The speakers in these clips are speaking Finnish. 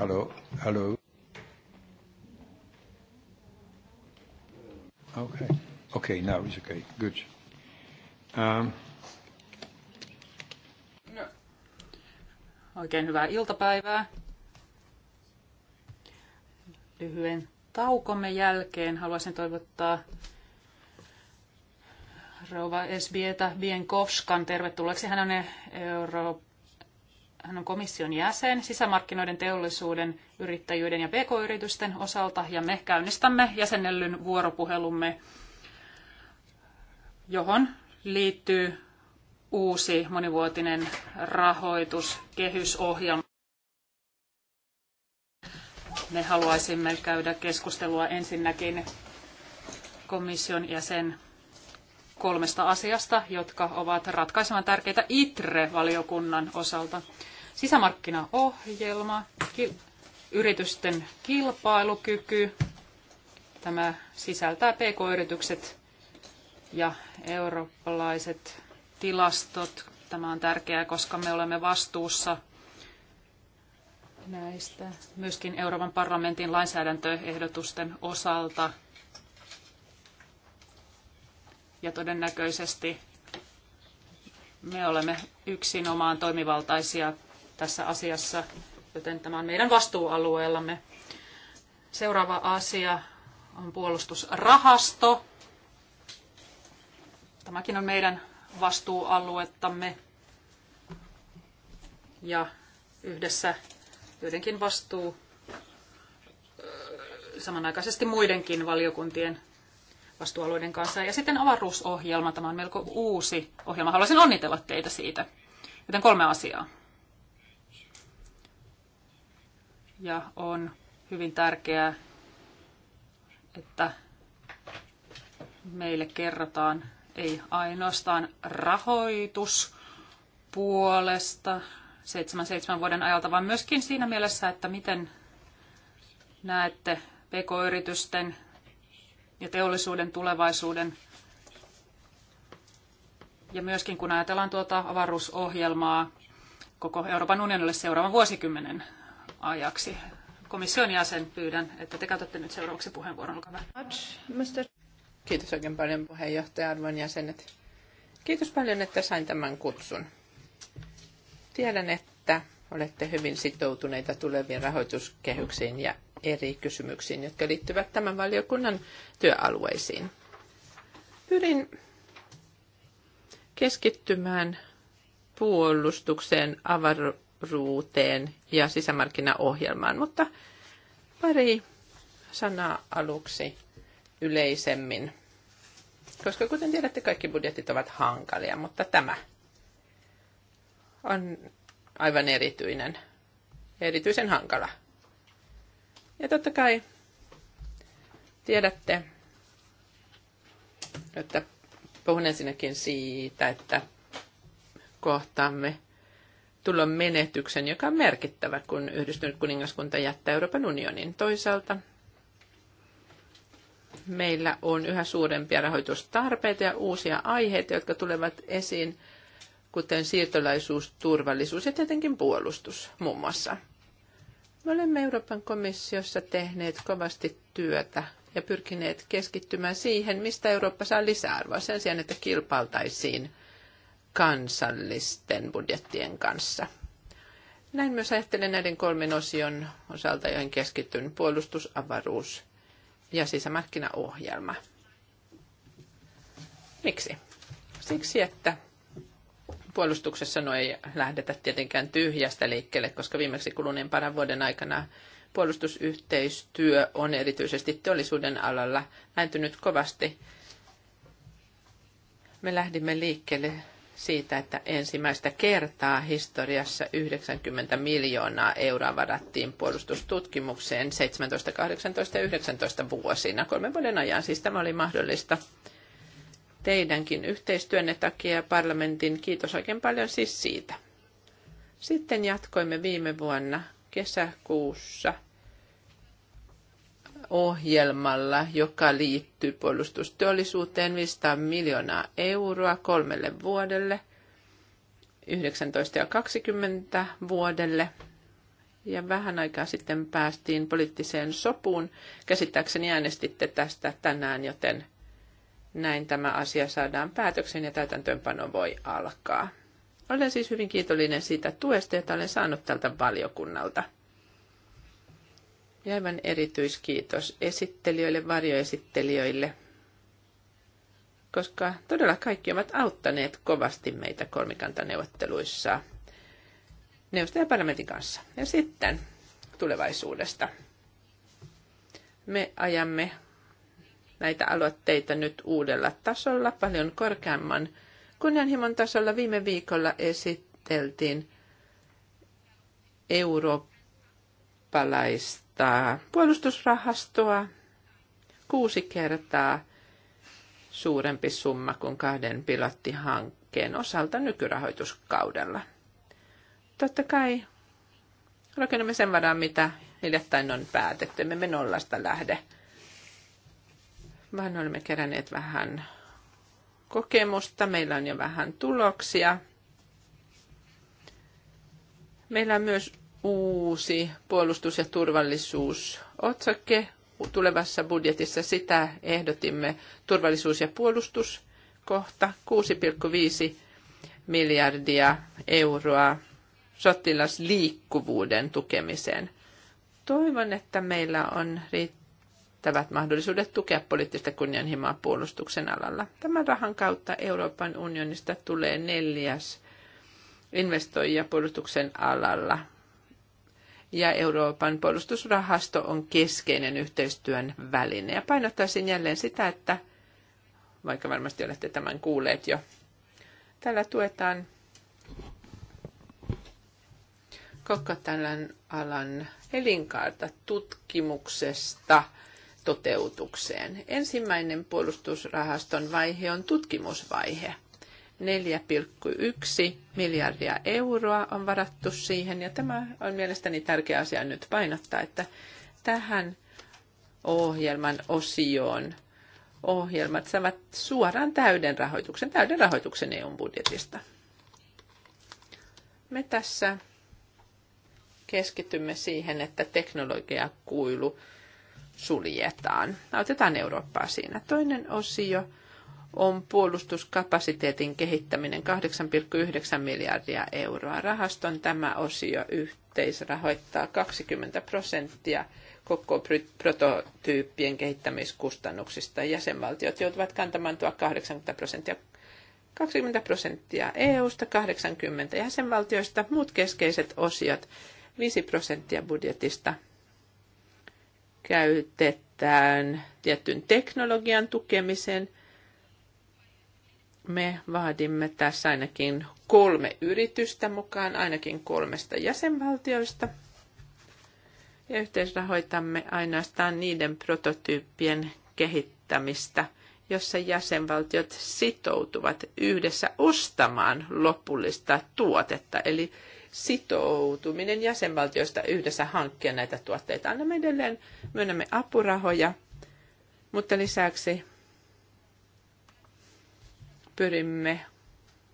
Hello, hello. Okay, okay, now it's okay, good. Um. No. Oikein hyvää iltapäivää. Lyhyen taukomme jälkeen haluaisin toivottaa rouva Esbieta Bienkovskan tervetulleeksi. Hän on Euroopan hän on komission jäsen sisämarkkinoiden, teollisuuden, yrittäjyyden ja pk-yritysten osalta, ja me käynnistämme jäsennellyn vuoropuhelumme, johon liittyy uusi monivuotinen rahoituskehysohjelma. Me haluaisimme käydä keskustelua ensinnäkin komission jäsen kolmesta asiasta, jotka ovat ratkaisevan tärkeitä ITRE-valiokunnan osalta sisämarkkinaohjelma, yritysten kilpailukyky. Tämä sisältää pk-yritykset ja eurooppalaiset tilastot. Tämä on tärkeää, koska me olemme vastuussa näistä myöskin Euroopan parlamentin lainsäädäntöehdotusten osalta. Ja todennäköisesti me olemme yksinomaan toimivaltaisia tässä asiassa, joten tämä on meidän vastuualueellamme. Seuraava asia on puolustusrahasto. Tämäkin on meidän vastuualuettamme. Ja yhdessä joidenkin vastuu samanaikaisesti muidenkin valiokuntien vastuualueiden kanssa. Ja sitten avaruusohjelma, tämä on melko uusi ohjelma. Haluaisin onnitella teitä siitä. Joten kolme asiaa. ja on hyvin tärkeää, että meille kerrotaan ei ainoastaan rahoituspuolesta seitsemän seitsemän vuoden ajalta, vaan myöskin siinä mielessä, että miten näette pk-yritysten ja teollisuuden tulevaisuuden. Ja myöskin kun ajatellaan tuota avaruusohjelmaa koko Euroopan unionille seuraavan vuosikymmenen ajaksi. Komission jäsen pyydän, että te käytätte nyt seuraavaksi puheenvuoron. Olkaa hyvä. Kiitos oikein paljon puheenjohtaja arvon jäsenet. Kiitos paljon, että sain tämän kutsun. Tiedän, että olette hyvin sitoutuneita tuleviin rahoituskehyksiin ja eri kysymyksiin, jotka liittyvät tämän valiokunnan työalueisiin. Pyrin keskittymään puolustukseen, avaru- avaruuteen ja sisämarkkinaohjelmaan, mutta pari sanaa aluksi yleisemmin. Koska kuten tiedätte, kaikki budjetit ovat hankalia, mutta tämä on aivan erityinen, erityisen hankala. Ja totta kai tiedätte, että puhun ensinnäkin siitä, että kohtaamme tulon menetyksen, joka on merkittävä, kun yhdistynyt kuningaskunta jättää Euroopan unionin. Toisaalta meillä on yhä suurempia rahoitustarpeita ja uusia aiheita, jotka tulevat esiin, kuten siirtolaisuus, turvallisuus ja tietenkin puolustus muun muassa. Me olemme Euroopan komissiossa tehneet kovasti työtä ja pyrkineet keskittymään siihen, mistä Eurooppa saa lisäarvoa sen sijaan, että kilpailtaisiin kansallisten budjettien kanssa. Näin myös ajattelen näiden kolmen osion osalta, joihin keskityn puolustus, avaruus ja sisämarkkinaohjelma. Miksi? Siksi, että puolustuksessa no ei lähdetä tietenkään tyhjästä liikkeelle, koska viimeksi kuluneen paran vuoden aikana puolustusyhteistyö on erityisesti teollisuuden alalla lähentynyt kovasti. Me lähdimme liikkeelle siitä, että ensimmäistä kertaa historiassa 90 miljoonaa euroa varattiin puolustustutkimukseen 17, 18 ja 19 vuosina kolmen vuoden ajan. Siis tämä oli mahdollista teidänkin yhteistyönne takia parlamentin kiitos oikein paljon siis siitä. Sitten jatkoimme viime vuonna kesäkuussa – ohjelmalla, joka liittyy puolustusteollisuuteen 500 miljoonaa euroa kolmelle vuodelle, 19 ja 20 vuodelle. Ja vähän aikaa sitten päästiin poliittiseen sopuun. Käsittääkseni äänestitte tästä tänään, joten näin tämä asia saadaan päätöksen ja täytäntöönpano voi alkaa. Olen siis hyvin kiitollinen siitä tuesta, jota olen saanut tältä valiokunnalta. Ja aivan erityiskiitos esittelijöille, varjoesittelijöille, koska todella kaikki ovat auttaneet kovasti meitä kolmikantaneuvotteluissa ja parlamentin kanssa. Ja sitten tulevaisuudesta. Me ajamme näitä aloitteita nyt uudella tasolla, paljon korkeamman kunnianhimon tasolla. Viime viikolla esiteltiin eurooppalaista kertaa puolustusrahastoa, kuusi kertaa suurempi summa kuin kahden pilottihankkeen osalta nykyrahoituskaudella. Totta kai rakennamme sen varaan, mitä hiljattain on päätetty. me nollasta lähde, vaan olemme keränneet vähän kokemusta, meillä on jo vähän tuloksia. Meillä on myös uusi puolustus- ja turvallisuusotsake tulevassa budjetissa. Sitä ehdotimme turvallisuus- ja puolustus kohta 6,5 miljardia euroa sotilasliikkuvuuden tukemiseen. Toivon, että meillä on riittävät mahdollisuudet tukea poliittista kunnianhimoa puolustuksen alalla. Tämän rahan kautta Euroopan unionista tulee neljäs investoija puolustuksen alalla ja Euroopan puolustusrahasto on keskeinen yhteistyön väline. Ja painottaisin jälleen sitä, että vaikka varmasti olette tämän kuulleet jo, tällä tuetaan koko tämän alan elinkaarta tutkimuksesta toteutukseen. Ensimmäinen puolustusrahaston vaihe on tutkimusvaihe – 4,1 miljardia euroa on varattu siihen, ja tämä on mielestäni tärkeä asia nyt painottaa, että tähän ohjelman osioon ohjelmat saavat suoraan täyden rahoituksen, täyden rahoituksen eu budjetista. Me tässä keskitymme siihen, että teknologiakuilu suljetaan. Autetaan Eurooppaa siinä. Toinen osio – on puolustuskapasiteetin kehittäminen 8,9 miljardia euroa. Rahaston tämä osio yhteisrahoittaa 20 prosenttia koko prototyyppien kehittämiskustannuksista. Jäsenvaltiot joutuvat kantamaan tuo 80 prosenttia 20 prosenttia EU-sta, 80 jäsenvaltioista, muut keskeiset osiot, 5 prosenttia budjetista käytetään tietyn teknologian tukemiseen – me vaadimme tässä ainakin kolme yritystä mukaan, ainakin kolmesta jäsenvaltioista. Ja yhteisrahoitamme ainoastaan niiden prototyyppien kehittämistä, jossa jäsenvaltiot sitoutuvat yhdessä ostamaan lopullista tuotetta. Eli sitoutuminen jäsenvaltioista yhdessä hankkia näitä tuotteita. Annamme edelleen, myönnämme apurahoja, mutta lisäksi pyrimme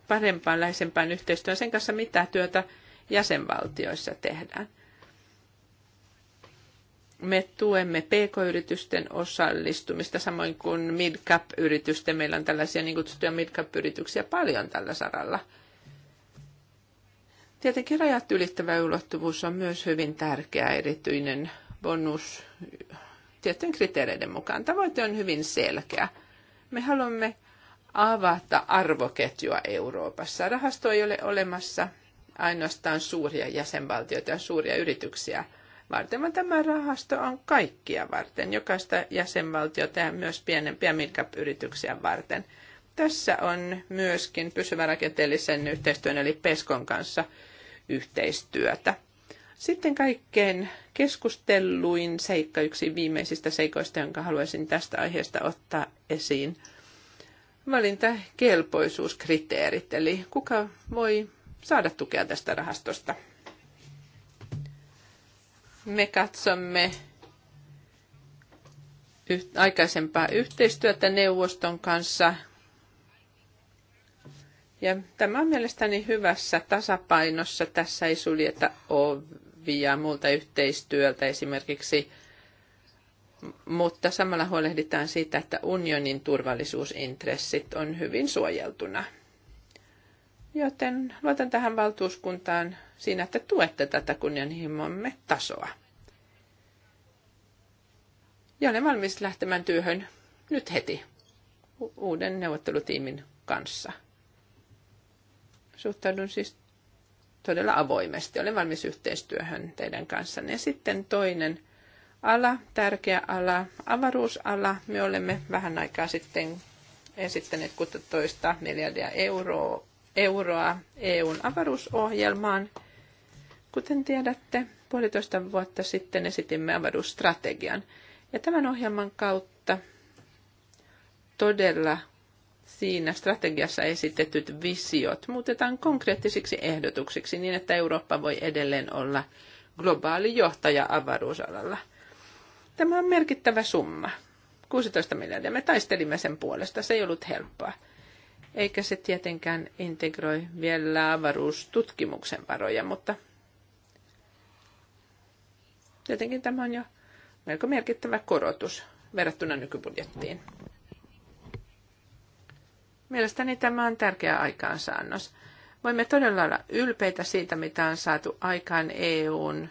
parempaan, läheisempään yhteistyöhön sen kanssa, mitä työtä jäsenvaltioissa tehdään. Me tuemme pk-yritysten osallistumista, samoin kuin mid-cap-yritysten. Meillä on tällaisia niin kutsuttuja mid-cap-yrityksiä paljon tällä saralla. Tietenkin rajat ylittävä ulottuvuus on myös hyvin tärkeä erityinen bonus tiettyjen kriteereiden mukaan. Tavoite on hyvin selkeä. Me haluamme avata arvoketjua Euroopassa. Rahasto ei ole olemassa ainoastaan suuria jäsenvaltioita ja suuria yrityksiä varten, vaan tämä rahasto on kaikkia varten, jokaista jäsenvaltiota ja myös pienempiä midcap-yrityksiä varten. Tässä on myöskin pysyvän rakenteellisen yhteistyön eli PESKon kanssa yhteistyötä. Sitten kaikkein keskustelluin seikka, yksi viimeisistä seikoista, jonka haluaisin tästä aiheesta ottaa esiin – valintakelpoisuuskriteerit, eli kuka voi saada tukea tästä rahastosta. Me katsomme aikaisempaa yhteistyötä neuvoston kanssa. Ja tämä on mielestäni hyvässä tasapainossa. Tässä ei suljeta ovia muulta yhteistyöltä esimerkiksi mutta samalla huolehditaan siitä, että unionin turvallisuusintressit on hyvin suojeltuna. Joten luotan tähän valtuuskuntaan siinä, että tuette tätä kunnianhimomme tasoa. Ja olen valmis lähtemään työhön nyt heti uuden neuvottelutiimin kanssa. Suhtaudun siis todella avoimesti. Olen valmis yhteistyöhön teidän kanssanne. Ja sitten toinen ala, tärkeä ala, avaruusala. Me olemme vähän aikaa sitten esittäneet 16 miljardia euroa, euroa EUn avaruusohjelmaan. Kuten tiedätte, puolitoista vuotta sitten esitimme avaruusstrategian. Ja tämän ohjelman kautta todella siinä strategiassa esitetyt visiot muutetaan konkreettisiksi ehdotuksiksi niin, että Eurooppa voi edelleen olla globaali johtaja avaruusalalla – Tämä on merkittävä summa. 16 miljardia. Me taistelimme sen puolesta. Se ei ollut helppoa. Eikä se tietenkään integroi vielä avaruustutkimuksen varoja, mutta tietenkin tämä on jo melko merkittävä korotus verrattuna nykybudjettiin. Mielestäni tämä on tärkeä aikaansaannos. Voimme todella olla ylpeitä siitä, mitä on saatu aikaan EUn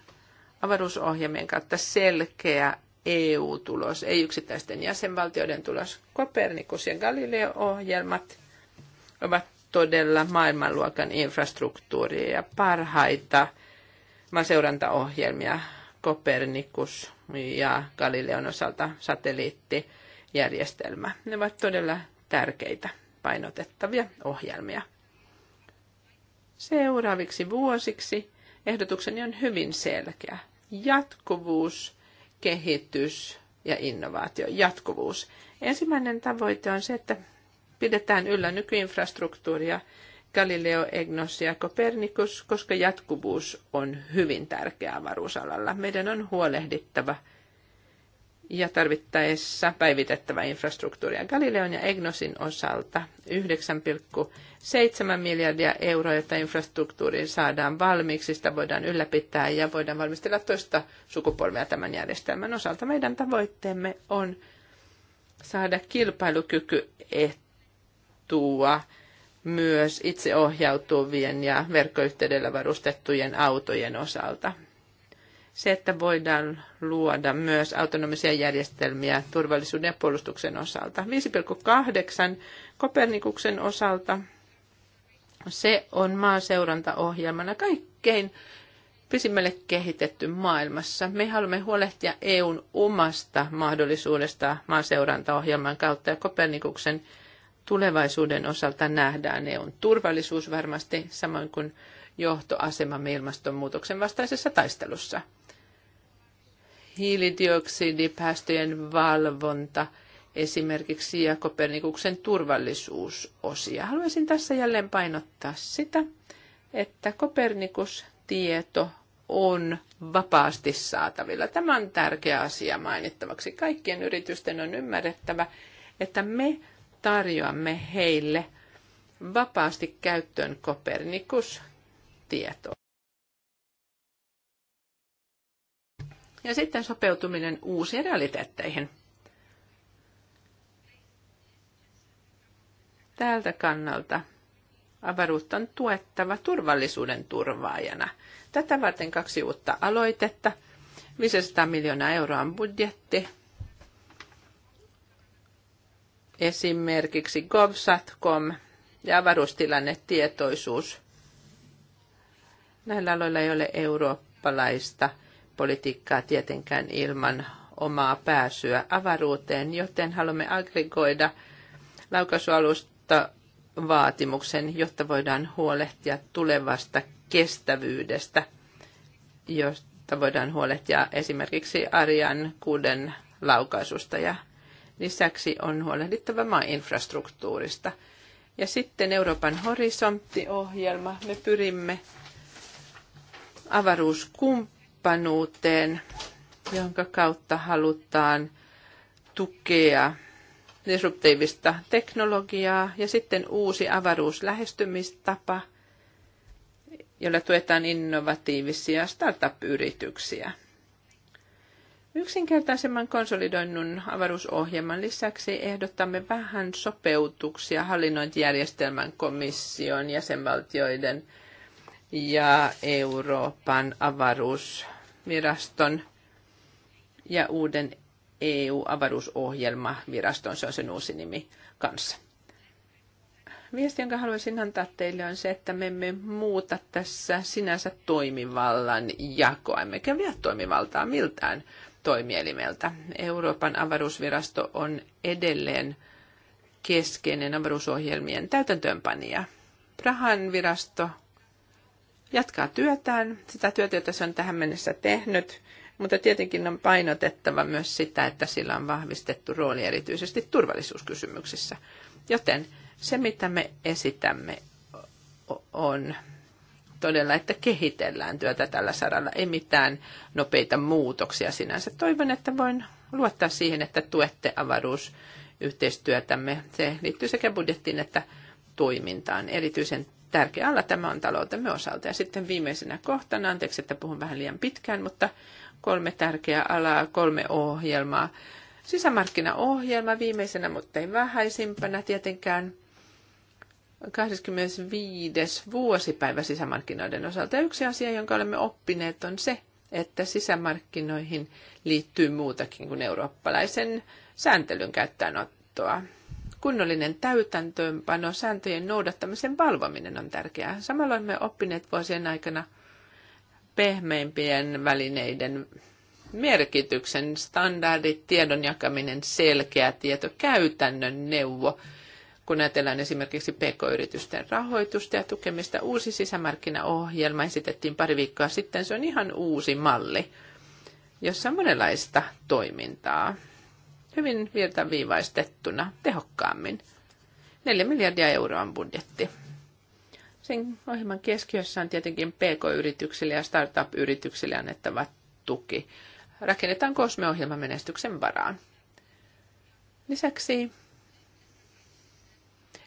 avaruusohjelmien kautta selkeä EU-tulos, ei yksittäisten jäsenvaltioiden tulos. Kopernikus ja Galileo-ohjelmat ovat todella maailmanluokan infrastruktuuria ja parhaita seurantaohjelmia Kopernikus ja Galileon osalta satelliittijärjestelmä. Ne ovat todella tärkeitä painotettavia ohjelmia. Seuraaviksi vuosiksi ehdotukseni on hyvin selkeä. Jatkuvuus kehitys ja innovaatio, jatkuvuus. Ensimmäinen tavoite on se, että pidetään yllä nykyinfrastruktuuria, Galileo, Egnos ja Copernicus, koska jatkuvuus on hyvin tärkeää avaruusalalla. Meidän on huolehdittava – ja tarvittaessa päivitettävä infrastruktuuria Galileon ja Egnosin osalta 9,7 miljardia euroa, jotta infrastruktuuriin saadaan valmiiksi, sitä voidaan ylläpitää ja voidaan valmistella toista sukupolvea tämän järjestelmän osalta. Meidän tavoitteemme on saada kilpailukykyetua myös itseohjautuvien ja verkkoyhteydellä varustettujen autojen osalta se, että voidaan luoda myös autonomisia järjestelmiä turvallisuuden ja puolustuksen osalta. 5,8 Kopernikuksen osalta se on maaseurantaohjelmana kaikkein pisimmälle kehitetty maailmassa. Me haluamme huolehtia EUn omasta mahdollisuudesta maaseurantaohjelman kautta ja Kopernikuksen tulevaisuuden osalta nähdään EUn turvallisuus varmasti, samoin kuin johtoasemamme ilmastonmuutoksen vastaisessa taistelussa hiilidioksidipäästöjen valvonta esimerkiksi ja Kopernikuksen turvallisuusosia. Haluaisin tässä jälleen painottaa sitä, että Kopernikus-tieto on vapaasti saatavilla. Tämä on tärkeä asia mainittavaksi. Kaikkien yritysten on ymmärrettävä, että me tarjoamme heille vapaasti käyttöön Kopernikus-tietoa. ja sitten sopeutuminen uusiin realiteetteihin. Tältä kannalta avaruutta on tuettava turvallisuuden turvaajana. Tätä varten kaksi uutta aloitetta. 500 miljoonaa euroa on budjetti. Esimerkiksi GovSatcom ja avaruustilannetietoisuus. Näillä aloilla ei ole eurooppalaista – politiikkaa tietenkään ilman omaa pääsyä avaruuteen, joten haluamme aggregoida laukaisualusta vaatimuksen, jotta voidaan huolehtia tulevasta kestävyydestä, josta voidaan huolehtia esimerkiksi Arjan kuuden laukaisusta ja lisäksi on huolehdittava maan infrastruktuurista. Ja sitten Euroopan horisonttiohjelma. Me pyrimme avaruuskumppanuuteen kumppanuuteen, jonka kautta halutaan tukea disruptiivista teknologiaa ja sitten uusi avaruuslähestymistapa, jolla tuetaan innovatiivisia startup-yrityksiä. Yksinkertaisemman konsolidoinnun avaruusohjelman lisäksi ehdottamme vähän sopeutuksia hallinnointijärjestelmän komission, jäsenvaltioiden ja Euroopan avaruus viraston ja uuden eu viraston se on sen uusi nimi kanssa. Viesti, jonka haluaisin antaa teille, on se, että me emme muuta tässä sinänsä toimivallan jakoa, emmekä vie toimivaltaa miltään toimielimeltä. Euroopan avaruusvirasto on edelleen keskeinen avaruusohjelmien täytäntöönpanija. Prahan virasto jatkaa työtään, sitä työtä, jota se on tähän mennessä tehnyt, mutta tietenkin on painotettava myös sitä, että sillä on vahvistettu rooli erityisesti turvallisuuskysymyksissä. Joten se, mitä me esitämme, on todella, että kehitellään työtä tällä saralla, ei mitään nopeita muutoksia sinänsä. Toivon, että voin luottaa siihen, että tuette avaruusyhteistyötämme. Se liittyy sekä budjettiin että toimintaan. Erityisen tärkeä alla tämä on taloutemme osalta. Ja sitten viimeisenä kohtana, anteeksi, että puhun vähän liian pitkään, mutta kolme tärkeää alaa, kolme ohjelmaa. Sisämarkkinaohjelma viimeisenä, mutta ei vähäisimpänä tietenkään. 25. vuosipäivä sisämarkkinoiden osalta. Ja yksi asia, jonka olemme oppineet, on se, että sisämarkkinoihin liittyy muutakin kuin eurooppalaisen sääntelyn käyttöönottoa kunnollinen täytäntöönpano, sääntöjen noudattamisen valvominen on tärkeää. Samalla olemme oppineet vuosien aikana pehmeimpien välineiden merkityksen, standardit, tiedon jakaminen, selkeä tieto, käytännön neuvo, kun ajatellaan esimerkiksi pk-yritysten rahoitusta ja tukemista. Uusi sisämarkkinaohjelma esitettiin pari viikkoa sitten, se on ihan uusi malli, jossa on monenlaista toimintaa hyvin virtaviivaistettuna tehokkaammin. 4 miljardia euroa on budjetti. Sen ohjelman keskiössä on tietenkin PK-yrityksille ja startup-yrityksille annettava tuki. Rakennetaan kosmeohjelman menestyksen varaan. Lisäksi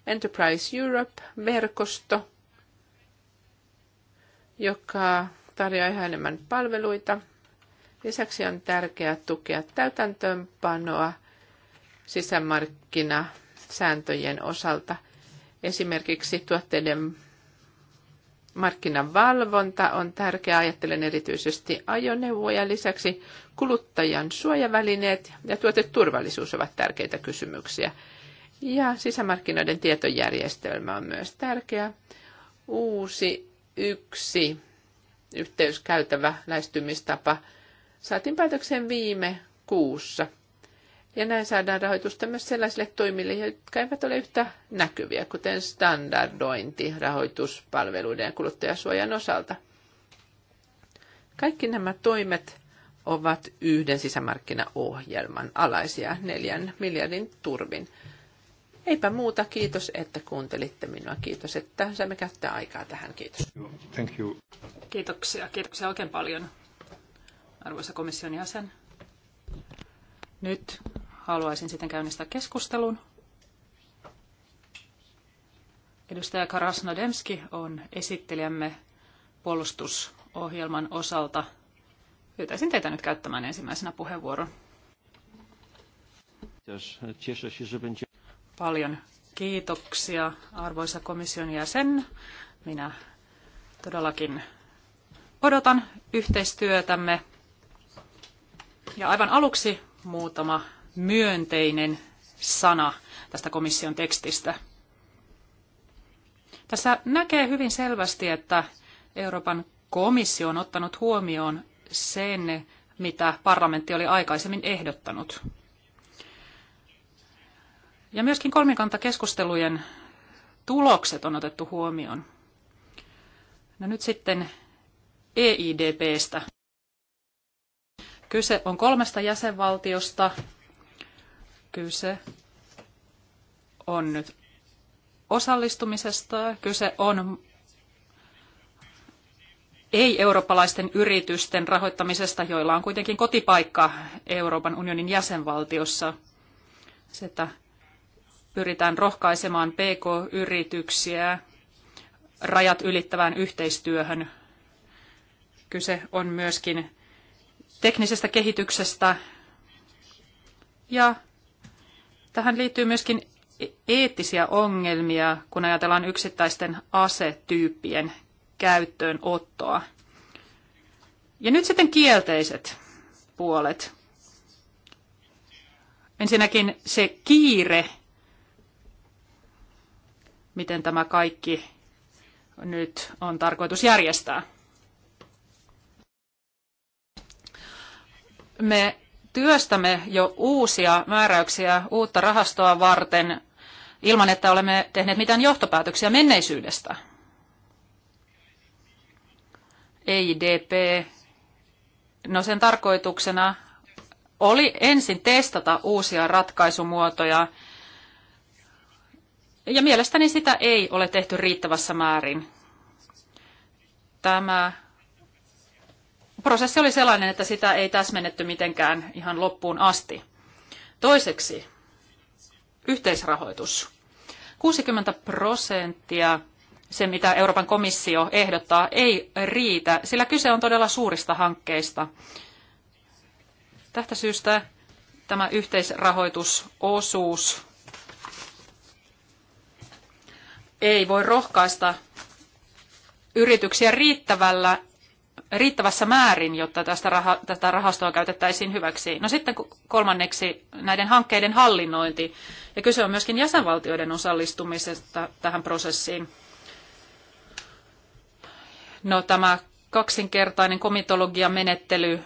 Enterprise Europe-verkosto, joka tarjoaa ihan enemmän palveluita Lisäksi on tärkeää tukea täytäntöönpanoa sisämarkkinasääntöjen osalta. Esimerkiksi tuotteiden markkinavalvonta on tärkeää, ajattelen erityisesti ajoneuvoja. Lisäksi kuluttajan suojavälineet ja tuoteturvallisuus ovat tärkeitä kysymyksiä. Ja sisämarkkinoiden tietojärjestelmä on myös tärkeä. Uusi yksi yhteyskäytävä lähestymistapa – saatiin päätökseen viime kuussa. Ja näin saadaan rahoitusta myös sellaisille toimille, jotka eivät ole yhtä näkyviä, kuten standardointi rahoituspalveluiden ja kuluttajasuojan osalta. Kaikki nämä toimet ovat yhden sisämarkkinaohjelman alaisia neljän miljardin turvin. Eipä muuta, kiitos, että kuuntelitte minua. Kiitos, että saimme käyttää aikaa tähän. Kiitos. Thank you. Kiitoksia, kiitoksia oikein paljon arvoisa komission jäsen. Nyt haluaisin sitten käynnistää keskustelun. Edustaja Demski on esittelijämme puolustusohjelman osalta. Pyytäisin teitä nyt käyttämään ensimmäisenä puheenvuoron. Paljon kiitoksia, arvoisa komission jäsen. Minä todellakin odotan yhteistyötämme ja aivan aluksi muutama myönteinen sana tästä komission tekstistä. Tässä näkee hyvin selvästi, että Euroopan komissio on ottanut huomioon sen, mitä parlamentti oli aikaisemmin ehdottanut. Ja myöskin kolmikantakeskustelujen tulokset on otettu huomioon. No nyt sitten EIDPstä. Kyse on kolmesta jäsenvaltiosta. Kyse on nyt osallistumisesta. Kyse on ei-eurooppalaisten yritysten rahoittamisesta, joilla on kuitenkin kotipaikka Euroopan unionin jäsenvaltiossa. Se, että pyritään rohkaisemaan PK-yrityksiä rajat ylittävään yhteistyöhön. Kyse on myöskin teknisestä kehityksestä. Ja tähän liittyy myöskin eettisiä ongelmia, kun ajatellaan yksittäisten asetyyppien käyttöönottoa. Ja nyt sitten kielteiset puolet. Ensinnäkin se kiire, miten tämä kaikki nyt on tarkoitus järjestää. me työstämme jo uusia määräyksiä uutta rahastoa varten ilman, että olemme tehneet mitään johtopäätöksiä menneisyydestä. EIDP, no sen tarkoituksena oli ensin testata uusia ratkaisumuotoja, ja mielestäni sitä ei ole tehty riittävässä määrin. Tämä prosessi oli sellainen, että sitä ei täsmennetty mitenkään ihan loppuun asti. Toiseksi yhteisrahoitus. 60 prosenttia se, mitä Euroopan komissio ehdottaa, ei riitä, sillä kyse on todella suurista hankkeista. Tästä syystä tämä yhteisrahoitusosuus ei voi rohkaista yrityksiä riittävällä riittävässä määrin, jotta tästä raha, tätä rahastoa käytettäisiin hyväksi. No sitten kolmanneksi näiden hankkeiden hallinnointi. Ja kyse on myöskin jäsenvaltioiden osallistumisesta tähän prosessiin. No tämä kaksinkertainen komitologiamenettely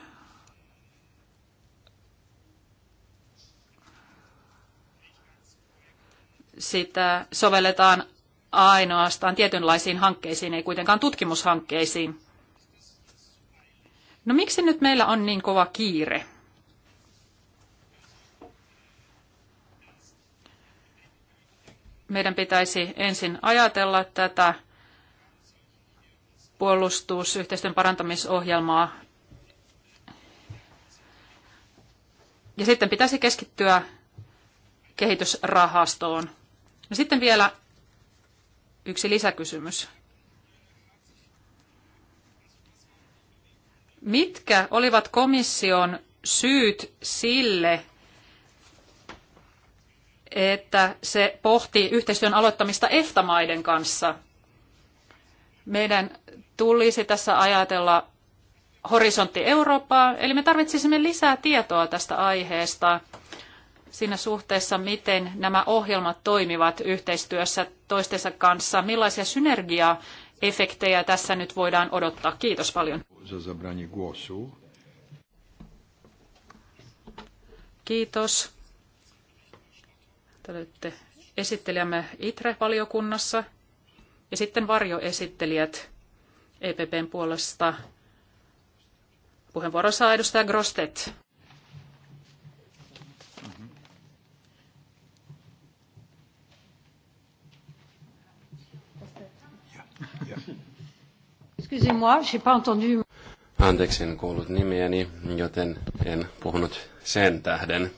sitä sovelletaan ainoastaan tietynlaisiin hankkeisiin, ei kuitenkaan tutkimushankkeisiin. No miksi nyt meillä on niin kova kiire? Meidän pitäisi ensin ajatella tätä puolustusyhteistyön parantamisohjelmaa. Ja sitten pitäisi keskittyä kehitysrahastoon. Ja no sitten vielä yksi lisäkysymys. Mitkä olivat komission syyt sille, että se pohti yhteistyön aloittamista EFTA-maiden kanssa? Meidän tulisi tässä ajatella horisontti Eurooppaa, eli me tarvitsisimme lisää tietoa tästä aiheesta siinä suhteessa, miten nämä ohjelmat toimivat yhteistyössä toistensa kanssa, millaisia synergiaa efektejä tässä nyt voidaan odottaa. Kiitos paljon. Kiitos. Te olette esittelijämme ITRE-valiokunnassa ja sitten varjoesittelijät EPPn puolesta. Puheenvuoro saa edustaja Grostet. Anteeksi, en kuullut nimiäni, joten en puhunut sen tähden.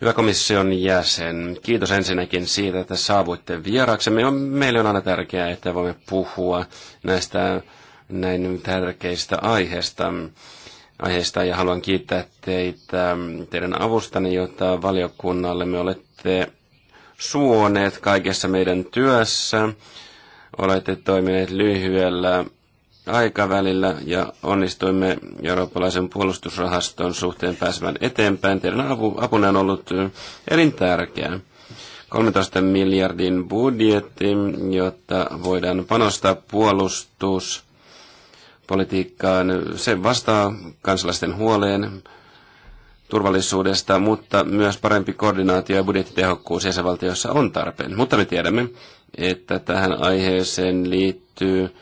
Hyvä komission jäsen, kiitos ensinnäkin siitä, että saavuitte vieraksemme. Meille on aina tärkeää, että voimme puhua näistä näin tärkeistä aiheista. aiheista ja haluan kiittää teitä teidän avustani, jota valiokunnalle me olette suoneet kaikessa meidän työssä olette toimineet lyhyellä aikavälillä ja onnistuimme eurooppalaisen puolustusrahaston suhteen pääsemään eteenpäin. Teidän apu, apunne on ollut elintärkeä. 13 miljardin budjetti, jotta voidaan panostaa puolustuspolitiikkaan. Se vastaa kansalaisten huoleen turvallisuudesta, mutta myös parempi koordinaatio ja budjettitehokkuus jäsenvaltioissa on tarpeen. Mutta me tiedämme, että tähän aiheeseen liittyy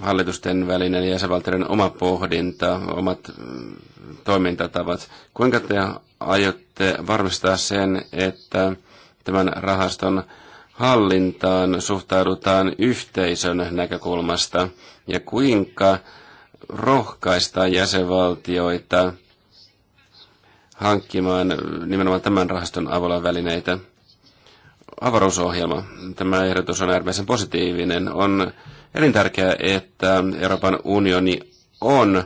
hallitusten välinen ja jäsenvaltioiden oma pohdinta, omat mm, toimintatavat. Kuinka te aiotte varmistaa sen, että tämän rahaston hallintaan suhtaudutaan yhteisön näkökulmasta ja kuinka rohkaistaan jäsenvaltioita hankkimaan nimenomaan tämän rahaston avulla välineitä? avaruusohjelma. Tämä ehdotus on äärimmäisen positiivinen. On elintärkeää, että Euroopan unioni on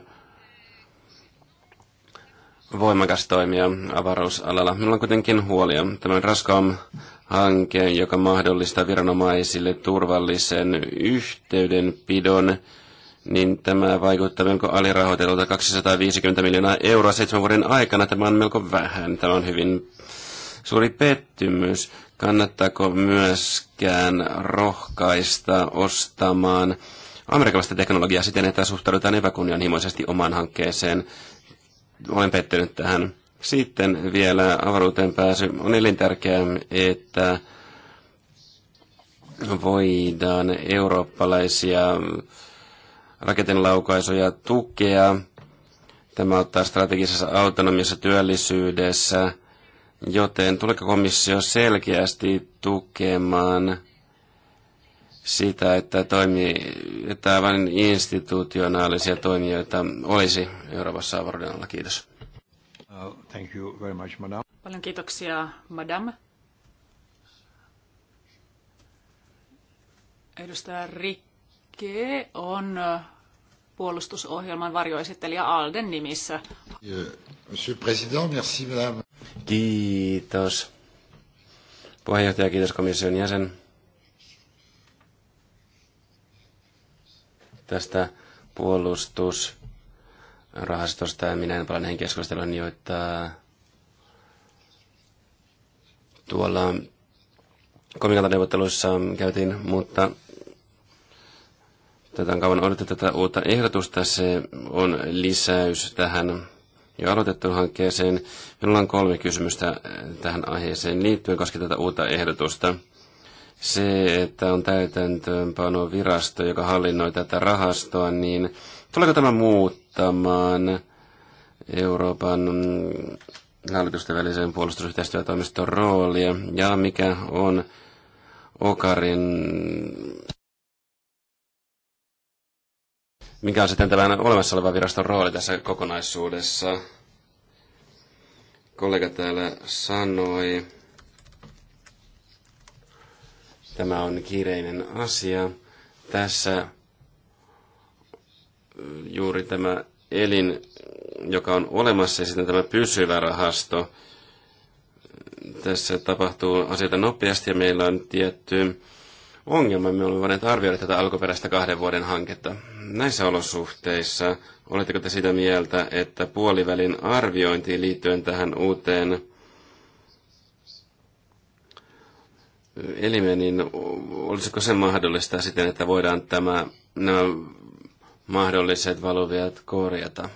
voimakas toimija avaruusalalla. Meillä on kuitenkin huolia. Tämän Rascom hanke, joka mahdollistaa viranomaisille turvallisen yhteydenpidon, niin tämä vaikuttaa melko alirahoitetulta 250 miljoonaa euroa seitsemän vuoden aikana. Tämä on melko vähän. Tämä on hyvin suuri pettymys. Kannattaako myöskään rohkaista ostamaan amerikkalaista teknologiaa siten, että suhtaudutaan epäkunnianhimoisesti omaan hankkeeseen? Olen pettynyt tähän. Sitten vielä avaruuteen pääsy. On elintärkeää, että voidaan eurooppalaisia rakentelaukaisuja tukea. Tämä ottaa strategisessa autonomisessa työllisyydessä – Joten tuleeko komissio selkeästi tukemaan sitä, että, toimii, että vain institutionaalisia toimijoita olisi Euroopassa avaruuden alla? Kiitos. Uh, thank you very much, madam. Paljon kiitoksia, madam. Edustaja Rikke on puolustusohjelman varjoesittelijä Alden nimissä. Monsieur le Président, merci madame. Kiitos. Puheenjohtaja, kiitos komission jäsen. Tästä rahastosta ja minä en näihin keskustelun, joita tuolla kolmikantaneuvotteluissa käytiin, mutta tätä on kauan odotettu tätä uutta ehdotusta. Se on lisäys tähän jo aloitettuun hankkeeseen. Minulla on kolme kysymystä äh, tähän aiheeseen liittyen koska tätä uutta ehdotusta. Se, että on täytäntöönpano virasto, joka hallinnoi tätä rahastoa, niin tuleeko tämä muuttamaan Euroopan mm, hallitusten välisen puolustusyhteistyötoimiston roolia ja mikä on Okarin mikä on sitten tämän olemassa olevan viraston rooli tässä kokonaisuudessa? Kollega täällä sanoi, tämä on kiireinen asia. Tässä juuri tämä elin, joka on olemassa, ja sitten tämä pysyvä rahasto. Tässä tapahtuu asioita nopeasti, ja meillä on tietty ongelma. Me olemme voineet arvioida tätä alkuperäistä kahden vuoden hanketta. Näissä olosuhteissa, oletteko te sitä mieltä, että puolivälin arviointiin liittyen tähän uuteen elimeen, niin olisiko se mahdollista siten, että voidaan tämä, nämä mahdolliset valuviat korjata?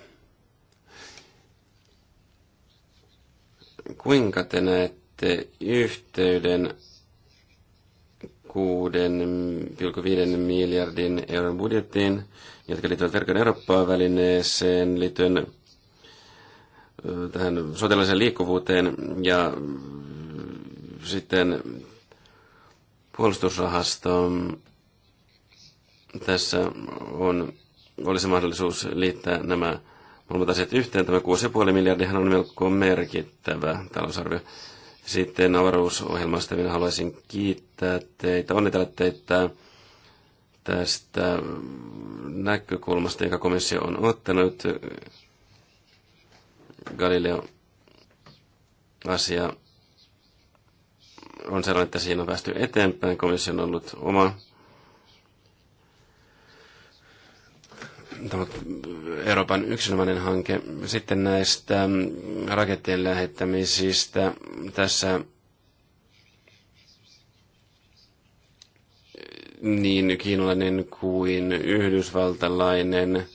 Kuinka te näette yhteyden 6,5 miljardin euron budjettiin, jotka liittyvät verkon Eurooppaa välineeseen liittyen tähän sotilaisen liikkuvuuteen ja sitten puolustusrahasto. Tässä on, olisi mahdollisuus liittää nämä molemmat asiat yhteen. Tämä 6,5 miljardihan on melko merkittävä talousarvio. Sitten avaruusohjelmasta minä haluaisin kiittää teitä, onnitella teitä tästä näkökulmasta, jonka komissio on ottanut. Galileo-asia on sellainen, että siinä on päästy eteenpäin. Komissio on ollut oma Euroopan yksinomainen hanke. Sitten näistä rakettien lähettämisistä. Tässä niin kiinalainen kuin yhdysvaltalainen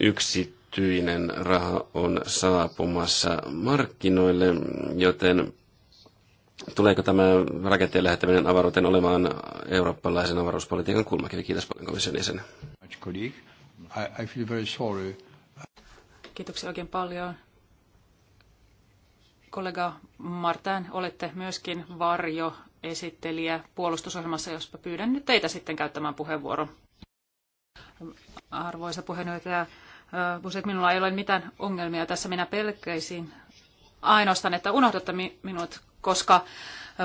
yksityinen raha on saapumassa markkinoille, joten tuleeko tämä rakettien lähettäminen avaruuteen olemaan eurooppalaisen avaruuspolitiikan kulmakivi? Kiitos paljon komission jäsenä. I, I feel very sorry. Kiitoksia oikein paljon. Kollega Martin, olette myöskin varjo esittelijä puolustusohjelmassa, jospa pyydän nyt teitä sitten käyttämään puheenvuoron. Arvoisa puheenjohtaja, äh, Buset, minulla ei ole mitään ongelmia tässä. Minä pelkäisin ainoastaan, että unohdatte minut, koska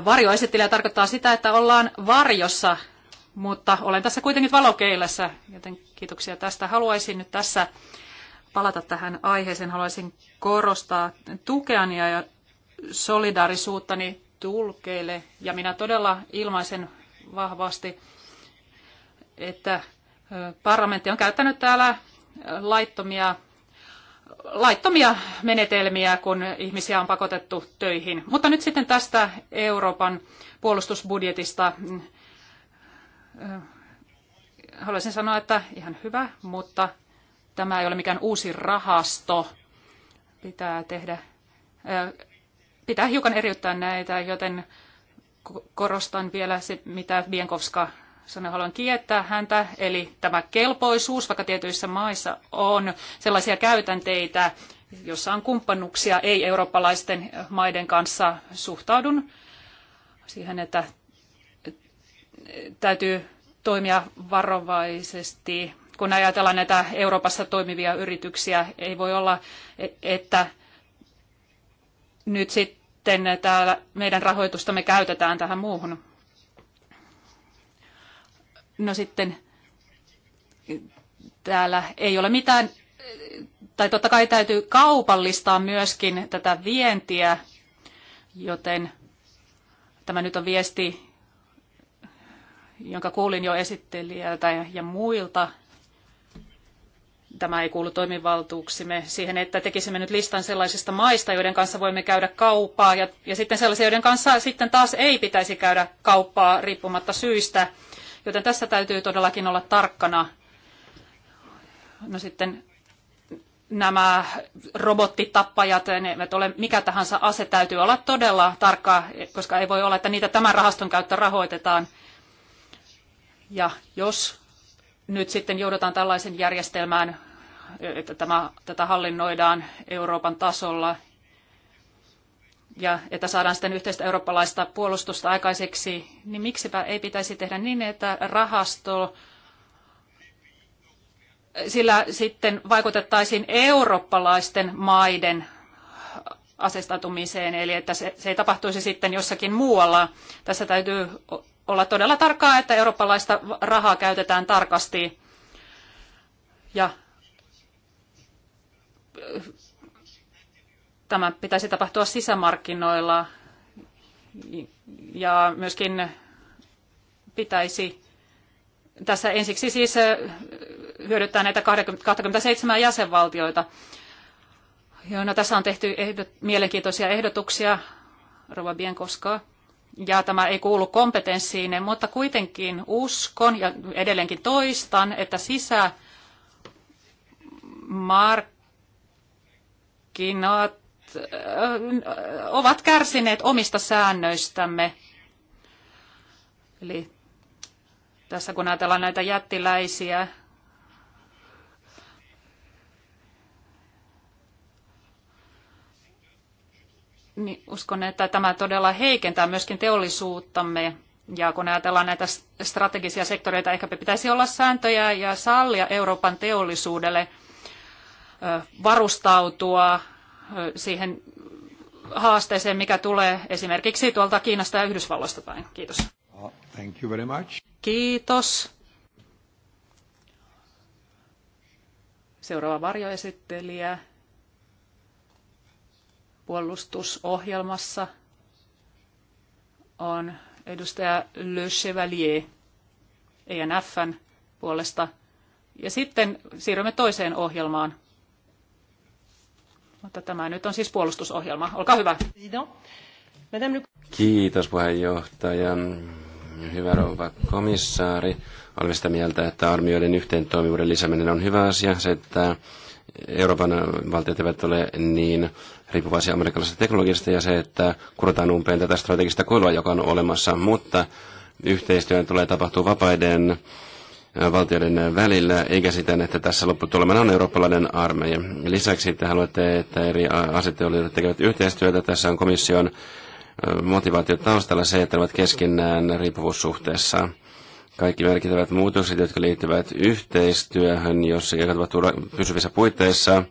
varjoesittelijä tarkoittaa sitä, että ollaan varjossa, mutta olen tässä kuitenkin valokeilassa, joten Kiitoksia tästä. Haluaisin nyt tässä palata tähän aiheeseen. Haluaisin korostaa tukeani ja solidaarisuuttani tulkeille. Ja minä todella ilmaisen vahvasti, että parlamentti on käyttänyt täällä laittomia laittomia menetelmiä, kun ihmisiä on pakotettu töihin. Mutta nyt sitten tästä Euroopan puolustusbudjetista haluaisin sanoa, että ihan hyvä, mutta tämä ei ole mikään uusi rahasto. Pitää tehdä, pitää hiukan eriyttää näitä, joten korostan vielä se, mitä Bienkovska sanoi, haluan kiittää häntä. Eli tämä kelpoisuus, vaikka tietyissä maissa on sellaisia käytänteitä, jossa on kumppanuksia ei-eurooppalaisten maiden kanssa, suhtaudun siihen, että täytyy toimia varovaisesti. Kun ajatellaan näitä Euroopassa toimivia yrityksiä, ei voi olla, että nyt sitten täällä meidän rahoitustamme käytetään tähän muuhun. No sitten täällä ei ole mitään, tai totta kai täytyy kaupallistaa myöskin tätä vientiä, joten tämä nyt on viesti jonka kuulin jo esittelijältä ja muilta, tämä ei kuulu toimivaltuuksimme siihen, että tekisimme nyt listan sellaisista maista, joiden kanssa voimme käydä kauppaa, ja, ja sitten sellaisia, joiden kanssa sitten taas ei pitäisi käydä kauppaa riippumatta syistä. Joten tässä täytyy todellakin olla tarkkana. No sitten nämä robottitappajat, ne eivät ole mikä tahansa ase, täytyy olla todella tarkka koska ei voi olla, että niitä tämän rahaston käyttö rahoitetaan – ja jos nyt sitten joudutaan tällaisen järjestelmään, että tämä, tätä hallinnoidaan Euroopan tasolla ja että saadaan sitten yhteistä eurooppalaista puolustusta aikaiseksi, niin miksipä ei pitäisi tehdä niin, että rahasto, sillä sitten vaikutettaisiin eurooppalaisten maiden asestatumiseen, eli että se, se ei tapahtuisi sitten jossakin muualla. Tässä täytyy olla todella tarkkaa, että eurooppalaista rahaa käytetään tarkasti. Ja eh, tämä pitäisi tapahtua sisämarkkinoilla ja myöskin pitäisi tässä ensiksi siis eh, hyödyttää näitä 27 jäsenvaltioita. Joo, no tässä on tehty ehdot, mielenkiintoisia ehdotuksia, Rova Bienkoskaa ja tämä ei kuulu kompetenssiin, mutta kuitenkin uskon ja edelleenkin toistan, että sisämarkkinat äh, ovat kärsineet omista säännöistämme. Eli tässä kun ajatellaan näitä jättiläisiä, niin uskon, että tämä todella heikentää myöskin teollisuuttamme. Ja kun ajatellaan näitä strategisia sektoreita, ehkä pitäisi olla sääntöjä ja sallia Euroopan teollisuudelle varustautua siihen haasteeseen, mikä tulee esimerkiksi tuolta Kiinasta ja Yhdysvalloista päin. Kiitos. Oh, thank you very much. Kiitos. Seuraava varjoesittelijä puolustusohjelmassa on edustaja Le Chevalier ENFn puolesta. Ja sitten siirrymme toiseen ohjelmaan. Mutta tämä nyt on siis puolustusohjelma. Olkaa hyvä. Kiitos puheenjohtaja. Hyvä rouva komissaari. Olen sitä mieltä, että armioiden yhteen toimivuuden lisääminen on hyvä asia. Se, että Euroopan valtiot eivät ole niin riippuvaisia amerikkalaisesta teknologiasta ja se, että kurotaan umpeen tätä strategista koilua, joka on olemassa, mutta yhteistyön tulee tapahtua vapaiden valtioiden välillä, eikä siten, että tässä lopputulemana on eurooppalainen armeija. Lisäksi te haluatte, että eri aseteollisuudet tekevät yhteistyötä. Tässä on komission motivaatio taustalla se, että ovat keskenään riippuvuussuhteessa. Kaikki merkittävät muutokset, jotka liittyvät yhteistyöhön, jos se ovat pysyvissä puitteissa,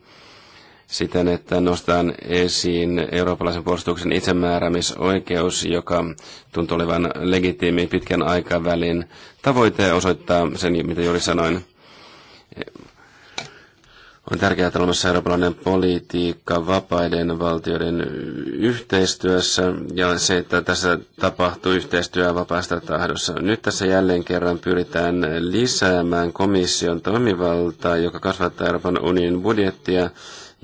siten, että nostan esiin eurooppalaisen puolustuksen itsemääräämisoikeus, joka tuntuu olevan legitiimi pitkän aikavälin tavoite osoittaa sen, mitä juuri sanoin. On tärkeää, että olemassa eurooppalainen politiikka vapaiden valtioiden yhteistyössä ja se, että tässä tapahtuu yhteistyö vapaasta tahdossa. Nyt tässä jälleen kerran pyritään lisäämään komission toimivaltaa, joka kasvattaa Euroopan unionin budjettia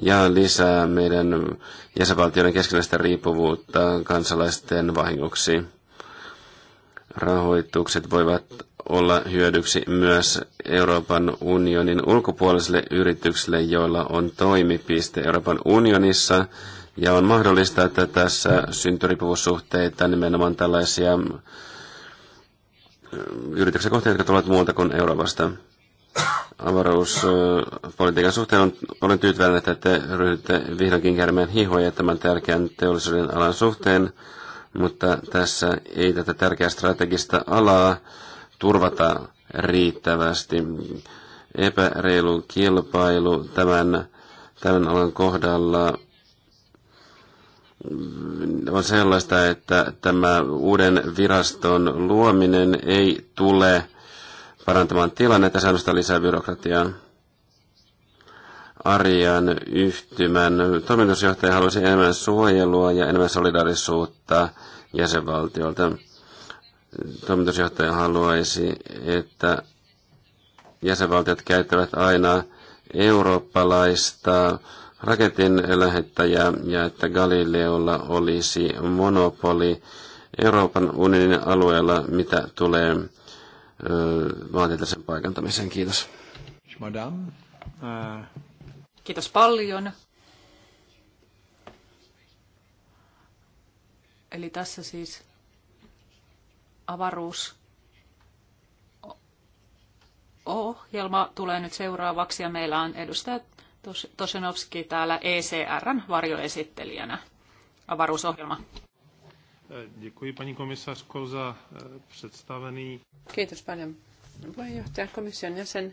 ja lisää meidän jäsenvaltioiden keskinäistä riippuvuutta kansalaisten vahingoksi. Rahoitukset voivat olla hyödyksi myös Euroopan unionin ulkopuolisille yrityksille, joilla on toimipiste Euroopan unionissa. Ja on mahdollista, että tässä riippuvuussuhteita nimenomaan tällaisia yrityksiä kohtia, jotka tulevat muualta kuin Euroopasta avaruuspolitiikan suhteen on, olen tyytyväinen, että te ryhdytte vihdoinkin käymään hihoja tämän tärkeän teollisuuden alan suhteen, mutta tässä ei tätä tärkeää strategista alaa turvata riittävästi. Epäreilu kilpailu tämän, tämän alan kohdalla on sellaista, että tämä uuden viraston luominen ei tule parantamaan tilannetta säännöstä lisää byrokratiaa. Arjan yhtymän toimitusjohtaja halusi enemmän suojelua ja enemmän solidarisuutta jäsenvaltiolta. Toimitusjohtaja haluaisi, että jäsenvaltiot käyttävät aina eurooppalaista raketin lähettäjää ja että Galileolla olisi monopoli Euroopan unionin alueella, mitä tulee sen paikantamiseen. Kiitos. Madame. Kiitos paljon. Eli tässä siis avaruus ohjelma tulee nyt seuraavaksi ja meillä on edustaja Tosinovski täällä ECRn varjoesittelijänä. Avaruusohjelma. Děkuji paní komisařko za eh, představený. Kiitos paljon puheenjohtaja komission jäsen.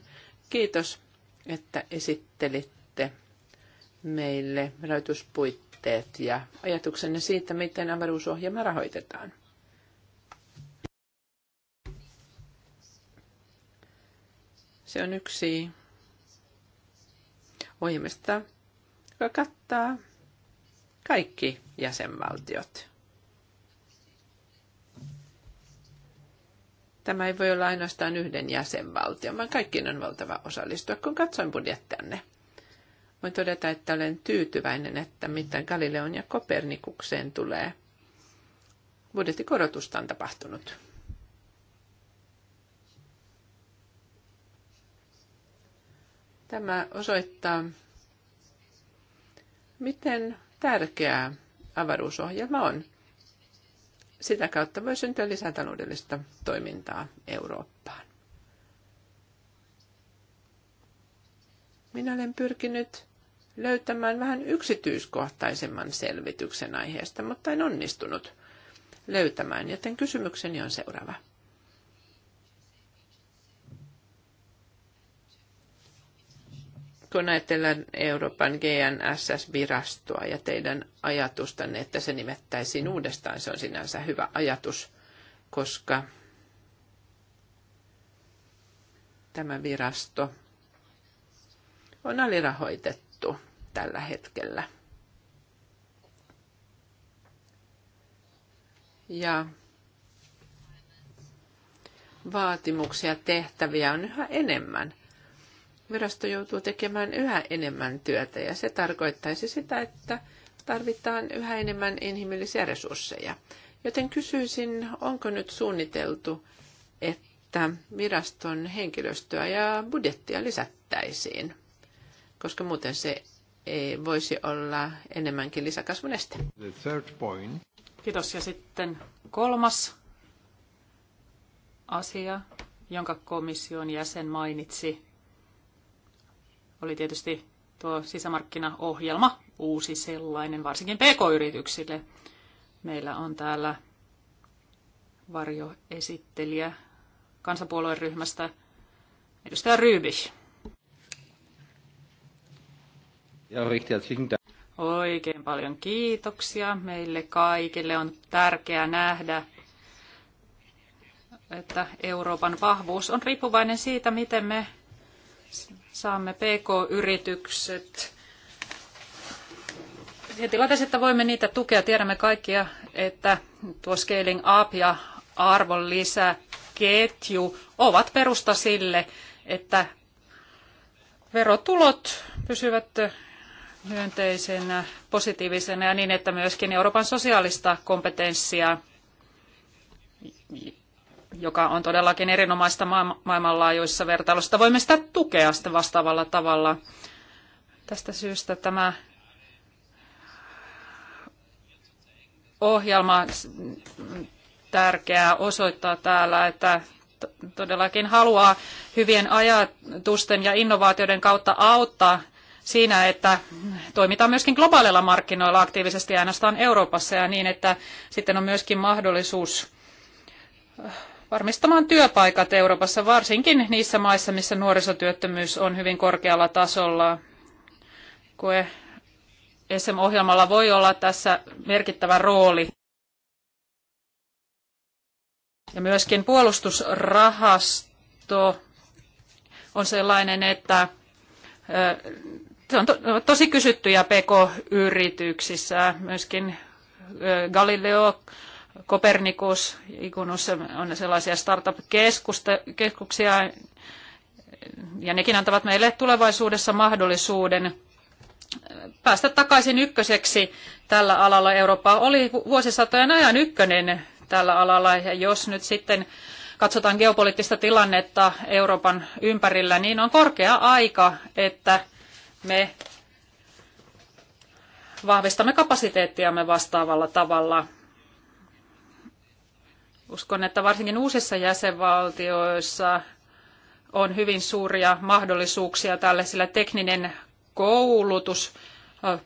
Kiitos, että esittelitte meille rahoituspuitteet ja ajatuksenne siitä, miten avaruusohjelma rahoitetaan. Se on yksi ohjelmista, joka kattaa kaikki jäsenvaltiot Tämä ei voi olla ainoastaan yhden jäsenvaltion, vaan kaikkien on valtava osallistua. Kun katsoin budjettianne, voin todeta, että olen tyytyväinen, että mitä Galileon ja Kopernikukseen tulee. Budjettikorotusta on tapahtunut. Tämä osoittaa, miten tärkeää avaruusohjelma on. Sitä kautta voi syntyä lisää taloudellista toimintaa Eurooppaan. Minä olen pyrkinyt löytämään vähän yksityiskohtaisemman selvityksen aiheesta, mutta en onnistunut löytämään, joten kysymykseni on seuraava. kun ajatellaan Euroopan GNSS-virastoa ja teidän ajatustanne, että se nimettäisiin uudestaan, se on sinänsä hyvä ajatus, koska tämä virasto on alirahoitettu tällä hetkellä. Ja vaatimuksia tehtäviä on yhä enemmän – virasto joutuu tekemään yhä enemmän työtä ja se tarkoittaisi sitä, että tarvitaan yhä enemmän inhimillisiä resursseja. Joten kysyisin, onko nyt suunniteltu, että viraston henkilöstöä ja budjettia lisättäisiin, koska muuten se ei voisi olla enemmänkin lisäkasvun este. Kiitos. Ja sitten kolmas asia, jonka komission jäsen mainitsi, oli tietysti tuo sisämarkkinaohjelma, uusi sellainen, varsinkin pk-yrityksille. Meillä on täällä varjoesittelijä kansanpuolueen ryhmästä, edustaja Rybich. Ja Oikein paljon kiitoksia meille kaikille. On tärkeää nähdä, että Euroopan vahvuus on riippuvainen siitä, miten me saamme PK-yritykset siihen tilanteeseen, että voimme niitä tukea. Tiedämme kaikkia, että tuo scaling up ja arvonlisäketju ovat perusta sille, että verotulot pysyvät myönteisenä, positiivisena ja niin, että myöskin Euroopan sosiaalista kompetenssia joka on todellakin erinomaista maailmanlaajuisessa vertailussa. Voimme sitä tukea sitä vastaavalla tavalla. Tästä syystä tämä ohjelma tärkeää osoittaa täällä, että todellakin haluaa hyvien ajatusten ja innovaatioiden kautta auttaa siinä, että toimitaan myöskin globaaleilla markkinoilla aktiivisesti ainoastaan Euroopassa ja niin, että sitten on myöskin mahdollisuus varmistamaan työpaikat Euroopassa, varsinkin niissä maissa, missä nuorisotyöttömyys on hyvin korkealla tasolla. Koe SM-ohjelmalla voi olla tässä merkittävä rooli. Ja myöskin puolustusrahasto on sellainen, että se on tosi kysyttyjä PK-yrityksissä. Myöskin Galileo Copernicus, Igunus on sellaisia startup-keskuksia, ja nekin antavat meille tulevaisuudessa mahdollisuuden päästä takaisin ykköseksi tällä alalla. Eurooppa oli vuosisatojen ajan ykkönen tällä alalla, ja jos nyt sitten katsotaan geopoliittista tilannetta Euroopan ympärillä, niin on korkea aika, että me vahvistamme kapasiteettiamme vastaavalla tavalla – Uskon, että varsinkin uusissa jäsenvaltioissa on hyvin suuria mahdollisuuksia tälle, sillä tekninen koulutus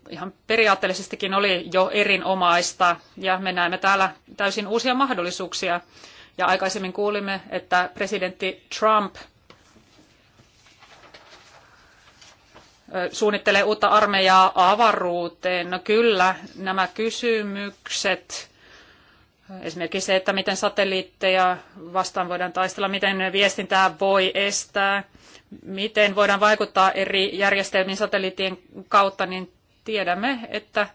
ihan periaatteellisestikin oli jo erinomaista ja me näemme täällä täysin uusia mahdollisuuksia. Ja aikaisemmin kuulimme, että presidentti Trump suunnittelee uutta armeijaa avaruuteen. No kyllä, nämä kysymykset Esimerkiksi se, että miten satelliitteja vastaan voidaan taistella, miten viestintää voi estää, miten voidaan vaikuttaa eri järjestelmiin satelliittien kautta, niin tiedämme, että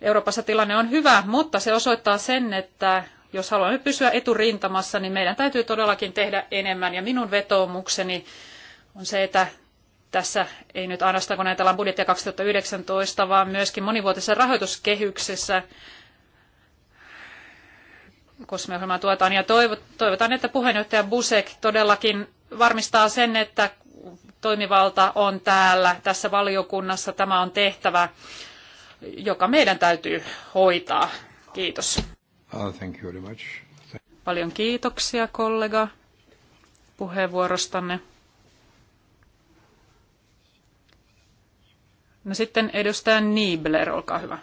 Euroopassa tilanne on hyvä, mutta se osoittaa sen, että jos haluamme pysyä eturintamassa, niin meidän täytyy todellakin tehdä enemmän. Ja minun vetoomukseni on se, että tässä ei nyt ainoastaan kun ajatellaan budjettia 2019, vaan myöskin monivuotisessa rahoituskehyksessä – kosmeohjelmaa tuotaan. Ja toivotaan, että puheenjohtaja Busek todellakin varmistaa sen, että toimivalta on täällä tässä valiokunnassa. Tämä on tehtävä, joka meidän täytyy hoitaa. Kiitos. Uh, thank you very much. Paljon kiitoksia kollega puheenvuorostanne. No sitten edustaja Niebler, olkaa hyvä.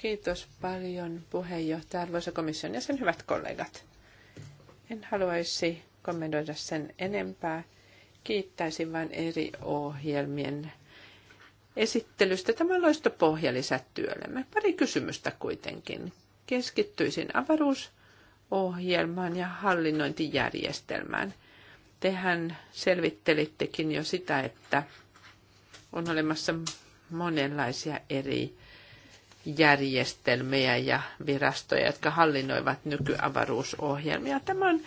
Kiitos paljon puheenjohtaja, arvoisa komission jäsen, hyvät kollegat. En haluaisi kommentoida sen enempää. Kiittäisin vain eri ohjelmien esittelystä. Tämä on pohja lisätyölemme. Pari kysymystä kuitenkin. Keskittyisin avaruusohjelmaan ja hallinnointijärjestelmään. Tehän selvittelittekin jo sitä, että on olemassa monenlaisia eri järjestelmiä ja virastoja, jotka hallinnoivat nykyavaruusohjelmia. Tämä on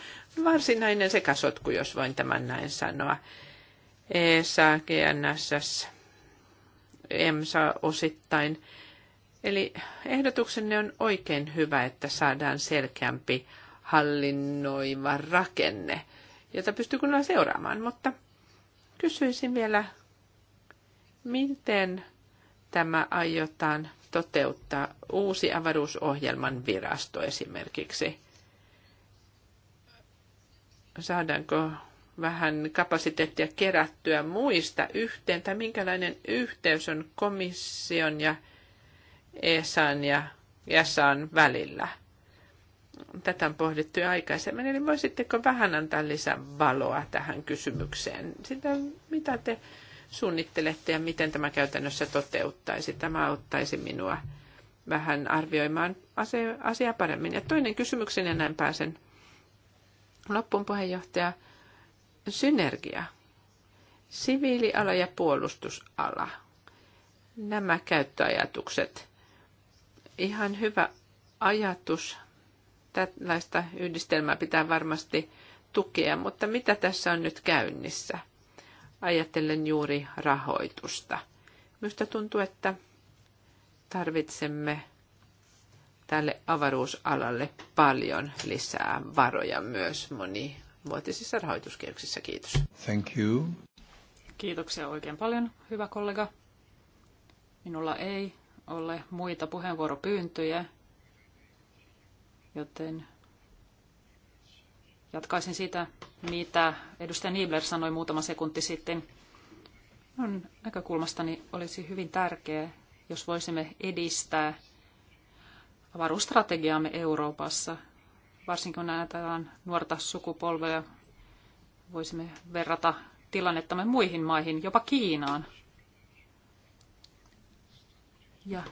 varsinainen sekasotku, jos voin tämän näin sanoa. ESA, GNSS, EMSA osittain. Eli ehdotuksenne on oikein hyvä, että saadaan selkeämpi hallinnoiva rakenne, jota pystyy kyllä seuraamaan, mutta kysyisin vielä, miten tämä aiotaan toteuttaa uusi avaruusohjelman virasto esimerkiksi? Saadaanko vähän kapasiteettia kerättyä muista yhteen, tai minkälainen yhteys on komission ja ESAN ja ESAN välillä? Tätä on pohdittu jo aikaisemmin, eli voisitteko vähän antaa lisää valoa tähän kysymykseen? Sitä, mitä te suunnittelette ja miten tämä käytännössä toteuttaisi. Tämä auttaisi minua vähän arvioimaan asiaa paremmin. Ja toinen kysymykseni, ja näin pääsen loppuun puheenjohtaja. Synergia. Siviiliala ja puolustusala. Nämä käyttöajatukset. Ihan hyvä ajatus. Tällaista yhdistelmää pitää varmasti tukea, mutta mitä tässä on nyt käynnissä – ajatellen juuri rahoitusta. Minusta tuntuu, että tarvitsemme tälle avaruusalalle paljon lisää varoja myös monivuotisissa rahoituskehyksissä. Kiitos. Thank you. Kiitoksia oikein paljon, hyvä kollega. Minulla ei ole muita puheenvuoropyyntöjä, joten Jatkaisin siitä, mitä edustaja Niebler sanoi muutama sekunti sitten. Minun näkökulmastani olisi hyvin tärkeää, jos voisimme edistää avaruusstrategiaamme Euroopassa. Varsinkin kun ajatellaan nuorta sukupolvea, voisimme verrata tilannettamme muihin maihin, jopa Kiinaan. Ja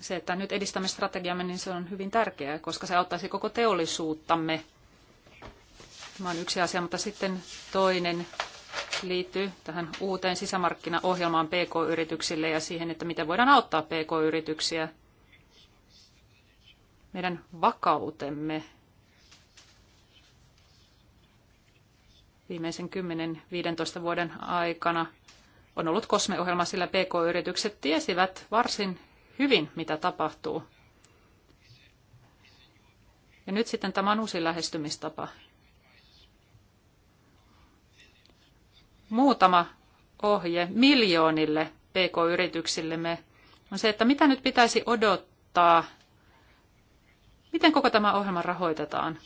se, että nyt edistämme strategiamme, niin se on hyvin tärkeää, koska se auttaisi koko teollisuuttamme – Tämä on yksi asia, mutta sitten toinen liittyy tähän uuteen sisämarkkinaohjelmaan PK-yrityksille ja siihen, että miten voidaan auttaa PK-yrityksiä meidän vakautemme viimeisen 10-15 vuoden aikana on ollut kosmeohjelma, sillä PK-yritykset tiesivät varsin hyvin, mitä tapahtuu. Ja nyt sitten tämä on uusi lähestymistapa. muutama ohje miljoonille pk-yrityksillemme on se, että mitä nyt pitäisi odottaa, miten koko tämä ohjelma rahoitetaan.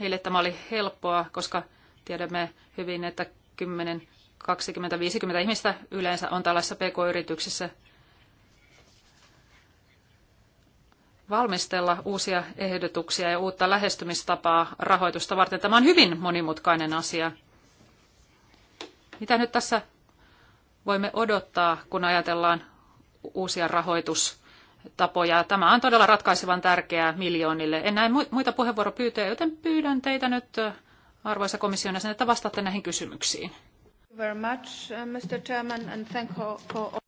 Heille tämä oli helppoa, koska tiedämme hyvin, että 10, 20, 50 ihmistä yleensä on tällaisessa pk-yrityksessä – valmistella uusia ehdotuksia ja uutta lähestymistapaa rahoitusta varten. Tämä on hyvin monimutkainen asia. Mitä nyt tässä voimme odottaa, kun ajatellaan uusia rahoitustapoja? Tämä on todella ratkaisevan tärkeää miljoonille. En näe muita puheenvuoropyyntöjä, joten pyydän teitä nyt, arvoisa komission jäsen, että vastaatte näihin kysymyksiin. Very much, uh, Mr. Chairman, and thank for...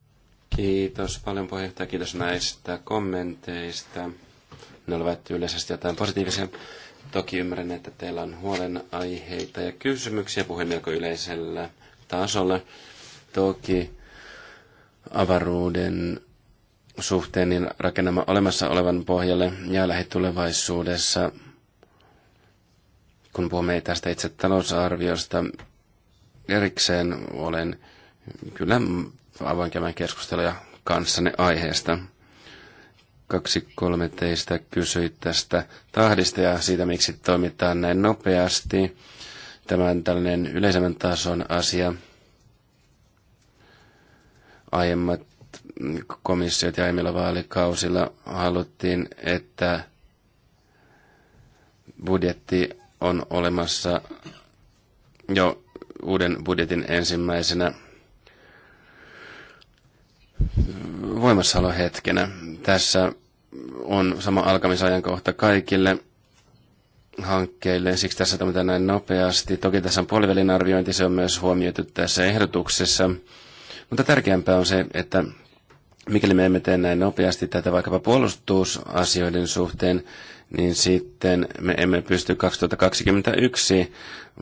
Kiitos paljon puheenjohtaja, kiitos näistä kommenteista. Ne olivat yleisesti jotain positiivisia. Toki ymmärrän, että teillä on huolenaiheita ja kysymyksiä puheenmelko yleisellä tasolla. Toki avaruuden suhteen niin rakennama olemassa olevan pohjalle ja lähitulevaisuudessa, kun puhumme tästä itse talousarviosta, erikseen olen kyllä avoin käymään keskusteluja kanssanne aiheesta. Kaksi kolme teistä kysyi tästä tahdista ja siitä, miksi toimitaan näin nopeasti. Tämä on tällainen yleisemmän tason asia. Aiemmat komissiot ja aiemmilla vaalikausilla haluttiin, että budjetti on olemassa jo uuden budjetin ensimmäisenä voimassaolohetkenä. Tässä on sama alkamisajankohta kaikille hankkeille, siksi tässä toimitaan näin nopeasti. Toki tässä on puolivälin arviointi, se on myös huomioitu tässä ehdotuksessa. Mutta tärkeämpää on se, että mikäli me emme tee näin nopeasti tätä vaikkapa puolustusasioiden suhteen, niin sitten me emme pysty 2021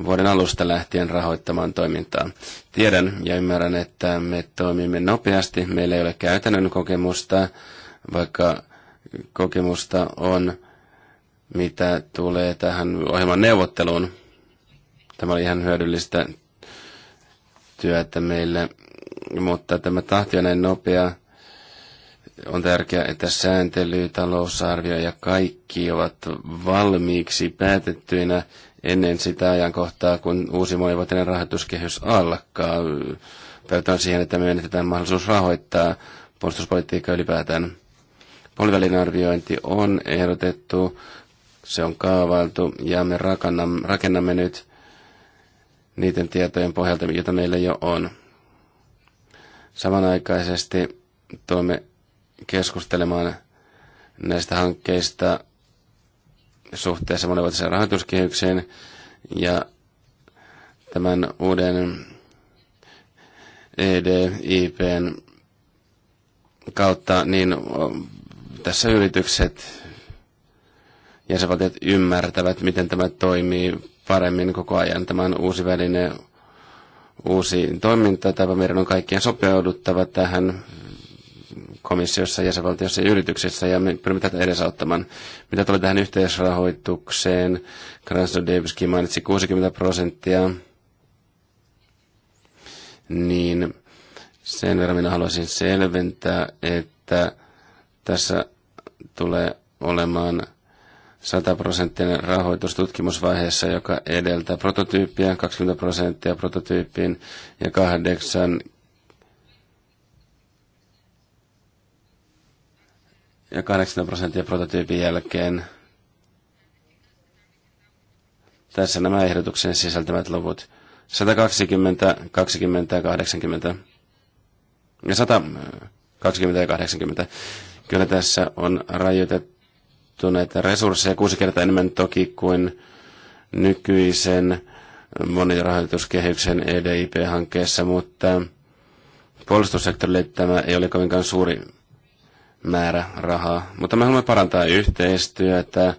vuoden alusta lähtien rahoittamaan toimintaa. Tiedän ja ymmärrän, että me toimimme nopeasti, meillä ei ole käytännön kokemusta, vaikka kokemusta on, mitä tulee tähän ohjelman neuvotteluun. Tämä oli ihan hyödyllistä työtä meille, mutta tämä tahti on näin nopeaa on tärkeää, että sääntely, talousarvio ja kaikki ovat valmiiksi päätettyinä ennen sitä ajankohtaa, kun uusi monivuotinen rahoituskehys alkaa. Päätetään siihen, että me menetetään mahdollisuus rahoittaa puolustuspolitiikkaa ylipäätään. Puolivälin arviointi on ehdotettu, se on kaavailtu ja me rakennamme, rakennamme nyt niiden tietojen pohjalta, joita meillä jo on. Samanaikaisesti tuomme keskustelemaan näistä hankkeista suhteessa monenvuotiseen rahoituskehykseen ja tämän uuden EDIPn kautta, niin tässä yritykset, jäsenvaltiot ymmärtävät, miten tämä toimii paremmin koko ajan. Tämä on uusi väline, uusi toimintatapa. Meidän on kaikkien sopeuduttava tähän komissiossa, jäsenvaltiossa ja yrityksissä, ja me pyrimme tätä edesauttamaan. Mitä tulee tähän yhteisrahoitukseen, Kranso Daviskin mainitsi 60 prosenttia, niin sen verran minä haluaisin selventää, että tässä tulee olemaan 100 prosenttinen rahoitus tutkimusvaiheessa, joka edeltää prototyyppiä, 20 prosenttia prototyyppiin ja 8 ja 80 prosenttia prototyypin jälkeen. Tässä nämä ehdotuksen sisältämät luvut. 120, 20 ja 80. Ja 120 ja 80. Kyllä tässä on rajoitettu näitä resursseja kuusi kertaa enemmän toki kuin nykyisen monirahoituskehyksen EDIP-hankkeessa, mutta puolustussektorille tämä ei ole kovinkaan suuri määrä rahaa, mutta me haluamme parantaa yhteistyötä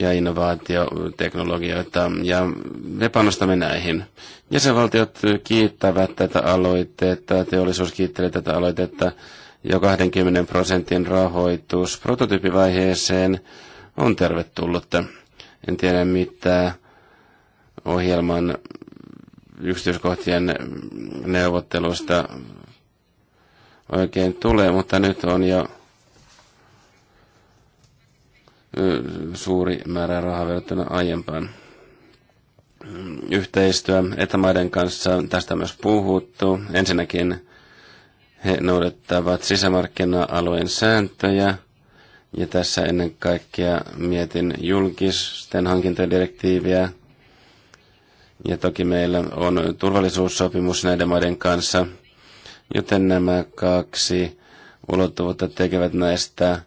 ja innovaatioteknologioita, ja me panostamme näihin. Jäsenvaltiot kiittävät tätä aloitetta, teollisuus kiittelee tätä aloitetta, jo 20 prosentin rahoitus prototyyppivaiheeseen on tervetullutta. En tiedä mitä ohjelman yksityiskohtien neuvottelusta oikein tulee, mutta nyt on jo suuri määrä rahaa verrattuna aiempaan. Yhteistyö etämaiden kanssa, tästä on myös puhuttu. Ensinnäkin he noudattavat sisämarkkina-alueen sääntöjä, ja tässä ennen kaikkea mietin julkisten hankintadirektiiviä, ja toki meillä on turvallisuussopimus näiden maiden kanssa – joten nämä kaksi ulottuvuutta tekevät näistä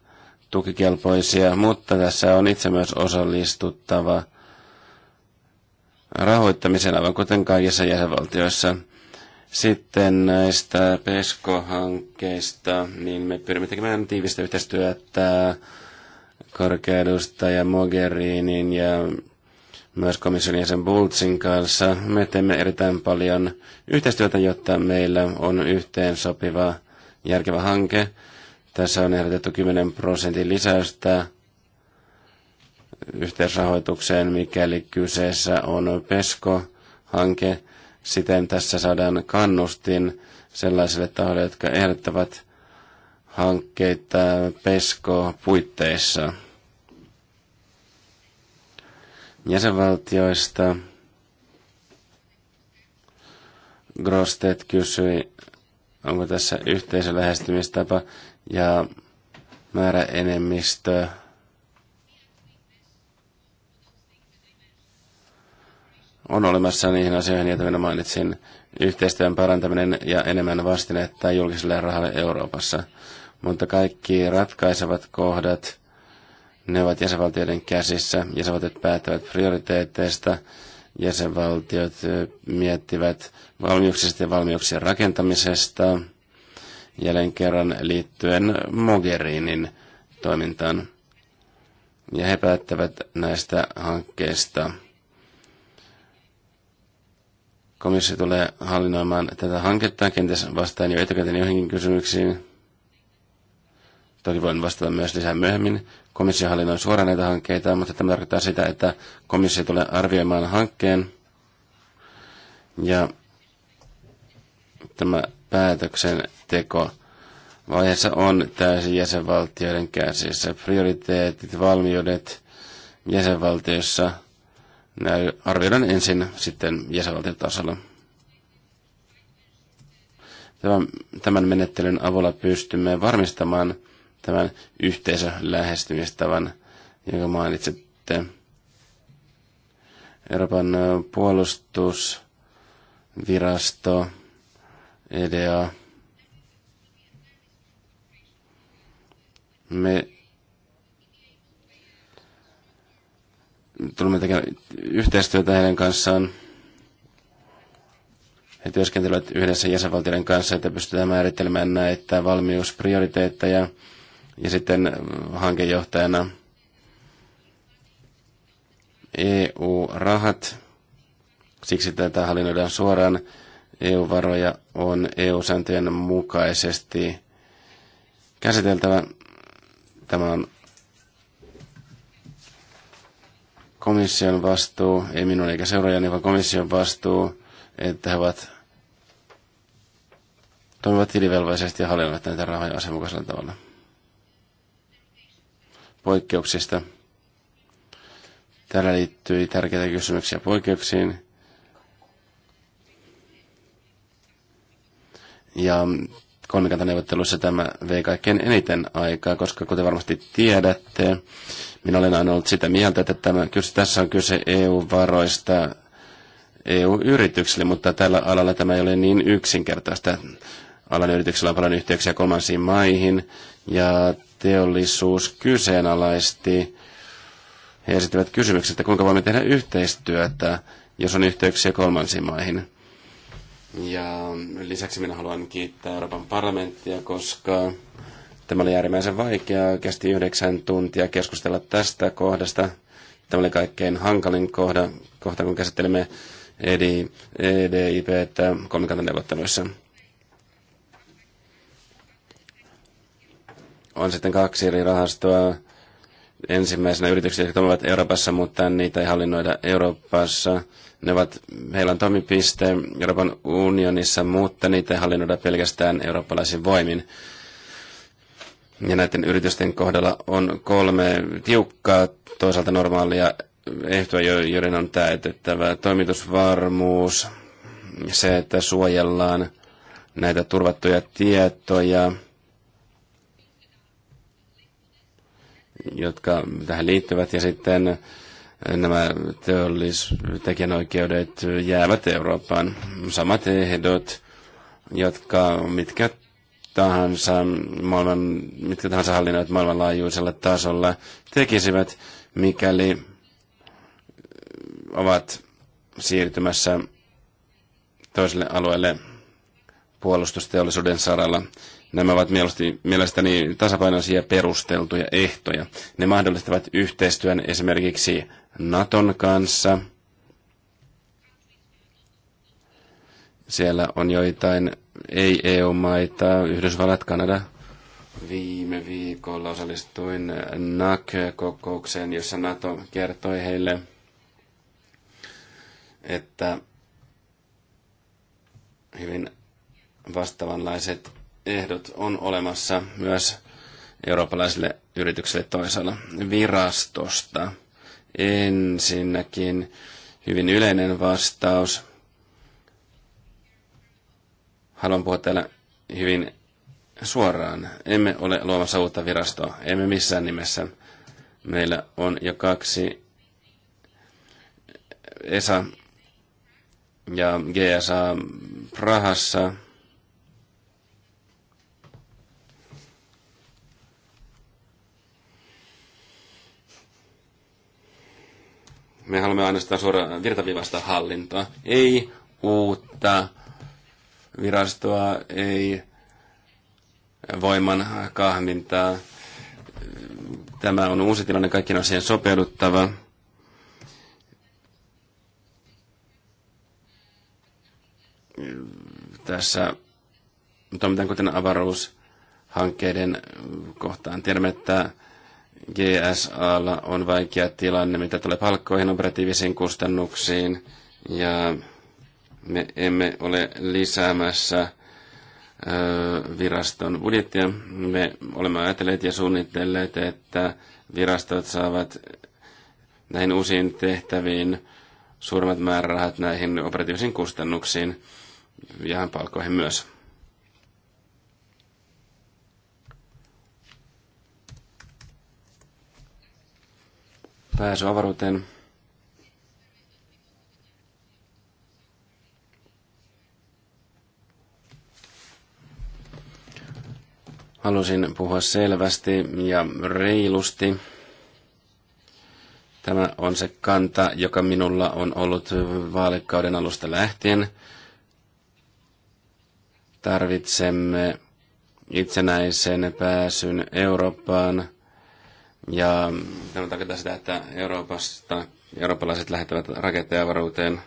tukikelpoisia, mutta tässä on itse myös osallistuttava rahoittamisen, aivan kuten kaikissa jäsenvaltioissa. Sitten näistä PESCO-hankkeista, niin me pyrimme tekemään tiivistä yhteistyötä korkeudusta ja Mogherinin ja myös komission jäsen Bultsin kanssa. Me teemme erittäin paljon yhteistyötä, jotta meillä on yhteen sopiva järkevä hanke. Tässä on ehdotettu 10 prosentin lisäystä yhteisrahoitukseen, mikäli kyseessä on PESCO-hanke. Siten tässä saadaan kannustin sellaisille tahoille, jotka ehdottavat hankkeita PESCO-puitteissa jäsenvaltioista. Grostet kysyi, onko tässä yhteisölähestymistapa ja määräenemmistö on olemassa niihin asioihin, joita minä mainitsin. Yhteistyön parantaminen ja enemmän vastinetta julkiselle rahalle Euroopassa. Mutta kaikki ratkaisevat kohdat ne ovat jäsenvaltioiden käsissä. Jäsenvaltiot päättävät prioriteetteista. Jäsenvaltiot miettivät valmiuksista ja valmiuksien rakentamisesta. Jälleen kerran liittyen Mogherinin toimintaan. Ja he päättävät näistä hankkeista. Komissio tulee hallinnoimaan tätä hanketta, kenties vastaan jo etukäteen joihinkin kysymyksiin. Toki voin vastata myös lisää myöhemmin. Komissio hallinnoi suoraan näitä hankkeita, mutta tämä tarkoittaa sitä, että komissio tulee arvioimaan hankkeen ja tämä päätöksenteko vaiheessa on täysin jäsenvaltioiden käsissä. Prioriteetit, valmiudet jäsenvaltiossa arvioidaan ensin sitten jäsenvaltiotasolla. Tämän menettelyn avulla pystymme varmistamaan, tämän yhteisölähestymistavan, jonka mainitsitte. Euroopan puolustusvirasto, EDA. Me tulemme tekemään yhteistyötä heidän kanssaan. He työskentelevät yhdessä jäsenvaltioiden kanssa, että pystytään määrittelemään näitä valmiusprioriteetteja ja sitten äh, hankejohtajana EU-rahat. Siksi tätä hallinnoidaan suoraan. EU-varoja on EU-sääntöjen mukaisesti käsiteltävä. Tämä on komission vastuu, ei minun eikä seuraajani, vaan komission vastuu, että he ovat toimivat tilivelvaisesti ja hallinnoivat näitä rahoja asianmukaisella tavalla poikkeuksista. Täällä liittyy tärkeitä kysymyksiä poikkeuksiin. Ja kolmikantaneuvotteluissa tämä vei kaikkein eniten aikaa, koska kuten varmasti tiedätte, minä olen aina ollut sitä mieltä, että tämä, tässä on kyse EU-varoista EU-yrityksille, mutta tällä alalla tämä ei ole niin yksinkertaista. Alan yrityksellä on paljon yhteyksiä kolmansiin maihin, ja teollisuus kyseenalaisti he esittivät kysymyksen, että kuinka voimme tehdä yhteistyötä, jos on yhteyksiä kolmansiin maihin. Ja lisäksi minä haluan kiittää Euroopan parlamenttia, koska tämä oli äärimmäisen vaikea. Kesti yhdeksän tuntia keskustella tästä kohdasta. Tämä oli kaikkein hankalin kohda, kohta kun käsittelimme EDI, EDIP kolmikantaneuvotteluissa. on sitten kaksi eri rahastoa. Ensimmäisenä yrityksiä, jotka toimivat Euroopassa, mutta niitä ei hallinnoida Euroopassa. Ne ovat, heillä on toimipiste Euroopan unionissa, mutta niitä ei hallinnoida pelkästään eurooppalaisin voimin. Ja näiden yritysten kohdalla on kolme tiukkaa, toisaalta normaalia ehtoa, joiden on täytettävä. Toimitusvarmuus, se, että suojellaan näitä turvattuja tietoja, jotka tähän liittyvät, ja sitten äh, nämä teollistekijänoikeudet jäävät Eurooppaan. Samat ehdot, jotka mitkä tahansa, maailman, mitkä tahansa hallinnoit maailmanlaajuisella tasolla tekisivät, mikäli äh, ovat siirtymässä toiselle alueelle puolustusteollisuuden saralla. Nämä ovat mielestäni, mielestäni tasapainoisia perusteltuja ehtoja. Ne mahdollistavat yhteistyön esimerkiksi Naton kanssa. Siellä on joitain ei-EU-maita, Yhdysvallat, Kanada. Viime viikolla osallistuin NAC-kokoukseen, jossa NATO kertoi heille, että hyvin vastaavanlaiset ehdot on olemassa myös eurooppalaisille yrityksille toisaalla virastosta. Ensinnäkin hyvin yleinen vastaus. Haluan puhua täällä hyvin suoraan. Emme ole luomassa uutta virastoa, emme missään nimessä. Meillä on jo kaksi ESA ja GSA Prahassa – Me haluamme ainoastaan suoraan virtaviivasta hallintoa. Ei uutta virastoa, ei voiman kahmintaa. Tämä on uusi tilanne, kaikkien asian sopeuduttava. Tässä toimitaan kuten avaruushankkeiden kohtaan. Tiedämme, että GSAlla on vaikea tilanne, mitä tulee palkkoihin, operatiivisiin kustannuksiin, ja me emme ole lisäämässä viraston budjettia. Me olemme ajatelleet ja suunnitelleet, että virastot saavat näihin uusiin tehtäviin suuremmat määrärahat näihin operatiivisiin kustannuksiin ja palkkoihin myös. pääsy avaruuteen. Halusin puhua selvästi ja reilusti. Tämä on se kanta, joka minulla on ollut vaalikauden alusta lähtien. Tarvitsemme itsenäisen pääsyn Eurooppaan – ja tämä tarkoittaa sitä, että Euroopasta, eurooppalaiset lähettävät raketteja avaruuteen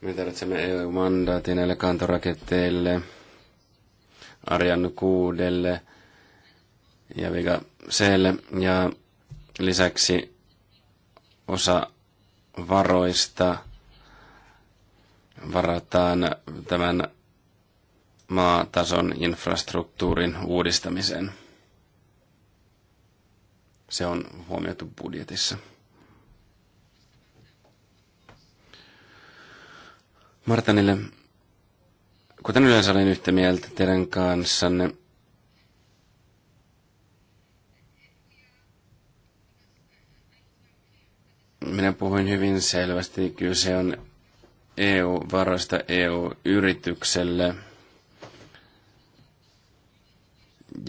Me tarvitsemme EU-mandaatin näille kantoraketteille, Arjan kuudelle ja Vega Clle. Ja lisäksi osa varoista varataan tämän maatason infrastruktuurin uudistamiseen. Se on huomioitu budjetissa. Martanille, kuten yleensä olen yhtä mieltä teidän kanssanne, minä puhuin hyvin selvästi, se on EU-varoista EU-yritykselle –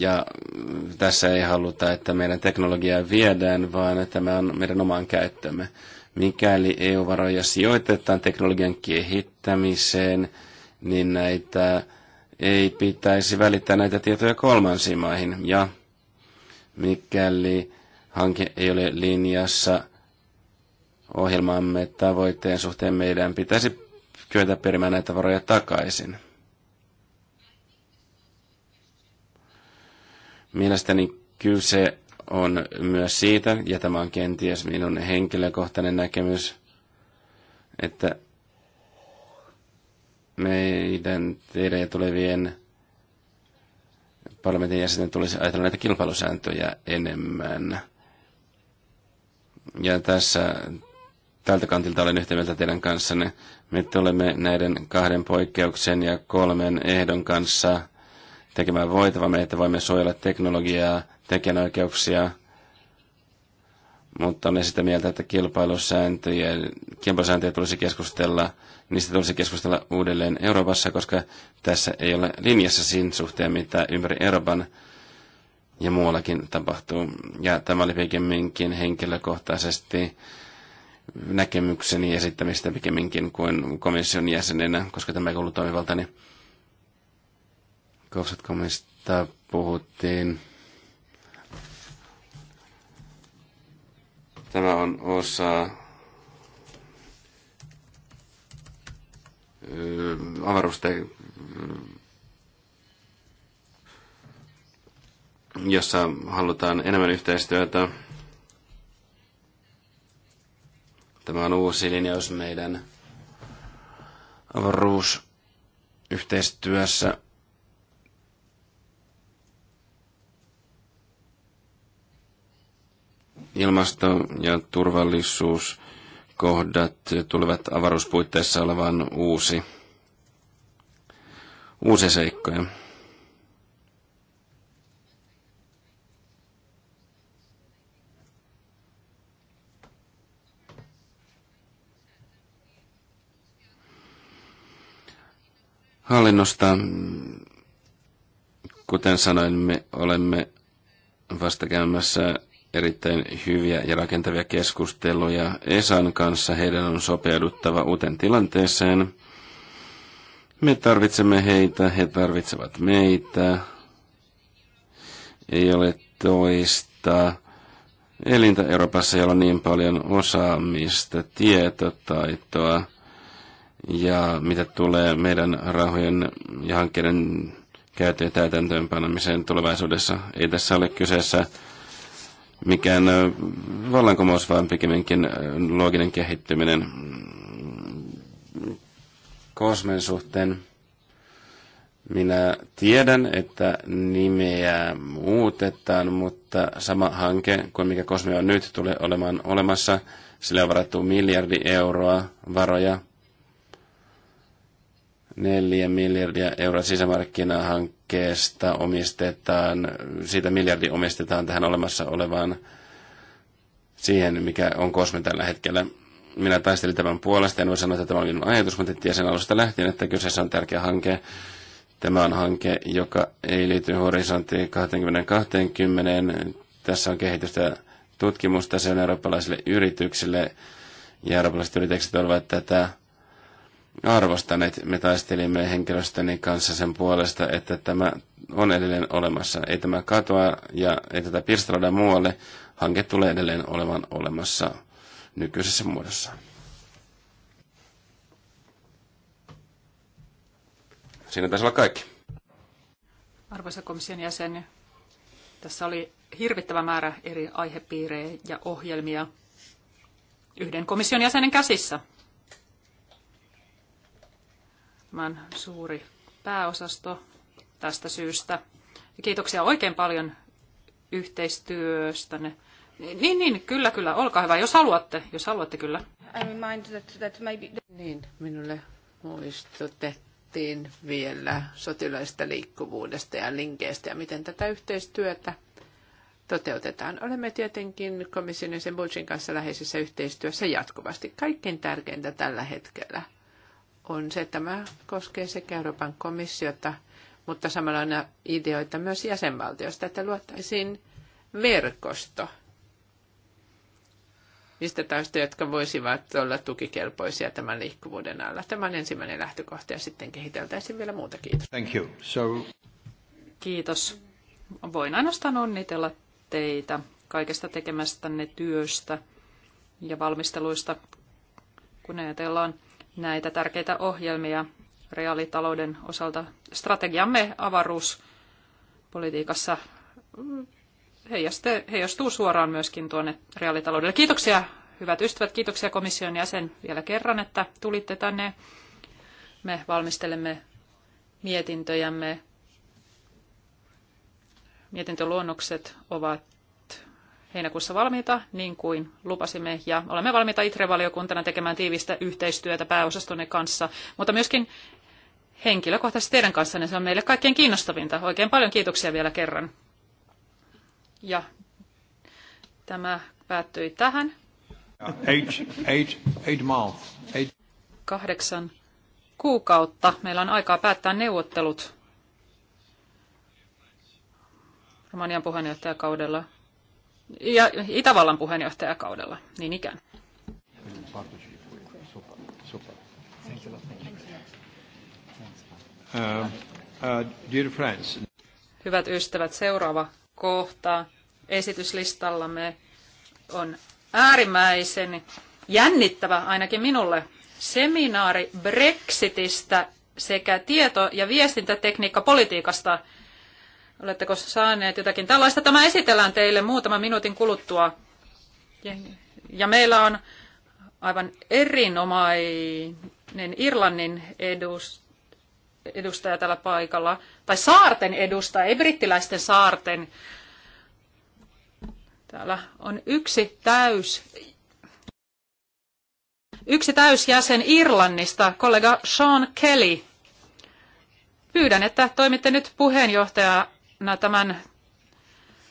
ja mm, tässä ei haluta, että meidän teknologiaa viedään, vaan tämä on meidän omaan käyttömme. Mikäli EU-varoja sijoitetaan teknologian kehittämiseen, niin näitä ei pitäisi välittää näitä tietoja kolmansiin maihin. Ja mikäli hanke ei ole linjassa ohjelmamme tavoitteen suhteen, meidän pitäisi kyetä perimään näitä varoja takaisin. Mielestäni kyse on myös siitä, ja tämä on kenties minun henkilökohtainen näkemys, että meidän teidän ja tulevien parlamentin jäsenten tulisi ajatella näitä kilpailusääntöjä enemmän. Ja tässä tältä kantilta olen yhtä mieltä teidän kanssanne. Me olemme näiden kahden poikkeuksen ja kolmen ehdon kanssa tekemään me, että voimme suojella teknologiaa, tekijänoikeuksia, mutta olen sitä mieltä, että kilpailusääntöjä, kilpailusääntöjä tulisi keskustella, niistä tulisi keskustella uudelleen Euroopassa, koska tässä ei ole linjassa siinä suhteen, mitä ympäri Euroopan ja muuallakin tapahtuu. Ja tämä oli pikemminkin henkilökohtaisesti näkemykseni esittämistä pikemminkin kuin komission jäsenenä, koska tämä ei ollut toimivaltani. Kovsatkomista puhuttiin. Tämä on osa avaruuste, jossa halutaan enemmän yhteistyötä. Tämä on uusi linjaus meidän avaruusyhteistyössä. Ilmasto- ja turvallisuuskohdat tulevat avaruuspuitteissa olevan uusi, uusi seikkoja. hallinnosta, kuten sanoin, me olemme vasta käymässä erittäin hyviä ja rakentavia keskusteluja Esan kanssa. Heidän on sopeuduttava uuteen tilanteeseen. Me tarvitsemme heitä, he tarvitsevat meitä. Ei ole toista elintä Euroopassa, jolla on niin paljon osaamista, tietotaitoa. Ja mitä tulee meidän rahojen ja hankkeiden käytön ja täytäntöönpanemiseen tulevaisuudessa, ei tässä ole kyseessä mikään vallankumous, vaan pikemminkin looginen kehittyminen kosmen suhteen. Minä tiedän, että nimeä muutetaan, mutta sama hanke kuin mikä Kosme on nyt tulee olemaan olemassa. Sillä on varattu miljardi euroa varoja 4 miljardia euroa sisämarkkinahankkeesta omistetaan, siitä miljardi omistetaan tähän olemassa olevaan siihen, mikä on Kosme tällä hetkellä. Minä taistelin tämän puolesta, en voi sanoa, että tämä on minun ajatus, mutta sen alusta lähtien, että kyseessä on tärkeä hanke. Tämä on hanke, joka ei liity horisonttiin 2020. Tässä on kehitystä ja tutkimusta, se on eurooppalaisille yrityksille, ja eurooppalaiset yritykset ovat tätä Arvostan, että Me taistelimme henkilöstöni kanssa sen puolesta, että tämä on edelleen olemassa. Ei tämä katoa ja ei tätä pirstaloida muualle. Hanke tulee edelleen olemaan olemassa nykyisessä muodossa. Siinä taisi olla kaikki. Arvoisa komission jäsen, tässä oli hirvittävä määrä eri aihepiirejä ja ohjelmia yhden komission jäsenen käsissä maan suuri pääosasto tästä syystä. Ja kiitoksia oikein paljon yhteistyöstäne. Niin, niin, kyllä, kyllä, olkaa hyvä, jos haluatte, jos haluatte, kyllä. Niin, minulle muistutettiin vielä sotilaista liikkuvuudesta ja linkeistä ja miten tätä yhteistyötä toteutetaan. Olemme tietenkin komission ja sen Bulgin kanssa läheisessä yhteistyössä jatkuvasti. Kaikkein tärkeintä tällä hetkellä – on se, että tämä koskee sekä Euroopan komissiota, mutta samalla on ideoita myös jäsenvaltiosta, että luottaisiin verkosto niistä taista, jotka voisivat olla tukikelpoisia tämän liikkuvuuden alla. Tämä on ensimmäinen lähtökohta ja sitten kehiteltäisiin vielä muuta. Kiitos. Thank you. So... Kiitos. Voin ainoastaan onnitella teitä kaikesta tekemästänne työstä ja valmisteluista, kun ajatellaan näitä tärkeitä ohjelmia reaalitalouden osalta. Strategiamme avaruuspolitiikassa heijastuu suoraan myöskin tuonne reaalitaloudelle. Kiitoksia hyvät ystävät, kiitoksia komission jäsen vielä kerran, että tulitte tänne. Me valmistelemme mietintöjämme. Mietintöluonnokset ovat heinäkuussa valmiita, niin kuin lupasimme, ja olemme valmiita ITRE-valiokuntana tekemään tiivistä yhteistyötä pääosastonne kanssa, mutta myöskin henkilökohtaisesti teidän kanssanne. Se on meille kaikkein kiinnostavinta. Oikein paljon kiitoksia vielä kerran. Ja tämä päättyi tähän. Kahdeksan kuukautta. Meillä on aikaa päättää neuvottelut Romanian puheenjohtajakaudella ja Itävallan puheenjohtajakaudella, niin ikään. Uh, uh, Hyvät ystävät, seuraava kohta esityslistallamme on äärimmäisen jännittävä ainakin minulle seminaari Brexitistä sekä tieto- ja viestintätekniikkapolitiikasta – Oletteko saaneet jotakin tällaista? Tämä esitellään teille muutaman minuutin kuluttua. Ja meillä on aivan erinomainen Irlannin edustaja tällä paikalla, tai saarten edustaja, ei brittiläisten saarten. Täällä on yksi täys yksi täysjäsen Irlannista, kollega Sean Kelly. Pyydän, että toimitte nyt puheenjohtaja tämän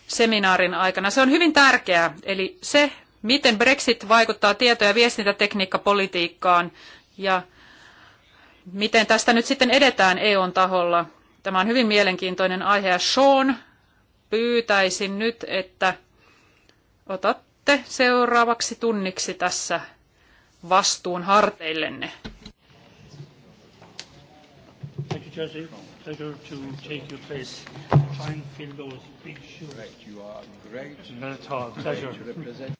seminaarin aikana. Se on hyvin tärkeää, eli se, miten Brexit vaikuttaa tieto- ja viestintätekniikkapolitiikkaan ja miten tästä nyt sitten edetään EUn taholla. Tämä on hyvin mielenkiintoinen aihe ja Sean, pyytäisin nyt, että otatte seuraavaksi tunniksi tässä vastuun harteillenne. Thank you, pleasure to take your place. Try and fill those big shoes. Great, you are great. Not at all. Pleasure. Great to represent.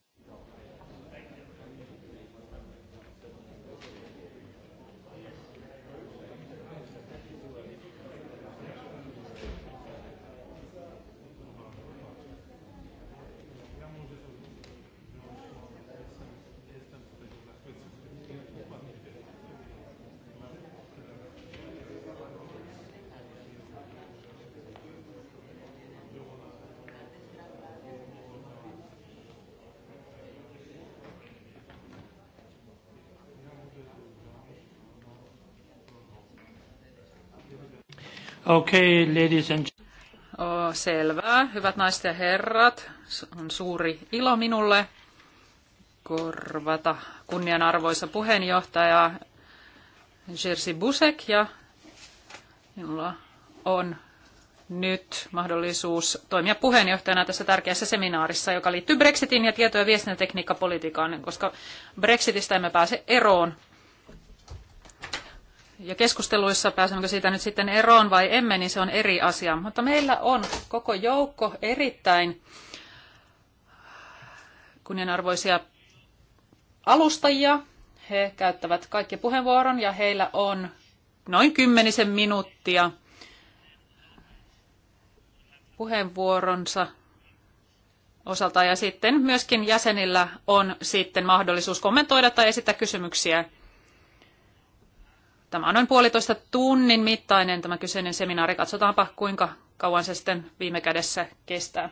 Okay, ladies and... Oh, selvä. Hyvät naiset ja herrat, on suuri ilo minulle korvata kunnianarvoisa puheenjohtaja Jerzy Busek ja minulla on nyt mahdollisuus toimia puheenjohtajana tässä tärkeässä seminaarissa, joka liittyy Brexitin ja tieto- ja viestintätekniikkapolitiikkaan, koska Brexitistä emme pääse eroon ja keskusteluissa, pääsemmekö siitä nyt sitten eroon vai emme, niin se on eri asia. Mutta meillä on koko joukko erittäin kunnianarvoisia alustajia. He käyttävät kaikki puheenvuoron ja heillä on noin kymmenisen minuuttia puheenvuoronsa osalta ja sitten myöskin jäsenillä on sitten mahdollisuus kommentoida tai esittää kysymyksiä. Tämä on noin puolitoista tunnin mittainen tämä kyseinen seminaari. Katsotaanpa, kuinka kauan se sitten viime kädessä kestää.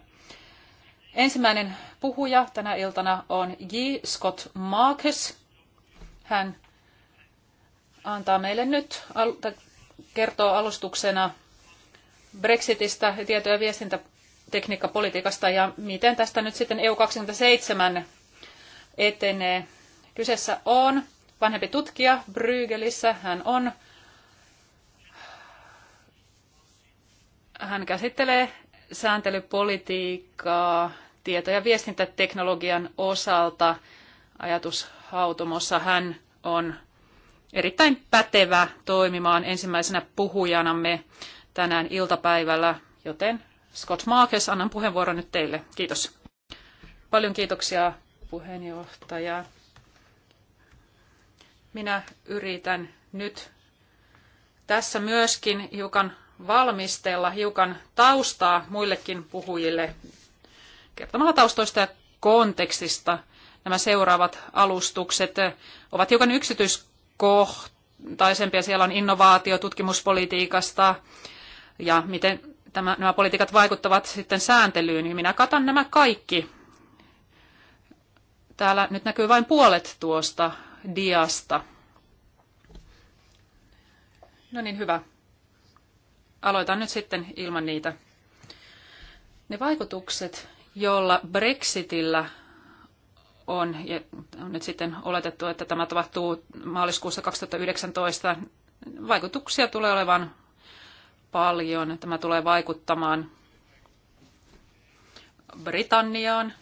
Ensimmäinen puhuja tänä iltana on J. Scott Marcus. Hän antaa meille nyt, kertoo alustuksena Brexitistä ja tieto- ja viestintätekniikkapolitiikasta ja miten tästä nyt sitten EU27 etenee. Kyseessä on vanhempi tutkija Brygelissä. Hän on hän käsittelee sääntelypolitiikkaa tieto- ja viestintäteknologian osalta ajatushautomossa. Hän on erittäin pätevä toimimaan ensimmäisenä puhujanamme tänään iltapäivällä, joten Scott Marcus, annan puheenvuoron nyt teille. Kiitos. Paljon kiitoksia puheenjohtaja. Minä yritän nyt tässä myöskin hiukan valmistella hiukan taustaa muillekin puhujille kertomalla taustoista ja kontekstista. Nämä seuraavat alustukset ovat hiukan yksityiskohtaisempia. Siellä on innovaatio tutkimuspolitiikasta ja miten tämä, nämä politiikat vaikuttavat sitten sääntelyyn. Minä katan nämä kaikki. Täällä nyt näkyy vain puolet tuosta diasta. No niin, hyvä. Aloitan nyt sitten ilman niitä. Ne vaikutukset, joilla Brexitillä on, ja on nyt sitten oletettu, että tämä tapahtuu maaliskuussa 2019, vaikutuksia tulee olevan paljon. Tämä tulee vaikuttamaan Britanniaan,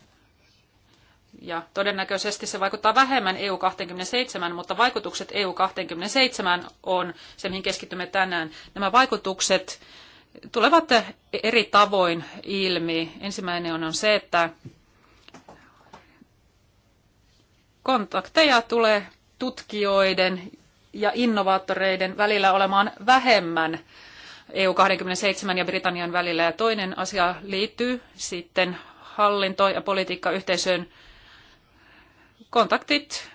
ja todennäköisesti se vaikuttaa vähemmän EU27, mutta vaikutukset EU27 on se, mihin keskitymme tänään. Nämä vaikutukset tulevat eri tavoin ilmi. Ensimmäinen on se, että kontakteja tulee tutkijoiden ja innovaattoreiden välillä olemaan vähemmän EU27 ja Britannian välillä. Ja toinen asia liittyy sitten hallinto- ja politiikkayhteisöön yhteisöön kontaktit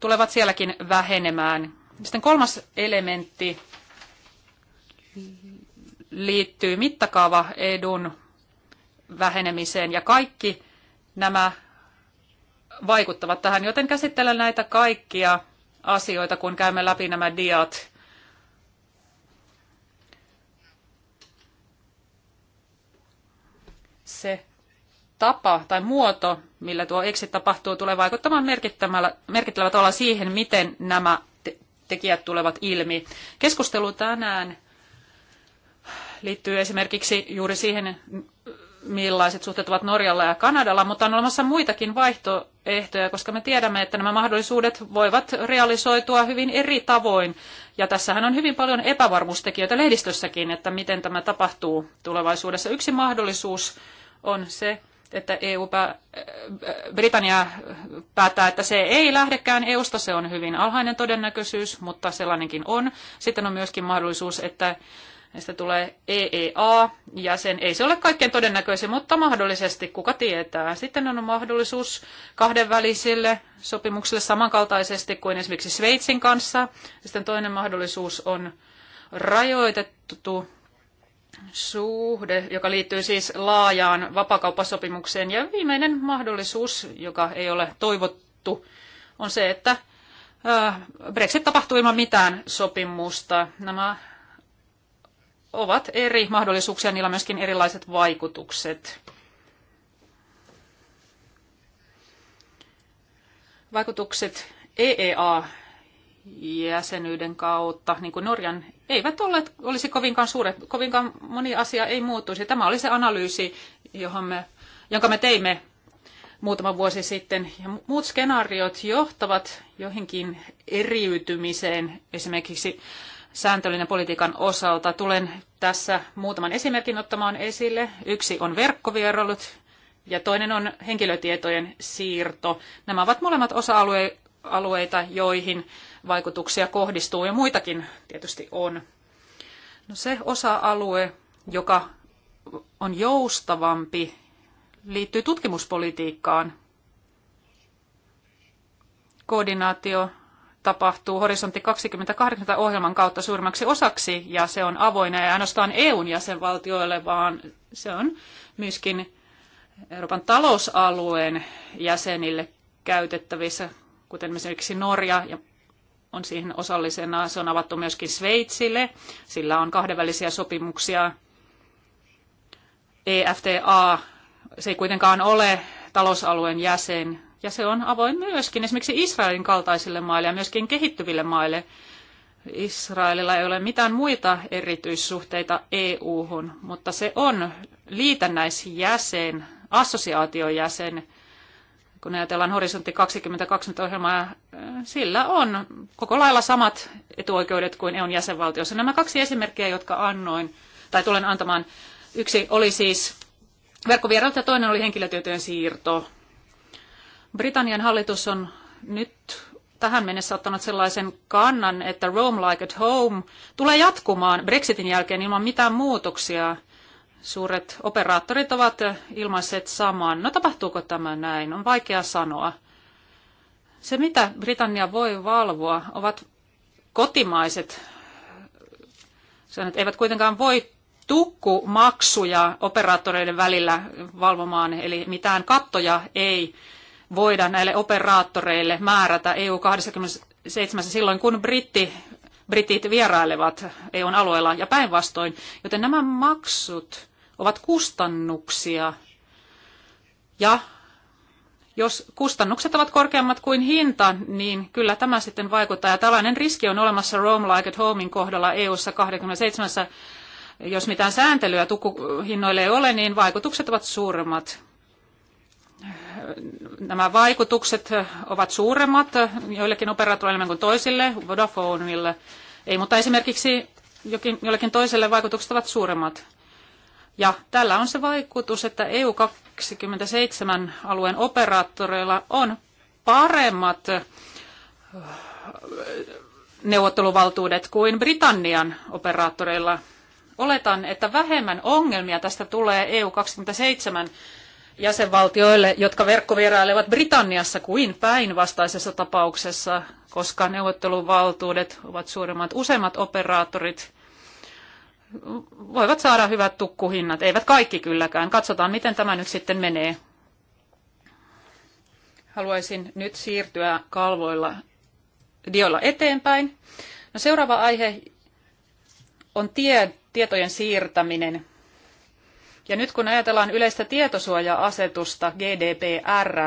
tulevat sielläkin vähenemään. Sitten kolmas elementti liittyy mittakaava edun vähenemiseen ja kaikki nämä vaikuttavat tähän, joten käsittelen näitä kaikkia asioita, kun käymme läpi nämä diat. Se, tapa tai muoto, millä tuo exit tapahtuu, tulee vaikuttamaan merkittävällä tavalla siihen, miten nämä te- tekijät tulevat ilmi. Keskustelu tänään liittyy esimerkiksi juuri siihen, millaiset suhteet ovat Norjalla ja Kanadalla, mutta on olemassa muitakin vaihtoehtoja, koska me tiedämme, että nämä mahdollisuudet voivat realisoitua hyvin eri tavoin. Ja tässähän on hyvin paljon epävarmuustekijöitä lehdistössäkin, että miten tämä tapahtuu tulevaisuudessa. Yksi mahdollisuus on se, että EU pää, äh, Britannia päättää, että se ei lähdekään EUsta, se on hyvin alhainen todennäköisyys, mutta sellainenkin on. Sitten on myöskin mahdollisuus, että näistä tulee EEA-jäsen. Ei se ole kaikkein todennäköisin, mutta mahdollisesti, kuka tietää. Sitten on mahdollisuus kahdenvälisille sopimuksille samankaltaisesti kuin esimerkiksi Sveitsin kanssa. Sitten toinen mahdollisuus on rajoitettu suhde, joka liittyy siis laajaan vapakauppasopimukseen. Ja viimeinen mahdollisuus, joka ei ole toivottu, on se, että Brexit tapahtuu ilman mitään sopimusta. Nämä ovat eri mahdollisuuksia, niillä on myöskin erilaiset vaikutukset. Vaikutukset EEA-jäsenyyden kautta, niin kuin Norjan eivät olleet, olisi kovinkaan suuret, kovinkaan moni asia ei muuttuisi. Tämä oli se analyysi, johon me, jonka me teimme muutama vuosi sitten. Ja muut skenaariot johtavat johonkin eriytymiseen, esimerkiksi sääntöllinen politiikan osalta. Tulen tässä muutaman esimerkin ottamaan esille. Yksi on verkkovierailut ja toinen on henkilötietojen siirto. Nämä ovat molemmat osa-alueita, joihin vaikutuksia kohdistuu ja muitakin tietysti on. No se osa-alue, joka on joustavampi, liittyy tutkimuspolitiikkaan. Koordinaatio tapahtuu Horisontti 2020 ohjelman kautta suurimmaksi osaksi ja se on avoinna ja ainoastaan EUn jäsenvaltioille, vaan se on myöskin Euroopan talousalueen jäsenille käytettävissä, kuten esimerkiksi Norja ja on siihen osallisena. Se on avattu myöskin Sveitsille. Sillä on kahdenvälisiä sopimuksia. EFTA, se ei kuitenkaan ole talousalueen jäsen. Ja se on avoin myöskin esimerkiksi Israelin kaltaisille maille ja myöskin kehittyville maille. Israelilla ei ole mitään muita erityissuhteita EU-hun, mutta se on liitännäisjäsen, assosiaatiojäsen kun ajatellaan horisontti 2020 ohjelmaa, äh, sillä on koko lailla samat etuoikeudet kuin EUn jäsenvaltiossa. Nämä kaksi esimerkkiä, jotka annoin, tai tulen antamaan, yksi oli siis verkkovierailta ja toinen oli henkilötietojen siirto. Britannian hallitus on nyt tähän mennessä ottanut sellaisen kannan, että Rome like at home tulee jatkumaan Brexitin jälkeen ilman mitään muutoksia suuret operaattorit ovat ilmaiset samaan, No tapahtuuko tämä näin? On vaikea sanoa. Se, mitä Britannia voi valvoa, ovat kotimaiset sanot, Eivät kuitenkaan voi tukku maksuja operaattoreiden välillä valvomaan, eli mitään kattoja ei voida näille operaattoreille määrätä EU-27 silloin, kun britti britit vierailevat EUn alueella ja päinvastoin, joten nämä maksut ovat kustannuksia. Ja jos kustannukset ovat korkeammat kuin hinta, niin kyllä tämä sitten vaikuttaa. Ja tällainen riski on olemassa Roam Like at Homein kohdalla EU-ssa 27. Jos mitään sääntelyä tukkuhinnoille ei ole, niin vaikutukset ovat suuremmat nämä vaikutukset ovat suuremmat joillekin operaattoreille kuin toisille, Vodafoneille ei, mutta esimerkiksi jokin, jollekin toiselle vaikutukset ovat suuremmat. Ja tällä on se vaikutus, että EU27 alueen operaattoreilla on paremmat neuvotteluvaltuudet kuin Britannian operaattoreilla. Oletan, että vähemmän ongelmia tästä tulee EU27 jäsenvaltioille, jotka verkkovierailevat Britanniassa kuin päinvastaisessa tapauksessa, koska neuvotteluvaltuudet ovat suuremmat. Useimmat operaattorit voivat saada hyvät tukkuhinnat. Eivät kaikki kylläkään. Katsotaan, miten tämä nyt sitten menee. Haluaisin nyt siirtyä kalvoilla dioilla eteenpäin. No seuraava aihe on tie, tietojen siirtäminen ja nyt kun ajatellaan yleistä tietosuoja-asetusta GDPR,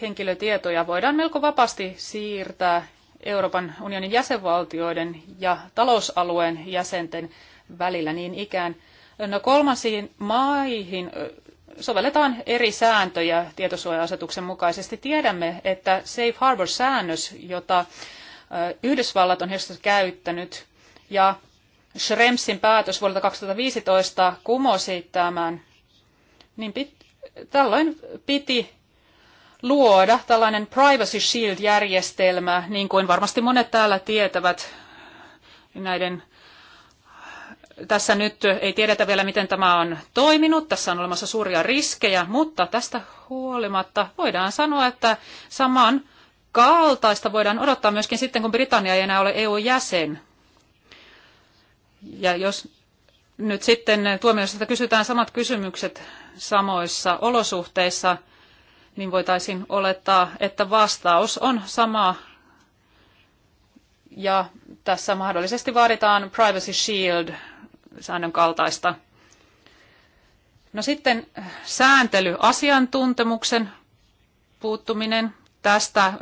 henkilötietoja voidaan melko vapaasti siirtää Euroopan unionin jäsenvaltioiden ja talousalueen jäsenten välillä niin ikään. No kolmansiin maihin sovelletaan eri sääntöjä tietosuoja-asetuksen mukaisesti. Tiedämme, että Safe Harbor-säännös, jota Yhdysvallat on heistä käyttänyt, ja Schremsin päätös vuodelta 2015 kumosi tämän, niin pit, tällöin piti luoda tällainen Privacy Shield-järjestelmä, niin kuin varmasti monet täällä tietävät näiden tässä nyt ei tiedetä vielä, miten tämä on toiminut. Tässä on olemassa suuria riskejä, mutta tästä huolimatta voidaan sanoa, että saman kaltaista voidaan odottaa myöskin sitten, kun Britannia ei enää ole EU-jäsen. Ja jos nyt sitten tuomioistuimelta kysytään samat kysymykset samoissa olosuhteissa, niin voitaisiin olettaa, että vastaus on sama. Ja tässä mahdollisesti vaaditaan Privacy Shield-säännön kaltaista. No sitten sääntely, asiantuntemuksen puuttuminen. Tästä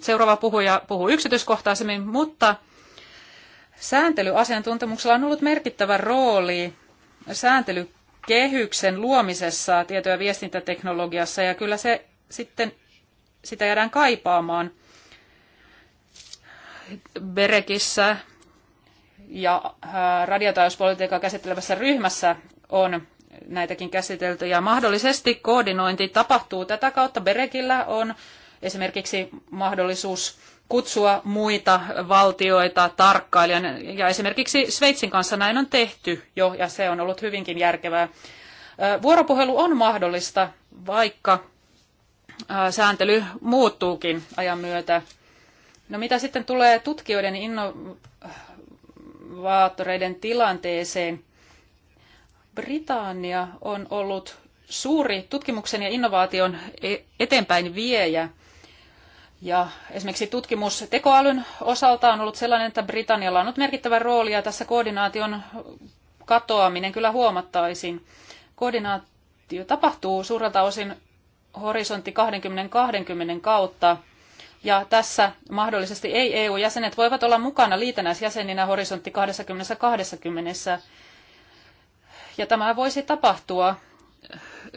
seuraava puhuja puhuu yksityiskohtaisemmin, mutta – Sääntelyasiantuntemuksella on ollut merkittävä rooli sääntelykehyksen luomisessa tieto- ja viestintäteknologiassa, ja kyllä se sitten sitä jäädään kaipaamaan Berekissä ja äh, radiotaajuuspolitiikkaa käsittelevässä ryhmässä on näitäkin käsitelty, ja mahdollisesti koordinointi tapahtuu tätä kautta. Berekillä on esimerkiksi mahdollisuus kutsua muita valtioita tarkkailijan. Ja esimerkiksi Sveitsin kanssa näin on tehty jo, ja se on ollut hyvinkin järkevää. Vuoropuhelu on mahdollista, vaikka sääntely muuttuukin ajan myötä. No mitä sitten tulee tutkijoiden innovaattoreiden tilanteeseen? Britannia on ollut suuri tutkimuksen ja innovaation e- eteenpäin viejä – ja esimerkiksi tutkimus tekoälyn osalta on ollut sellainen, että Britannialla on ollut merkittävä rooli ja tässä koordinaation katoaminen kyllä huomattaisiin. Koordinaatio tapahtuu suurelta osin horisontti 20-20 kautta. Ja tässä mahdollisesti ei-EU-jäsenet voivat olla mukana liitännäisjäseninä horisontti 20-20. Ja tämä voisi tapahtua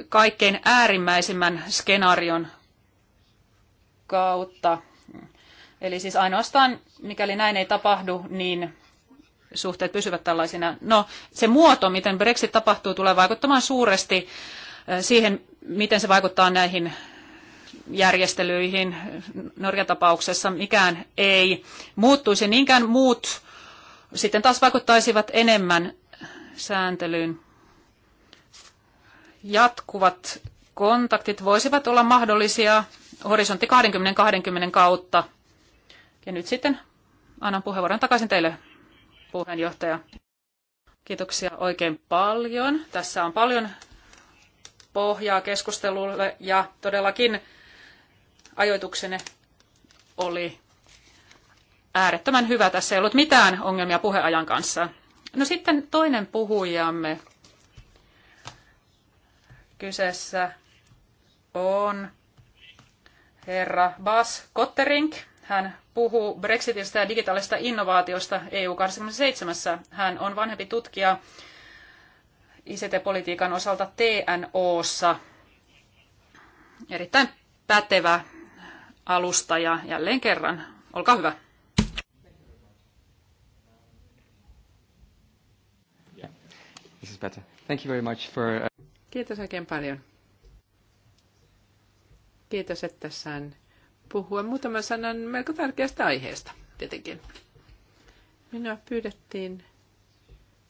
kaikkein äärimmäisimmän skenaarion kautta. Eli siis ainoastaan, mikäli näin ei tapahdu, niin suhteet pysyvät tällaisina. No, se muoto, miten Brexit tapahtuu, tulee vaikuttamaan suuresti eh, siihen, miten se vaikuttaa näihin järjestelyihin. Norjan tapauksessa mikään ei muuttuisi, niinkään muut sitten taas vaikuttaisivat enemmän sääntelyyn. Jatkuvat kontaktit voisivat olla mahdollisia horisontti 20-20 kautta. Ja nyt sitten annan puheenvuoron takaisin teille, puheenjohtaja. Kiitoksia oikein paljon. Tässä on paljon pohjaa keskustelulle ja todellakin ajoituksenne oli äärettömän hyvä. Tässä ei ollut mitään ongelmia puheajan kanssa. No sitten toinen puhujamme kyseessä on herra Bas Kotterink, Hän puhuu Brexitistä ja digitaalisesta innovaatiosta EU27. Hän on vanhempi tutkija ICT-politiikan osalta TNOssa. Erittäin pätevä alustaja jälleen kerran. Olkaa hyvä. Uh, Kiitos oikein paljon Kiitos, että sain puhua muutaman sanan melko tärkeästä aiheesta, tietenkin. Minua pyydettiin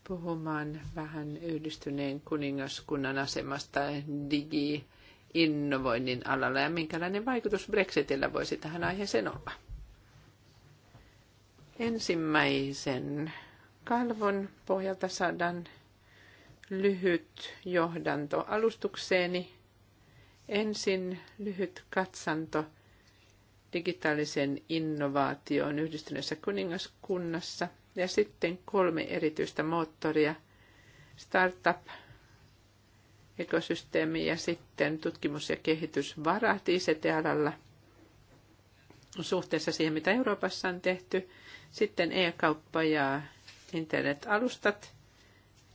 puhumaan vähän yhdistyneen kuningaskunnan asemasta digi-innovoinnin alalla ja minkälainen vaikutus Brexitillä voisi tähän aiheeseen olla. Ensimmäisen kalvon pohjalta saadaan lyhyt johdanto alustukseeni Ensin lyhyt katsanto digitaalisen innovaation yhdistyneessä kuningaskunnassa ja sitten kolme erityistä moottoria, startup, ekosysteemi ja sitten tutkimus- ja kehitysvarat ICT-alalla suhteessa siihen, mitä Euroopassa on tehty, sitten e-kauppa ja internet-alustat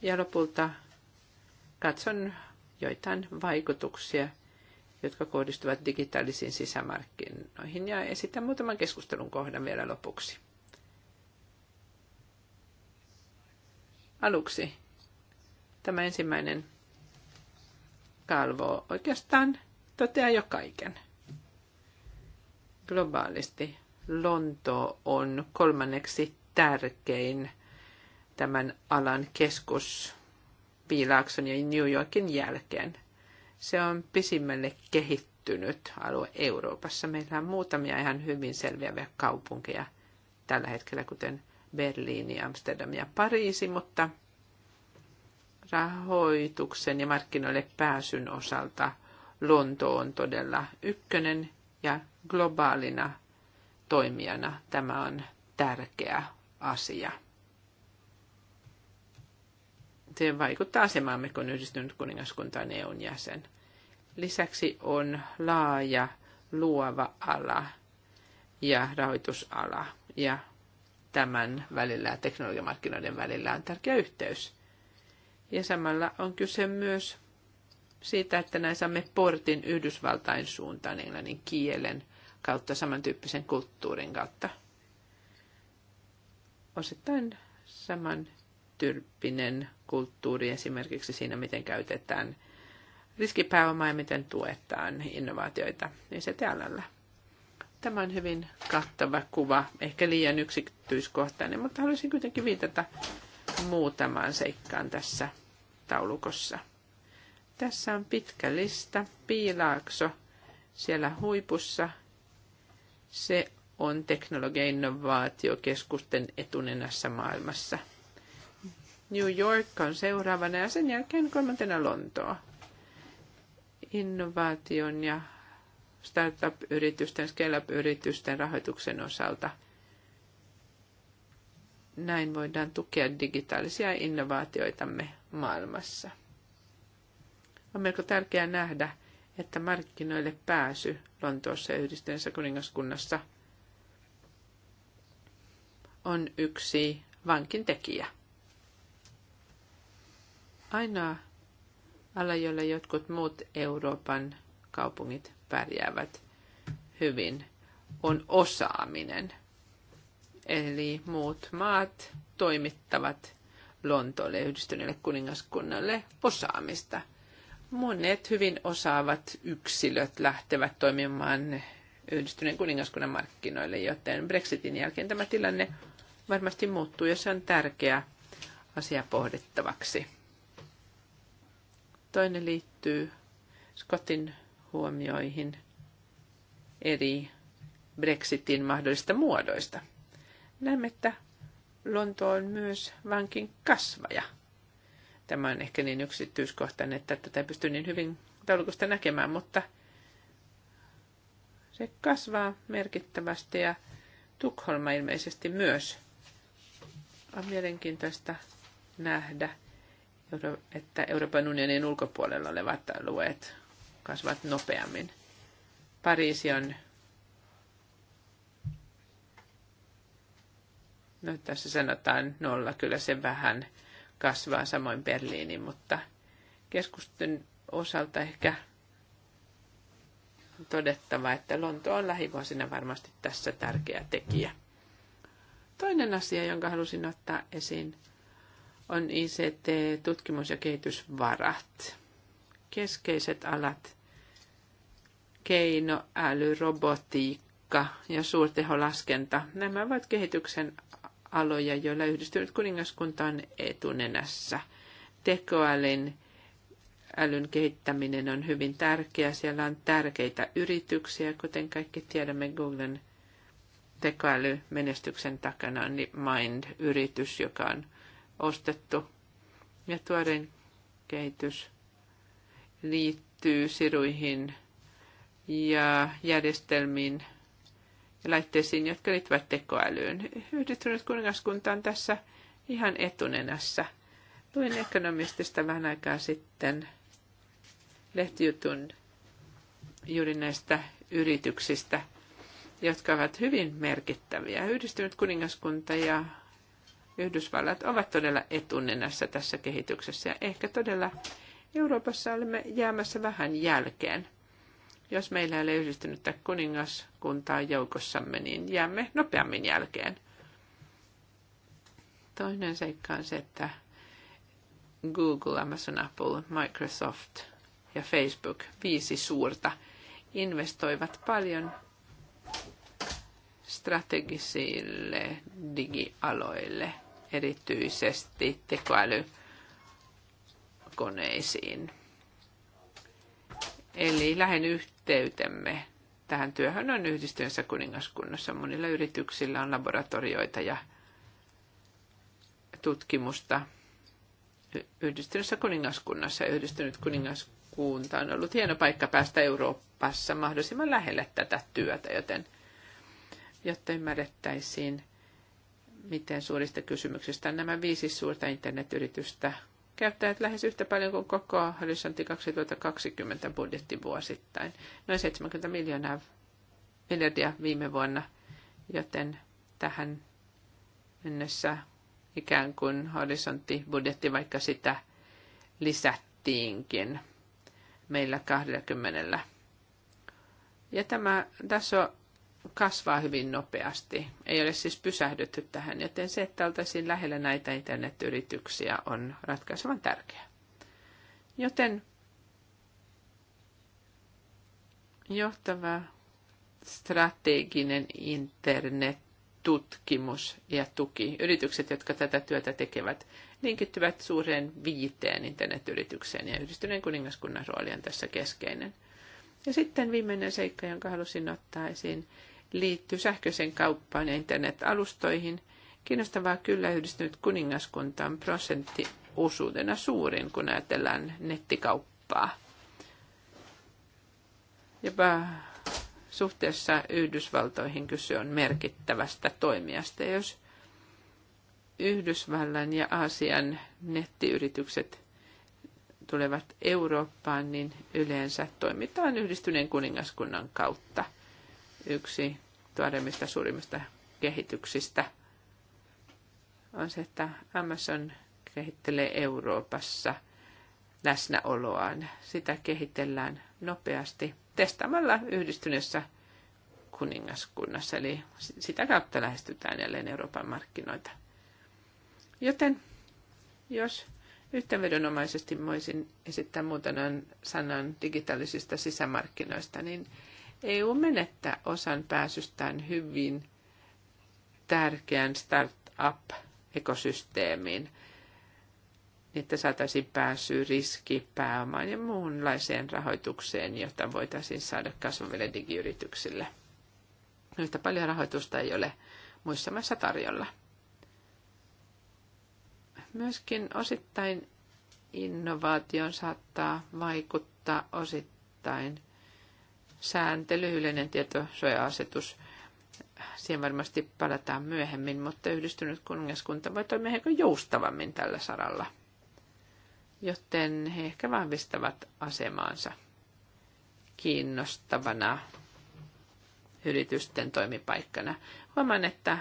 ja lopulta katson joitain vaikutuksia, jotka kohdistuvat digitaalisiin sisämarkkinoihin. Ja esitän muutaman keskustelun kohdan vielä lopuksi. Aluksi tämä ensimmäinen kalvo oikeastaan toteaa jo kaiken. Globaalisti Lonto on kolmanneksi tärkein tämän alan keskus Piilaakson ja New Yorkin jälkeen – se on pisimmälle kehittynyt alue Euroopassa. Meillä on muutamia ihan hyvin selviäviä kaupunkeja tällä hetkellä, kuten Berliini, Amsterdam ja Pariisi, mutta rahoituksen ja markkinoille pääsyn osalta Lonto on todella ykkönen ja globaalina toimijana tämä on tärkeä asia se vaikuttaa asemaamme, kun yhdistynyt kuningaskunta on EUn jäsen. Lisäksi on laaja luova ala ja rahoitusala ja tämän välillä ja teknologiamarkkinoiden välillä on tärkeä yhteys. Ja samalla on kyse myös siitä, että näin saamme portin Yhdysvaltain suuntaan englannin kielen kautta, samantyyppisen kulttuurin kautta. Osittain saman tyyppinen kulttuuri esimerkiksi siinä, miten käytetään riskipääomaa ja miten tuetaan innovaatioita se alalla Tämä on hyvin kattava kuva, ehkä liian yksityiskohtainen, mutta haluaisin kuitenkin viitata muutamaan seikkaan tässä taulukossa. Tässä on pitkä lista, piilaakso siellä huipussa. Se on teknologia-innovaatiokeskusten etunenässä maailmassa – New York on seuraavana ja sen jälkeen kolmantena Lontoa. Innovaation ja startup-yritysten, scale-up-yritysten rahoituksen osalta. Näin voidaan tukea digitaalisia innovaatioitamme maailmassa. On melko tärkeää nähdä, että markkinoille pääsy Lontoossa ja yhdistyneessä kuningaskunnassa on yksi vankin tekijä – ainoa ala, jolla jotkut muut Euroopan kaupungit pärjäävät hyvin, on osaaminen. Eli muut maat toimittavat Lontoolle ja yhdistyneelle kuningaskunnalle osaamista. Monet hyvin osaavat yksilöt lähtevät toimimaan yhdistyneen kuningaskunnan markkinoille, joten Brexitin jälkeen tämä tilanne varmasti muuttuu ja se on tärkeä asia pohdittavaksi. Toinen liittyy Scottin huomioihin eri Brexitin mahdollisista muodoista. Näemme, että Lonto on myös vankin kasvaja. Tämä on ehkä niin yksityiskohtainen, että tätä ei pysty niin hyvin taulukosta näkemään, mutta se kasvaa merkittävästi ja Tukholma ilmeisesti myös. On mielenkiintoista nähdä, että Euroopan unionin ulkopuolella olevat alueet kasvavat nopeammin. Pariisi on no tässä sanotaan nolla, kyllä se vähän kasvaa samoin Berliini, mutta keskusten osalta ehkä on todettava, että Lonto on lähivuosina varmasti tässä tärkeä tekijä. Toinen asia, jonka halusin ottaa esiin, on ICT-tutkimus- ja kehitysvarat. Keskeiset alat, keinoäly, robotiikka ja suurteholaskenta, nämä ovat kehityksen aloja, joilla yhdistynyt kuningaskunta on etunenässä. Tekoälyn älyn kehittäminen on hyvin tärkeää. Siellä on tärkeitä yrityksiä, kuten kaikki tiedämme Googlen tekoälymenestyksen takana on MIND-yritys, joka on ostettu. Ja tuoreen kehitys liittyy siruihin ja järjestelmiin ja laitteisiin, jotka liittyvät tekoälyyn. Yhdistynyt kuningaskunta on tässä ihan etunenässä. Luin ekonomistista vähän aikaa sitten lehtijutun juuri näistä yrityksistä, jotka ovat hyvin merkittäviä. Yhdistynyt kuningaskunta ja Yhdysvallat ovat todella etunenässä tässä kehityksessä ja ehkä todella Euroopassa olemme jäämässä vähän jälkeen. Jos meillä ei ole yhdistynyttä kuningaskuntaa joukossamme, niin jäämme nopeammin jälkeen. Toinen seikka on se, että Google, Amazon, Apple, Microsoft ja Facebook, viisi suurta, investoivat paljon strategisille digialoille – erityisesti tekoälykoneisiin. Eli lähen yhteytemme tähän työhön on yhdistyneessä kuningaskunnassa. Monilla yrityksillä on laboratorioita ja tutkimusta yhdistyneessä kuningaskunnassa. Yhdistynyt kuningaskunta on ollut hieno paikka päästä Euroopassa mahdollisimman lähelle tätä työtä, joten jotta ymmärrettäisiin miten suurista kysymyksistä nämä viisi suurta internetyritystä käyttävät lähes yhtä paljon kuin koko Horisontti 2020 budjetti vuosittain. Noin 70 miljoonaa miljardia viime vuonna, joten tähän mennessä ikään kuin budjetti vaikka sitä lisättiinkin meillä 20. Ja tämä taso kasvaa hyvin nopeasti. Ei ole siis pysähdytty tähän, joten se, että oltaisiin lähellä näitä internetyrityksiä on ratkaisevan tärkeää. Joten johtava strateginen internet-tutkimus ja tuki. Yritykset, jotka tätä työtä tekevät, linkittyvät suureen viiteen internetyritykseen ja yhdistyneen kuningaskunnan rooli on tässä keskeinen. Ja sitten viimeinen seikka, jonka halusin ottaa esiin, liittyy sähköiseen kauppaan ja internet-alustoihin. Kiinnostavaa kyllä yhdistynyt kuningaskunta on prosenttiosuutena suurin, kun ajatellaan nettikauppaa. Jopa suhteessa Yhdysvaltoihin kyse on merkittävästä toimijasta. Jos Yhdysvallan ja Aasian nettiyritykset tulevat Eurooppaan, niin yleensä toimitaan yhdistyneen kuningaskunnan kautta – yksi todemmista suurimmista kehityksistä on se, että Amazon kehittelee Euroopassa läsnäoloaan. Sitä kehitellään nopeasti testamalla yhdistyneessä kuningaskunnassa, eli sitä kautta lähestytään jälleen Euroopan markkinoita. Joten jos yhteenvedonomaisesti voisin esittää muutaman sanan digitaalisista sisämarkkinoista, niin EU menettää osan pääsystään hyvin tärkeän startup-ekosysteemiin, niin että saataisiin pääsy riskipääomaan ja muunlaiseen rahoitukseen, jota voitaisiin saada kasvaville digiyrityksille. No, yhtä paljon rahoitusta ei ole muissa maissa tarjolla. Myöskin osittain innovaation saattaa vaikuttaa osittain sääntely, yleinen tietosuoja-asetus, siihen varmasti palataan myöhemmin, mutta yhdistynyt kuningaskunta voi toimia ehkä joustavammin tällä saralla, joten he ehkä vahvistavat asemaansa kiinnostavana yritysten toimipaikkana. Huomaan, että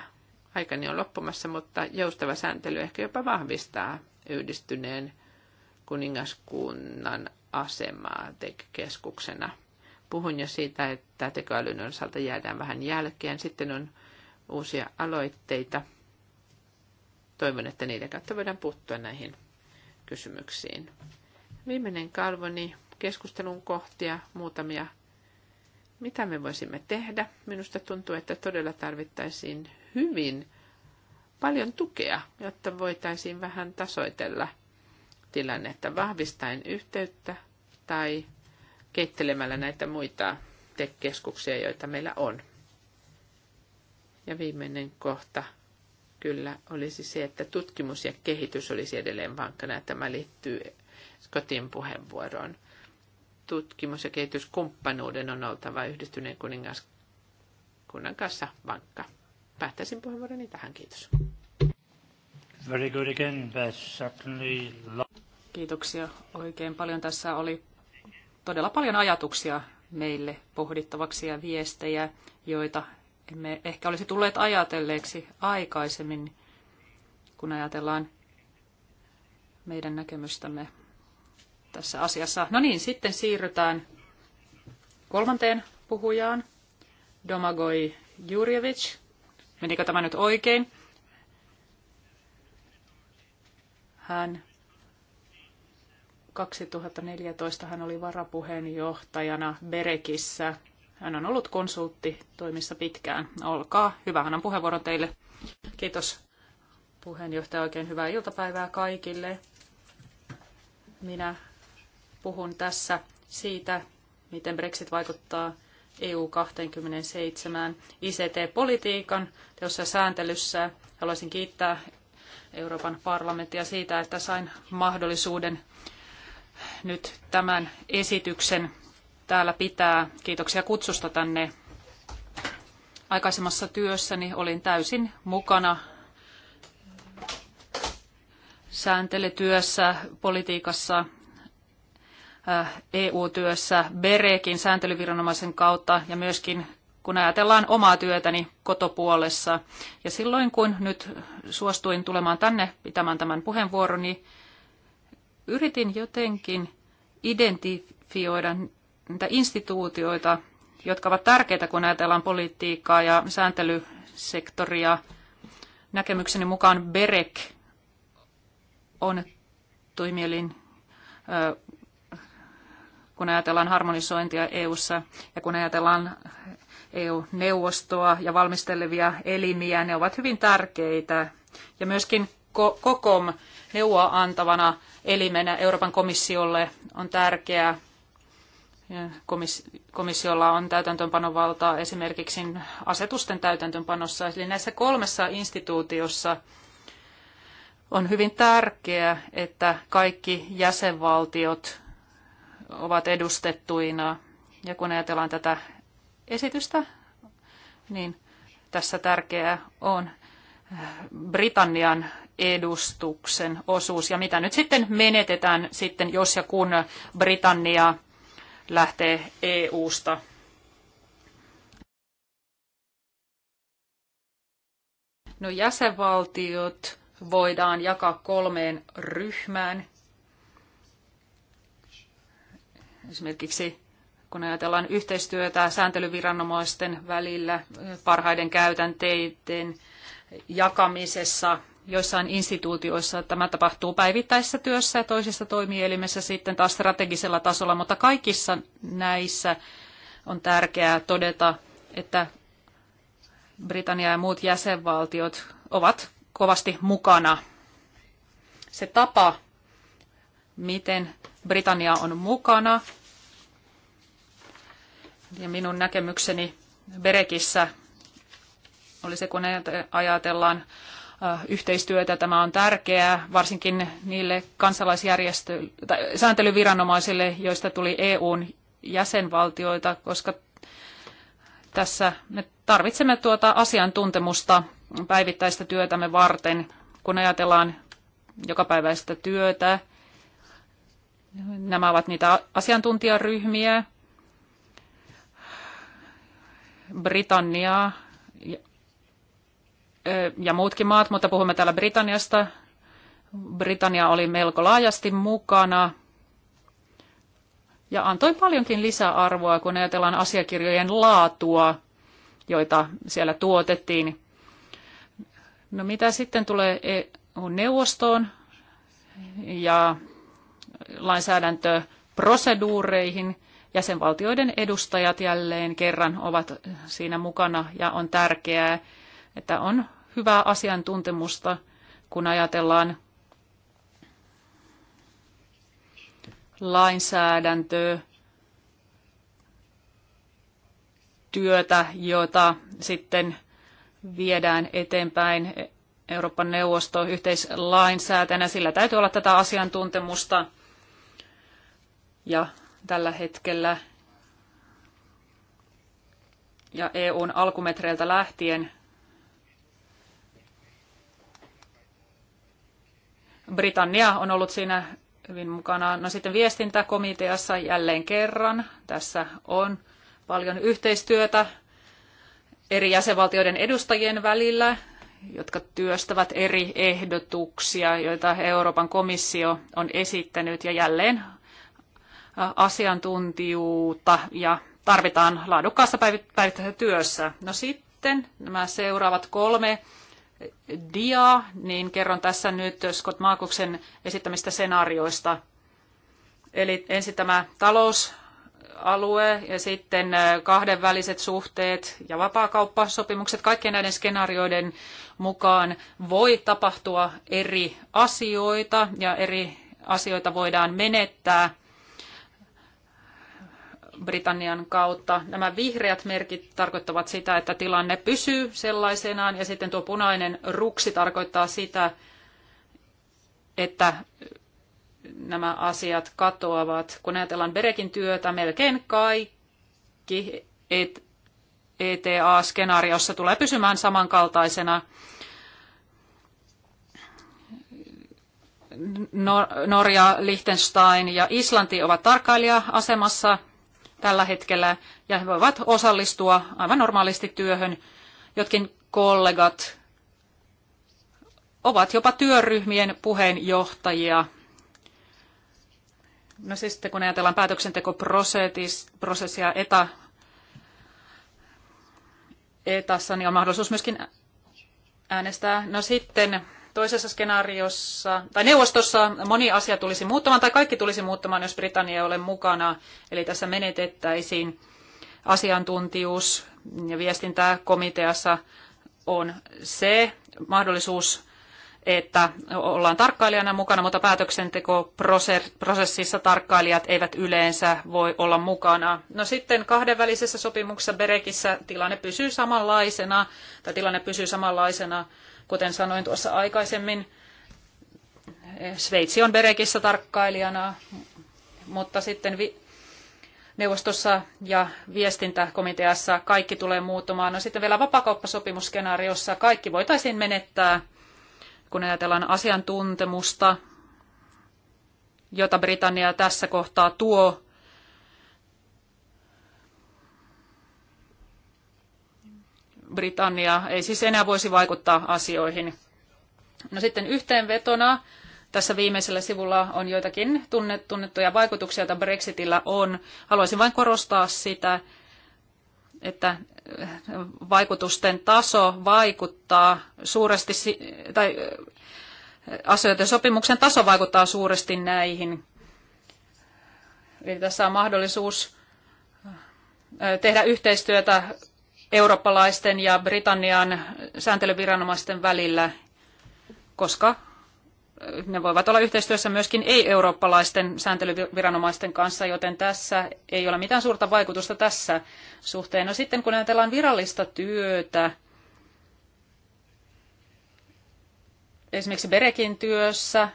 aikani on loppumassa, mutta joustava sääntely ehkä jopa vahvistaa yhdistyneen kuningaskunnan asemaa keskuksena Puhun jo siitä, että tekoälyn osalta jäädään vähän jälkeen. Sitten on uusia aloitteita. Toivon, että niiden kautta voidaan puuttua näihin kysymyksiin. Viimeinen kalvoni, keskustelun kohtia, muutamia. Mitä me voisimme tehdä? Minusta tuntuu, että todella tarvittaisiin hyvin paljon tukea, jotta voitaisiin vähän tasoitella tilannetta vahvistaen yhteyttä tai keittelemällä näitä muita tekkeskuksia, joita meillä on. Ja viimeinen kohta kyllä olisi se, että tutkimus ja kehitys olisi edelleen vankana. Ja tämä liittyy Scottin puheenvuoroon. Tutkimus- ja kehityskumppanuuden on oltava yhdistyneen kuningaskunnan kanssa vankka. Päättäisin puheenvuoroni tähän. Kiitos. Very good again, but certainly... Kiitoksia oikein paljon. Tässä oli todella paljon ajatuksia meille pohdittavaksi ja viestejä, joita emme ehkä olisi tulleet ajatelleeksi aikaisemmin, kun ajatellaan meidän näkemystämme tässä asiassa. No niin, sitten siirrytään kolmanteen puhujaan, Domagoj Jurjevic. Menikö tämä nyt oikein? Hän 2014 hän oli varapuheenjohtajana Berekissä. Hän on ollut konsultti toimissa pitkään. Olkaa hyvä, annan puheenvuoron teille. Kiitos puheenjohtaja, oikein hyvää iltapäivää kaikille. Minä puhun tässä siitä, miten Brexit vaikuttaa EU27 ICT-politiikan teossa sääntelyssä. Haluaisin kiittää Euroopan parlamenttia siitä, että sain mahdollisuuden nyt tämän esityksen täällä pitää. Kiitoksia kutsusta tänne. Aikaisemmassa työssäni olin täysin mukana sääntelytyössä, politiikassa, äh, EU-työssä, BEREKin sääntelyviranomaisen kautta ja myöskin kun ajatellaan omaa työtäni kotopuolessa. Ja silloin kun nyt suostuin tulemaan tänne pitämään tämän puheenvuoroni, niin Yritin jotenkin identifioida niitä instituutioita, jotka ovat tärkeitä, kun ajatellaan politiikkaa ja sääntelysektoria. Näkemykseni mukaan BEREC on toimielin, kun ajatellaan harmonisointia EU:ssa ja kun ajatellaan EU-neuvostoa ja valmistelevia elimiä, ne ovat hyvin tärkeitä. Ja myöskin KOKOM neuvoa antavana elimenä Euroopan komissiolle on tärkeää. Komissiolla on täytäntöönpanovaltaa esimerkiksi asetusten täytäntöönpanossa. Eli näissä kolmessa instituutiossa on hyvin tärkeää, että kaikki jäsenvaltiot ovat edustettuina. Ja kun ajatellaan tätä esitystä, niin tässä tärkeää on, Britannian edustuksen osuus ja mitä nyt sitten menetetään sitten, jos ja kun Britannia lähtee EU-sta. No jäsenvaltiot voidaan jakaa kolmeen ryhmään. Esimerkiksi kun ajatellaan yhteistyötä sääntelyviranomaisten välillä, parhaiden käytänteiden jakamisessa joissain instituutioissa tämä tapahtuu päivittäisessä työssä ja toisessa toimielimessä sitten taas strategisella tasolla, mutta kaikissa näissä on tärkeää todeta, että Britannia ja muut jäsenvaltiot ovat kovasti mukana. Se tapa, miten Britannia on mukana, ja minun näkemykseni Berekissä oli se, kun ajatellaan yhteistyötä. Tämä on tärkeää varsinkin niille kansalaisjärjestöille tai sääntelyviranomaisille, joista tuli EUn jäsenvaltioita, koska tässä me tarvitsemme tuota asiantuntemusta päivittäistä työtämme varten, kun ajatellaan jokapäiväistä työtä. Nämä ovat niitä asiantuntijaryhmiä, Britanniaa, ja muutkin maat, mutta puhumme täällä Britanniasta. Britannia oli melko laajasti mukana ja antoi paljonkin lisäarvoa, kun ajatellaan asiakirjojen laatua, joita siellä tuotettiin. No mitä sitten tulee e neuvostoon ja lainsäädäntöproseduureihin, jäsenvaltioiden edustajat jälleen kerran ovat siinä mukana ja on tärkeää, että on hyvää asiantuntemusta, kun ajatellaan lainsäädäntöä, työtä, jota sitten viedään eteenpäin Euroopan neuvosto yhteislainsäätänä. Sillä täytyy olla tätä asiantuntemusta. Ja tällä hetkellä ja EUn alkumetreiltä lähtien Britannia on ollut siinä hyvin mukana. No sitten viestintäkomiteassa jälleen kerran. Tässä on paljon yhteistyötä eri jäsenvaltioiden edustajien välillä, jotka työstävät eri ehdotuksia, joita Euroopan komissio on esittänyt ja jälleen asiantuntijuutta ja tarvitaan laadukkaassa päivittäisessä työssä. No sitten nämä seuraavat kolme dia, niin kerron tässä nyt Scott Maakuksen esittämistä senaarioista. Eli ensin tämä talousalue ja sitten äh, kahdenväliset suhteet ja vapaakauppasopimukset. Kaikkien näiden skenaarioiden mukaan voi tapahtua eri asioita ja eri asioita voidaan menettää – Britannian kautta. Nämä vihreät merkit tarkoittavat sitä, että tilanne pysyy sellaisenaan ja sitten tuo punainen ruksi tarkoittaa sitä, että nämä asiat katoavat. Kun ajatellaan Berekin työtä, melkein kaikki ETA-skenaariossa e tulee pysymään samankaltaisena. Norja, Liechtenstein ja Islanti ovat tarkkailija-asemassa tällä hetkellä ja he voivat osallistua aivan normaalisti työhön. Jotkin kollegat ovat jopa työryhmien puheenjohtajia. No siis sitten kun ajatellaan päätöksentekoprosessia ETA, ETassa, niin on mahdollisuus myöskin äänestää. No sitten Toisessa skenaariossa, tai neuvostossa moni asia tulisi muuttumaan, tai kaikki tulisi muuttumaan, jos Britannia ei ole mukana. Eli tässä menetettäisiin asiantuntijuus ja viestintäkomiteassa on se mahdollisuus, että ollaan tarkkailijana mukana, mutta päätöksentekoprosessissa tarkkailijat eivät yleensä voi olla mukana. No sitten kahdenvälisessä sopimuksessa Berekissä tilanne pysyy samanlaisena, tai tilanne pysyy samanlaisena Kuten sanoin tuossa aikaisemmin, Sveitsi on Berekissä tarkkailijana, mutta sitten neuvostossa ja viestintäkomiteassa kaikki tulee muuttumaan. No sitten vielä vapakauppasopimusskenaariossa kaikki voitaisiin menettää, kun ajatellaan asiantuntemusta, jota Britannia tässä kohtaa tuo Britannia ei siis enää voisi vaikuttaa asioihin. No sitten yhteenvetona tässä viimeisellä sivulla on joitakin tunnettuja vaikutuksia, joita Brexitillä on. Haluaisin vain korostaa sitä, että eh, vaikutusten taso vaikuttaa suuresti, tai eh, asioiden sopimuksen taso vaikuttaa suuresti näihin. Eli tässä on mahdollisuus eh, tehdä yhteistyötä eurooppalaisten ja Britannian sääntelyviranomaisten välillä, koska ne voivat olla yhteistyössä myöskin ei-eurooppalaisten sääntelyviranomaisten kanssa, joten tässä ei ole mitään suurta vaikutusta tässä suhteen. No sitten kun ajatellaan virallista työtä, esimerkiksi Berekin työssä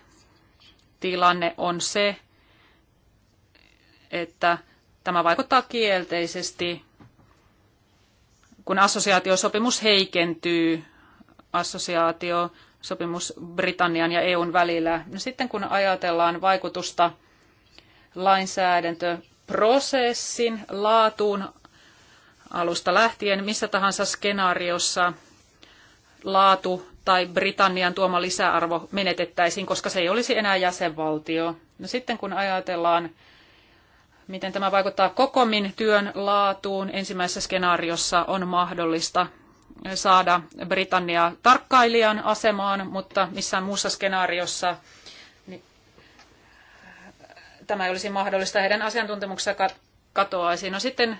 tilanne on se, että tämä vaikuttaa kielteisesti kun assosiaatiosopimus heikentyy, assosiaatiosopimus Britannian ja EUn välillä. No sitten kun ajatellaan vaikutusta lainsäädäntöprosessin laatuun alusta lähtien, missä tahansa skenaariossa laatu tai Britannian tuoma lisäarvo menetettäisiin, koska se ei olisi enää jäsenvaltio. No sitten kun ajatellaan miten tämä vaikuttaa kokomin työn laatuun. Ensimmäisessä skenaariossa on mahdollista saada Britannia tarkkailijan asemaan, mutta missään muussa skenaariossa niin tämä ei olisi mahdollista. Heidän asiantuntemuksensa katoaisi. No sitten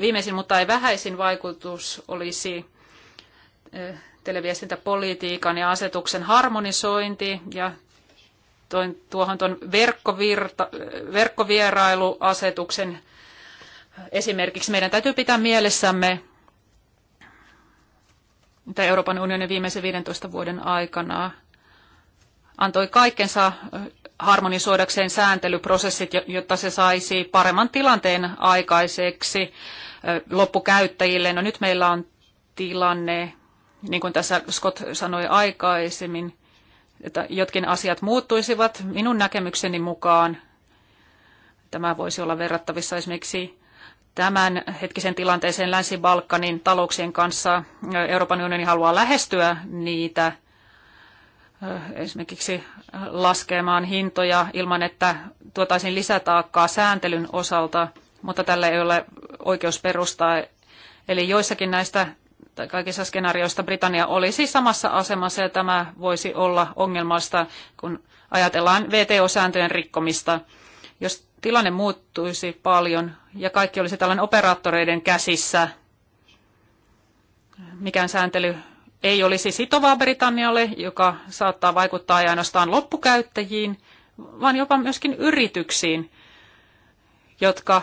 viimeisin, mutta ei vähäisin vaikutus olisi televiestintäpolitiikan ja asetuksen harmonisointi ja toin, tuohon tuon verkkovirta, verkkovierailuasetuksen esimerkiksi. Meidän täytyy pitää mielessämme, mitä Euroopan unionin viimeisen 15 vuoden aikana antoi kaikkensa harmonisoidakseen sääntelyprosessit, jotta se saisi paremman tilanteen aikaiseksi loppukäyttäjille. No nyt meillä on tilanne, niin kuin tässä Scott sanoi aikaisemmin, että jotkin asiat muuttuisivat. Minun näkemykseni mukaan tämä voisi olla verrattavissa esimerkiksi tämän hetkisen tilanteeseen Länsi-Balkanin talouksien kanssa. Euroopan unioni haluaa lähestyä niitä eh, esimerkiksi laskemaan hintoja ilman, että tuotaisiin lisätaakkaa sääntelyn osalta, mutta tälle ei ole oikeusperustaa. Eli joissakin näistä kaikissa skenaarioissa Britannia olisi samassa asemassa ja tämä voisi olla ongelmasta, kun ajatellaan VTO-sääntöjen rikkomista. Jos tilanne muuttuisi paljon ja kaikki olisi tällainen operaattoreiden käsissä, mikään sääntely ei olisi sitovaa Britannialle, joka saattaa vaikuttaa ainoastaan loppukäyttäjiin, vaan jopa myöskin yrityksiin, jotka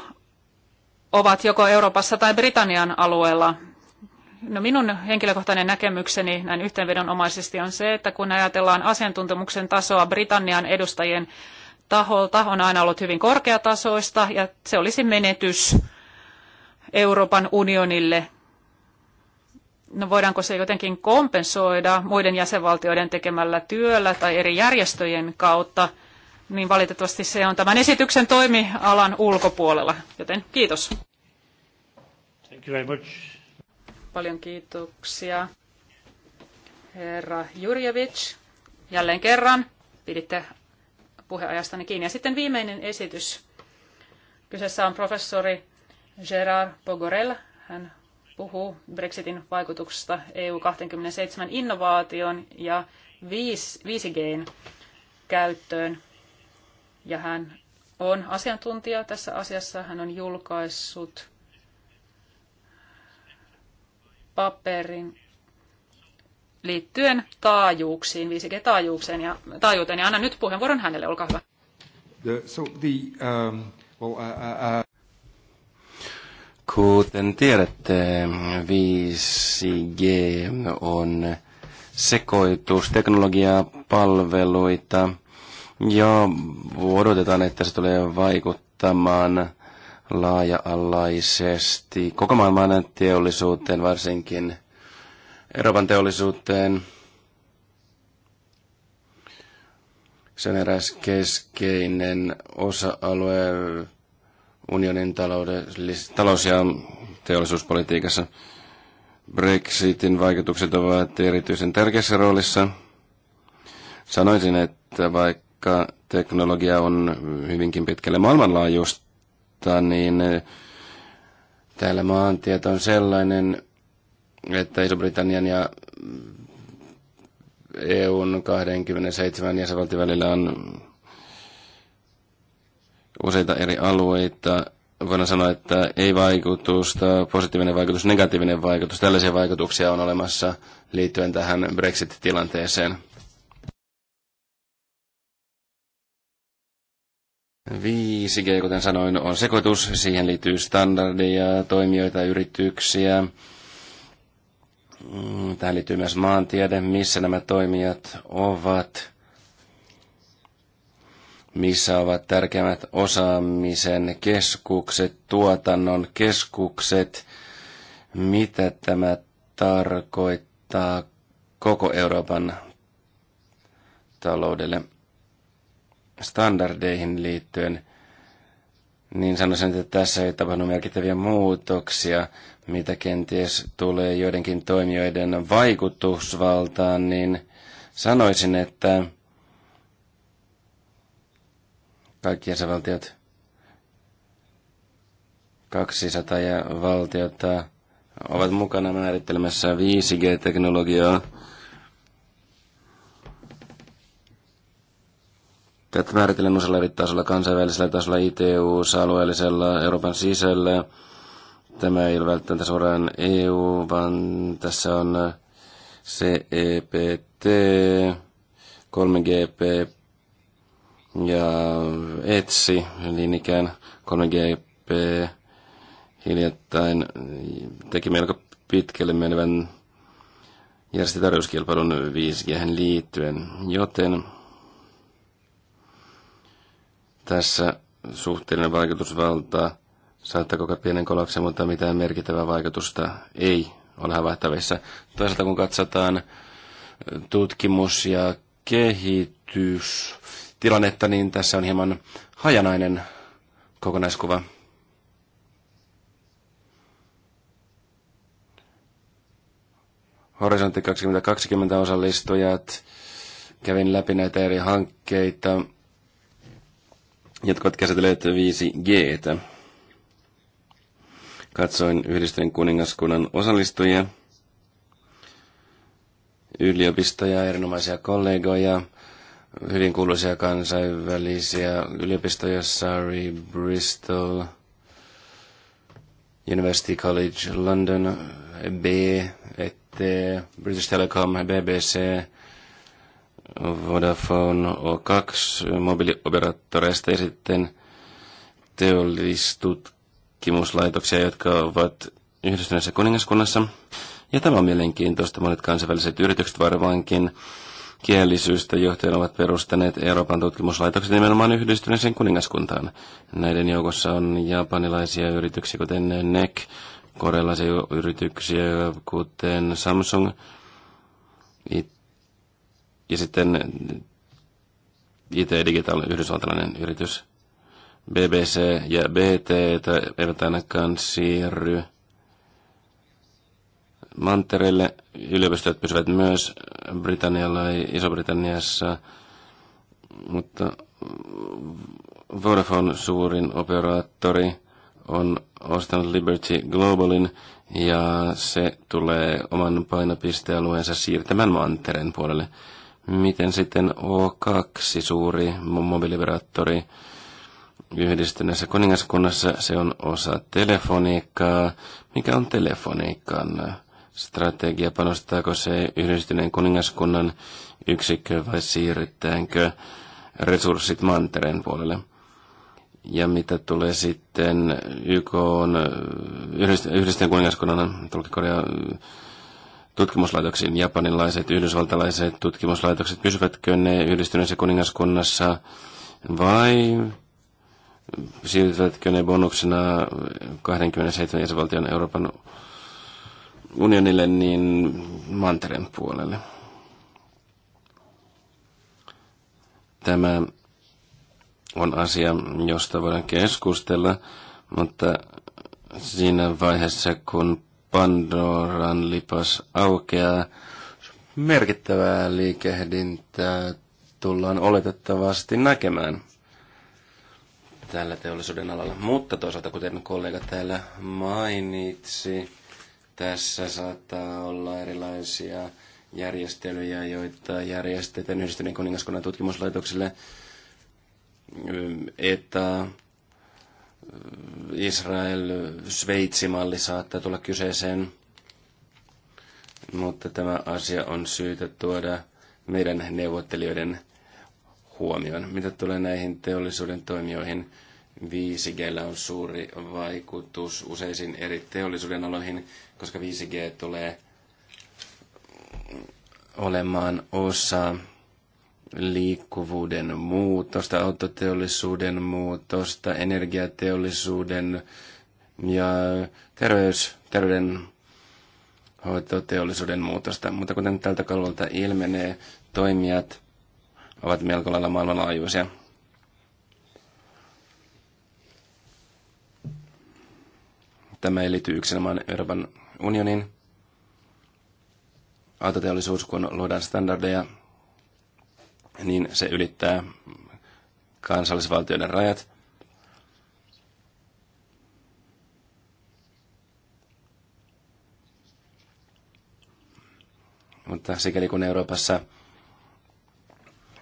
ovat joko Euroopassa tai Britannian alueella. No minun henkilökohtainen näkemykseni näin yhteenvedonomaisesti on se, että kun ajatellaan asiantuntemuksen tasoa Britannian edustajien taholta, on aina ollut hyvin korkeatasoista ja se olisi menetys Euroopan unionille. No voidaanko se jotenkin kompensoida muiden jäsenvaltioiden tekemällä työllä tai eri järjestöjen kautta, niin valitettavasti se on tämän esityksen toimialan ulkopuolella. Joten kiitos. Thank you very much. Paljon kiitoksia. Herra Jurjevic, jälleen kerran piditte puheajastani kiinni. Ja sitten viimeinen esitys. Kyseessä on professori Gerard Bogorel. Hän puhuu Brexitin vaikutuksesta EU27 innovaation ja 5Gn käyttöön. Ja hän on asiantuntija tässä asiassa. Hän on julkaissut paperin liittyen taajuuksiin, 5G-taajuuteen ja, taajuuteen, ja annan nyt puheenvuoron hänelle, olkaa hyvä. The, so the, um, well, uh, uh, uh. Kuten tiedätte, 5G on sekoitus teknologiaa, palveluita ja odotetaan, että se tulee vaikuttamaan laaja-alaisesti koko maailman teollisuuteen, varsinkin Euroopan teollisuuteen. Se on eräs keskeinen osa-alue unionin talous- ja teollisuuspolitiikassa. Brexitin vaikutukset ovat erityisen tärkeässä roolissa. Sanoisin, että vaikka teknologia on hyvinkin pitkälle maailmanlaajuista, mutta niin eh, täällä maantieto on sellainen, että Iso-Britannian ja EUn 27 jäsenvaltion välillä on useita eri alueita. Voidaan sanoa, että ei vaikutusta, positiivinen vaikutus, negatiivinen vaikutus. Tällaisia vaikutuksia on olemassa liittyen tähän Brexit-tilanteeseen. 5G, kuten sanoin, on sekoitus. Siihen liittyy standardeja, toimijoita, yrityksiä. Mm, tähän liittyy myös maantiede, missä nämä toimijat ovat, missä ovat tärkeimmät osaamisen keskukset, tuotannon keskukset, mitä tämä tarkoittaa koko Euroopan taloudelle standardeihin liittyen, niin sanoisin, että tässä ei tapahdu merkittäviä muutoksia, mitä kenties tulee joidenkin toimijoiden vaikutusvaltaan, niin sanoisin, että kaikki jäsenvaltiot, 200 ja valtiota ovat mukana määrittelemässä 5G-teknologiaa Tätä määritellään usealla eri tasolla, kansainvälisellä tasolla, ITU-alueellisella, Euroopan sisällä. Tämä ei ole välttämättä suoraan EU, vaan tässä on CEPT, 3GP ja ETSI, niin ikään 3GP hiljattain teki melko pitkälle menevän järjestetarjouskilpailun 5G liittyen, joten tässä suhteellinen vaikutusvalta saattaa koko pienen kolaksen, mutta mitään merkittävää vaikutusta ei ole havaittavissa. Toisaalta kun katsotaan tutkimus- ja kehitystilannetta, niin tässä on hieman hajanainen kokonaiskuva. Horisontti 2020 osallistujat. Kävin läpi näitä eri hankkeita jotka ovat käsitelleet 5 g Katsoin yhdistyneen kuningaskunnan osallistujia, yliopistoja, erinomaisia kollegoja, hyvin kuuluisia kansainvälisiä yliopistoja, Surrey, Bristol, University College London, B, ET, British Telecom, BBC, Vodafone O2 mobiilioperaattoreista ja sitten teollistutkimuslaitoksia, jotka ovat yhdistyneessä kuningaskunnassa. Ja tämä on mielenkiintoista. Monet kansainväliset yritykset varmaankin kielisyystä johtajan ovat perustaneet Euroopan tutkimuslaitokset nimenomaan yhdistyneeseen kuningaskuntaan. Näiden joukossa on japanilaisia yrityksiä, kuten NEC, korealaisia yrityksiä, kuten Samsung, it- ja sitten IT Digital, yhdysvaltalainen yritys, BBC ja BT eivät ainakaan siirry mantereelle. Yliopistot pysyvät myös Britannialla ja Iso-Britanniassa, mutta Vodafone suurin operaattori on ostanut Liberty Globalin ja se tulee oman painopistealueensa siirtämään mantereen puolelle. Miten sitten O2, suuri mobiiliviraattori, yhdistyneessä kuningaskunnassa se on osa telefoniikkaa. Mikä on telefoniikan strategia? Panostaako se yhdistyneen kuningaskunnan yksikkö vai siirrytäänkö resurssit mantereen puolelle? Ja mitä tulee sitten YK on yhdistyneen kuningaskunnan tulkikorjaan tutkimuslaitoksiin. Japanilaiset, yhdysvaltalaiset tutkimuslaitokset, pysyvätkö ne yhdistyneessä kuningaskunnassa vai siirtyvätkö ne bonuksena 27 jäsenvaltion Euroopan unionille niin mantereen puolelle. Tämä on asia, josta voidaan keskustella, mutta siinä vaiheessa, kun Pandoran lipas aukeaa. Merkittävää liikehdintää tullaan oletettavasti näkemään tällä teollisuuden alalla. Mutta toisaalta, kuten kollega täällä mainitsi, tässä saattaa olla erilaisia järjestelyjä, joita järjestetään yhdistyneen kuningaskunnan tutkimuslaitokselle, että Israel-Sveitsimalli saattaa tulla kyseeseen, mutta tämä asia on syytä tuoda meidän neuvottelijoiden huomioon. Mitä tulee näihin teollisuuden toimijoihin, 5 g on suuri vaikutus useisiin eri teollisuuden aloihin, koska 5G tulee olemaan osa liikkuvuuden muutosta, autoteollisuuden muutosta, energiateollisuuden ja terveys, terveydenhoitoteollisuuden muutosta. Mutta kuten tältä kalvolta ilmenee, toimijat ovat melko lailla maailmanlaajuisia. Tämä ei liity yksinomaan Euroopan unionin autoteollisuus, kun luodaan standardeja niin se ylittää kansallisvaltioiden rajat. Mutta sikäli kun Euroopassa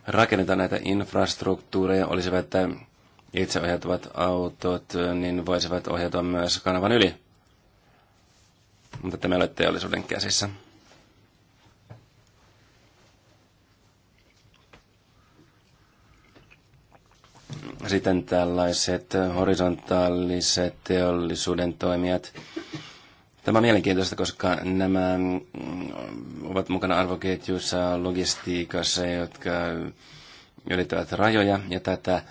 rakennetaan näitä infrastruktuureja, olisivat, että itseohjautuvat autot, niin voisivat ohjautua myös kanavan yli. Mutta tämä ei ole teollisuuden käsissä. Sitten tällaiset horisontaaliset teollisuuden toimijat. Tämä on mielenkiintoista, koska nämä mm, ovat mukana arvoketjuissa, logistiikassa, jotka ylittävät rajoja ja tätä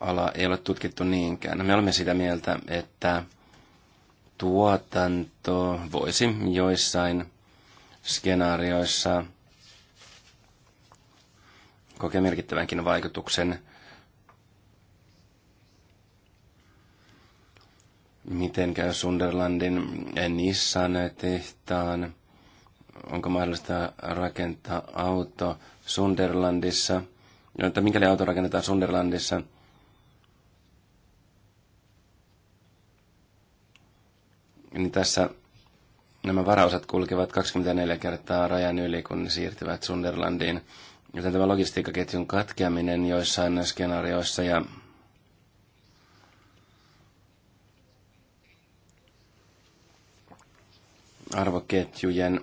ala ei ole tutkittu niinkään. No, me olemme sitä mieltä, että tuotanto voisi joissain skenaarioissa – kokee merkittävänkin vaikutuksen. Miten käy Sunderlandin Nissan-tehtaan? Onko mahdollista rakentaa auto Sunderlandissa? että mikäli auto rakennetaan Sunderlandissa, niin tässä nämä varaosat kulkevat 24 kertaa rajan yli, kun ne siirtyvät Sunderlandiin. Joten tämä logistiikkaketjun katkeaminen joissain skenaarioissa ja arvoketjujen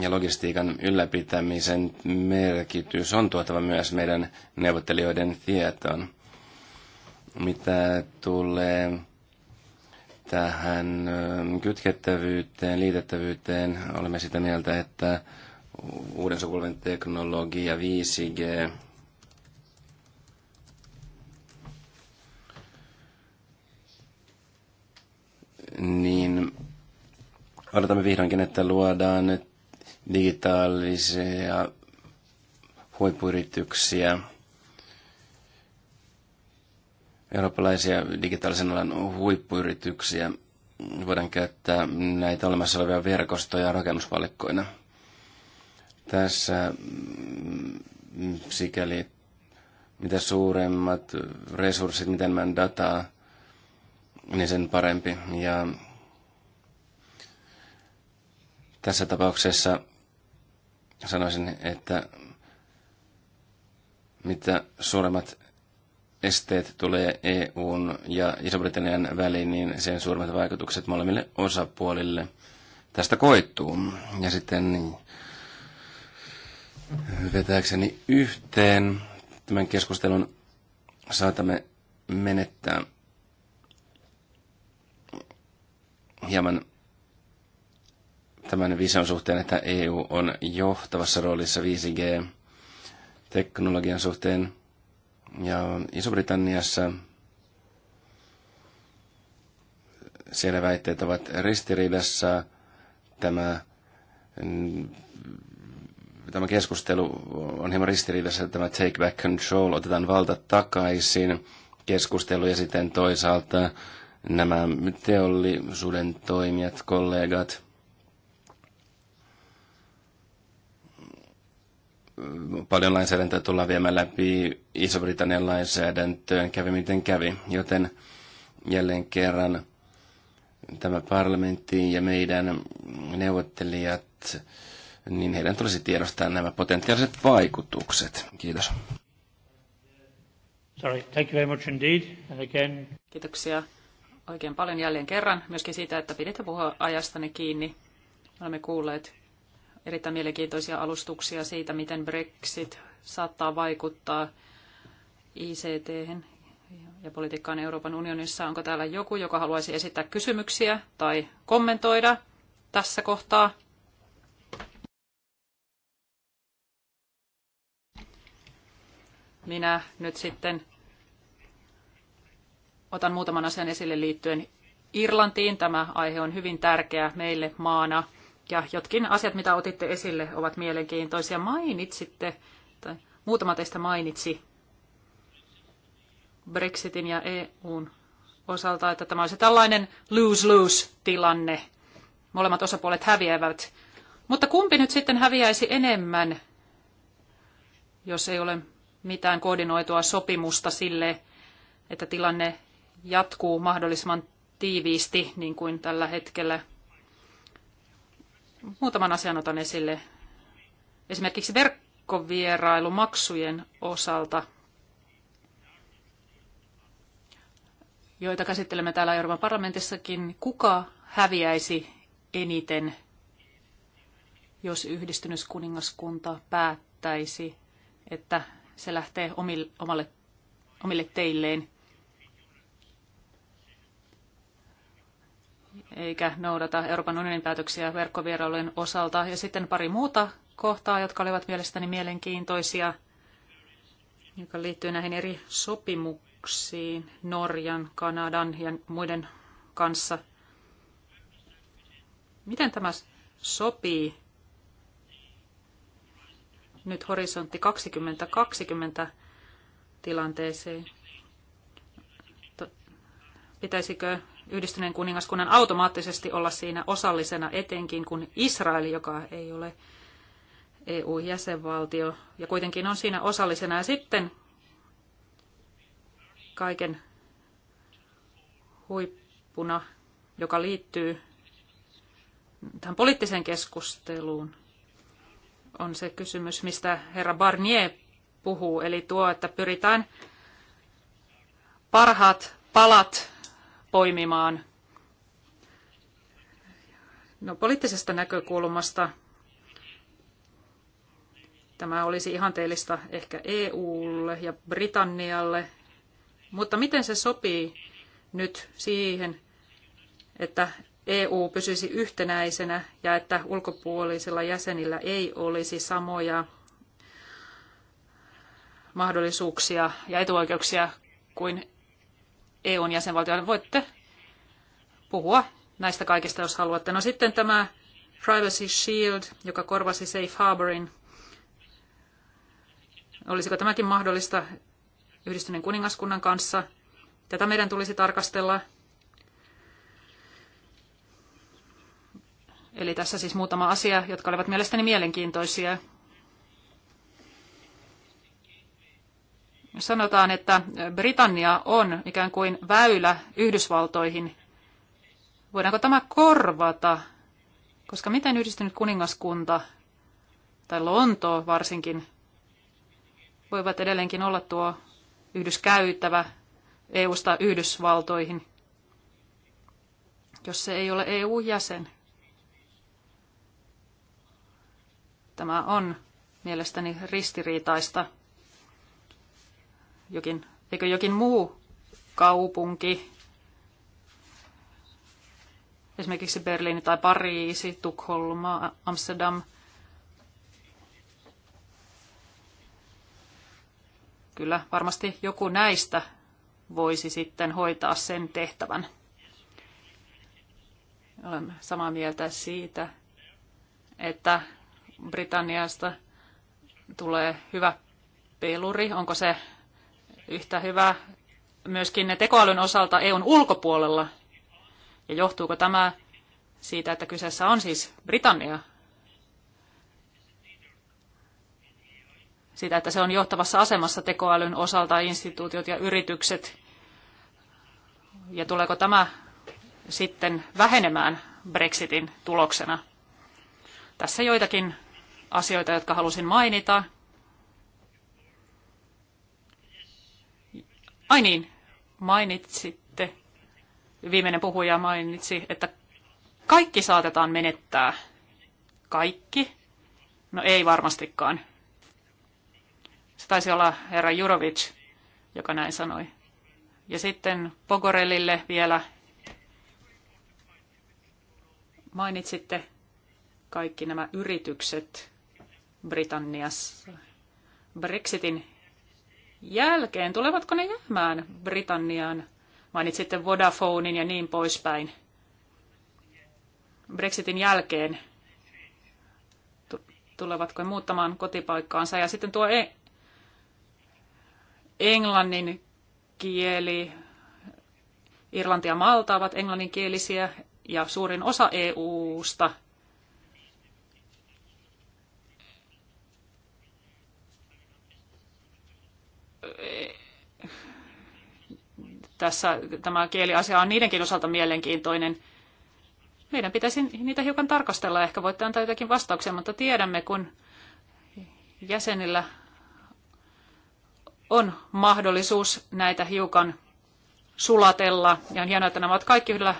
ja logistiikan ylläpitämisen merkitys on tuotava myös meidän neuvottelijoiden tietoon. Mitä tulee tähän kytkettävyyteen, liitettävyyteen, olemme sitä mieltä, että uuden sukupolven teknologia, 5G, niin odotamme vihdoinkin, että luodaan digitaalisia huippuyrityksiä, eurooppalaisia digitaalisen alan huippuyrityksiä. Voidaan käyttää näitä olemassa olevia verkostoja rakennuspalikkoina. Tässä mm, sikäli mitä suuremmat resurssit, miten mä dataa, niin sen parempi. Ja tässä tapauksessa sanoisin, että mitä suuremmat esteet tulee EUn ja Iso-Britannian väliin, niin sen suuremmat vaikutukset molemmille osapuolille tästä koittuu. Ja sitten niin vetääkseni yhteen. Tämän keskustelun saatamme menettää hieman tämän vision suhteen, että EU on johtavassa roolissa 5G-teknologian suhteen. Ja Iso-Britanniassa siellä väitteet ovat ristiriidassa. Tämä tämä keskustelu on hieman ristiriidassa, tämä take back control, otetaan valta takaisin keskustelu ja sitten toisaalta nämä teollisuuden toimijat, kollegat, paljon lainsäädäntöä tullaan viemään läpi Iso-Britannian lainsäädäntöön, kävi miten kävi, joten jälleen kerran tämä parlamentti ja meidän neuvottelijat niin heidän tulisi tiedostaa nämä potentiaaliset vaikutukset. Kiitos. Sorry, thank you very much indeed. And again... Kiitoksia oikein paljon jälleen kerran myöskin siitä, että piditte puhua ajastani kiinni. Olemme kuulleet erittäin mielenkiintoisia alustuksia siitä, miten Brexit saattaa vaikuttaa ict ja politiikkaan Euroopan unionissa. Onko täällä joku, joka haluaisi esittää kysymyksiä tai kommentoida tässä kohtaa? Minä nyt sitten otan muutaman asian esille liittyen Irlantiin. Tämä aihe on hyvin tärkeä meille maana. Ja jotkin asiat, mitä otitte esille, ovat mielenkiintoisia. Mainitsitte, tai muutama teistä mainitsi Brexitin ja EUn osalta, että tämä olisi tällainen lose-lose-tilanne. Molemmat osapuolet häviävät. Mutta kumpi nyt sitten häviäisi enemmän, jos ei ole mitään koordinoitua sopimusta sille, että tilanne jatkuu mahdollisimman tiiviisti, niin kuin tällä hetkellä. Muutaman asian otan esille. Esimerkiksi verkkovierailu maksujen osalta, joita käsittelemme täällä Euroopan parlamentissakin. Kuka häviäisi eniten, jos yhdistynyskuningaskunta päättäisi, että se lähtee omille, omalle, omille teilleen, eikä noudata Euroopan unionin päätöksiä verkkovierailujen osalta. Ja sitten pari muuta kohtaa, jotka olivat mielestäni mielenkiintoisia, joka liittyy näihin eri sopimuksiin Norjan, Kanadan ja muiden kanssa. Miten tämä sopii nyt horisontti 2020 tilanteeseen. Pitäisikö yhdistyneen kuningaskunnan automaattisesti olla siinä osallisena, etenkin kun Israel, joka ei ole EU-jäsenvaltio, ja kuitenkin on siinä osallisena. Ja sitten kaiken huippuna, joka liittyy tähän poliittiseen keskusteluun, on se kysymys, mistä herra Barnier puhuu, eli tuo, että pyritään parhaat palat poimimaan. No, poliittisesta näkökulmasta tämä olisi ihanteellista ehkä EUlle ja Britannialle, mutta miten se sopii nyt siihen, että EU pysyisi yhtenäisenä ja että ulkopuolisilla jäsenillä ei olisi samoja mahdollisuuksia ja etuoikeuksia kuin EUn jäsenvaltioilla. Voitte puhua näistä kaikista, jos haluatte. No sitten tämä Privacy Shield, joka korvasi Safe Harborin. Olisiko tämäkin mahdollista yhdistyneen kuningaskunnan kanssa? Tätä meidän tulisi tarkastella Eli tässä siis muutama asia, jotka olivat mielestäni mielenkiintoisia. Sanotaan, että Britannia on ikään kuin väylä Yhdysvaltoihin. Voidaanko tämä korvata? Koska miten yhdistynyt kuningaskunta tai Lonto varsinkin voivat edelleenkin olla tuo yhdyskäyttävä EUsta Yhdysvaltoihin, jos se ei ole EU-jäsen. Tämä on mielestäni ristiriitaista. Jokin, eikö jokin muu kaupunki, esimerkiksi Berliini tai Pariisi, Tukholma, Amsterdam, kyllä varmasti joku näistä voisi sitten hoitaa sen tehtävän. Olen samaa mieltä siitä, että Britanniasta tulee hyvä peluri. Onko se yhtä hyvä myöskin ne tekoälyn osalta EUn ulkopuolella? Ja johtuuko tämä siitä, että kyseessä on siis Britannia? Sitä, että se on johtavassa asemassa tekoälyn osalta instituutiot ja yritykset. Ja tuleeko tämä sitten vähenemään Brexitin tuloksena? Tässä joitakin asioita, jotka halusin mainita. Ai niin, mainitsitte, viimeinen puhuja mainitsi, että kaikki saatetaan menettää. Kaikki? No ei varmastikaan. Se taisi olla herra Jurovic, joka näin sanoi. Ja sitten Pogorelille vielä mainitsitte kaikki nämä yritykset, Britanniassa Brexitin jälkeen. Tulevatko ne jäämään Britanniaan? Mainitsitte Vodafonein ja niin poispäin. Brexitin jälkeen tulevatko muuttamaan kotipaikkaansa. Ja sitten tuo e- englannin kieli, Irlanti ja Malta ovat englanninkielisiä ja suurin osa EU-sta tässä tämä kieliasia on niidenkin osalta mielenkiintoinen. Meidän pitäisi niitä hiukan tarkastella. Ehkä voitte antaa jotakin vastauksia, mutta tiedämme, kun jäsenillä on mahdollisuus näitä hiukan sulatella. Ja on hienoa, että nämä ovat kaikki yhdellä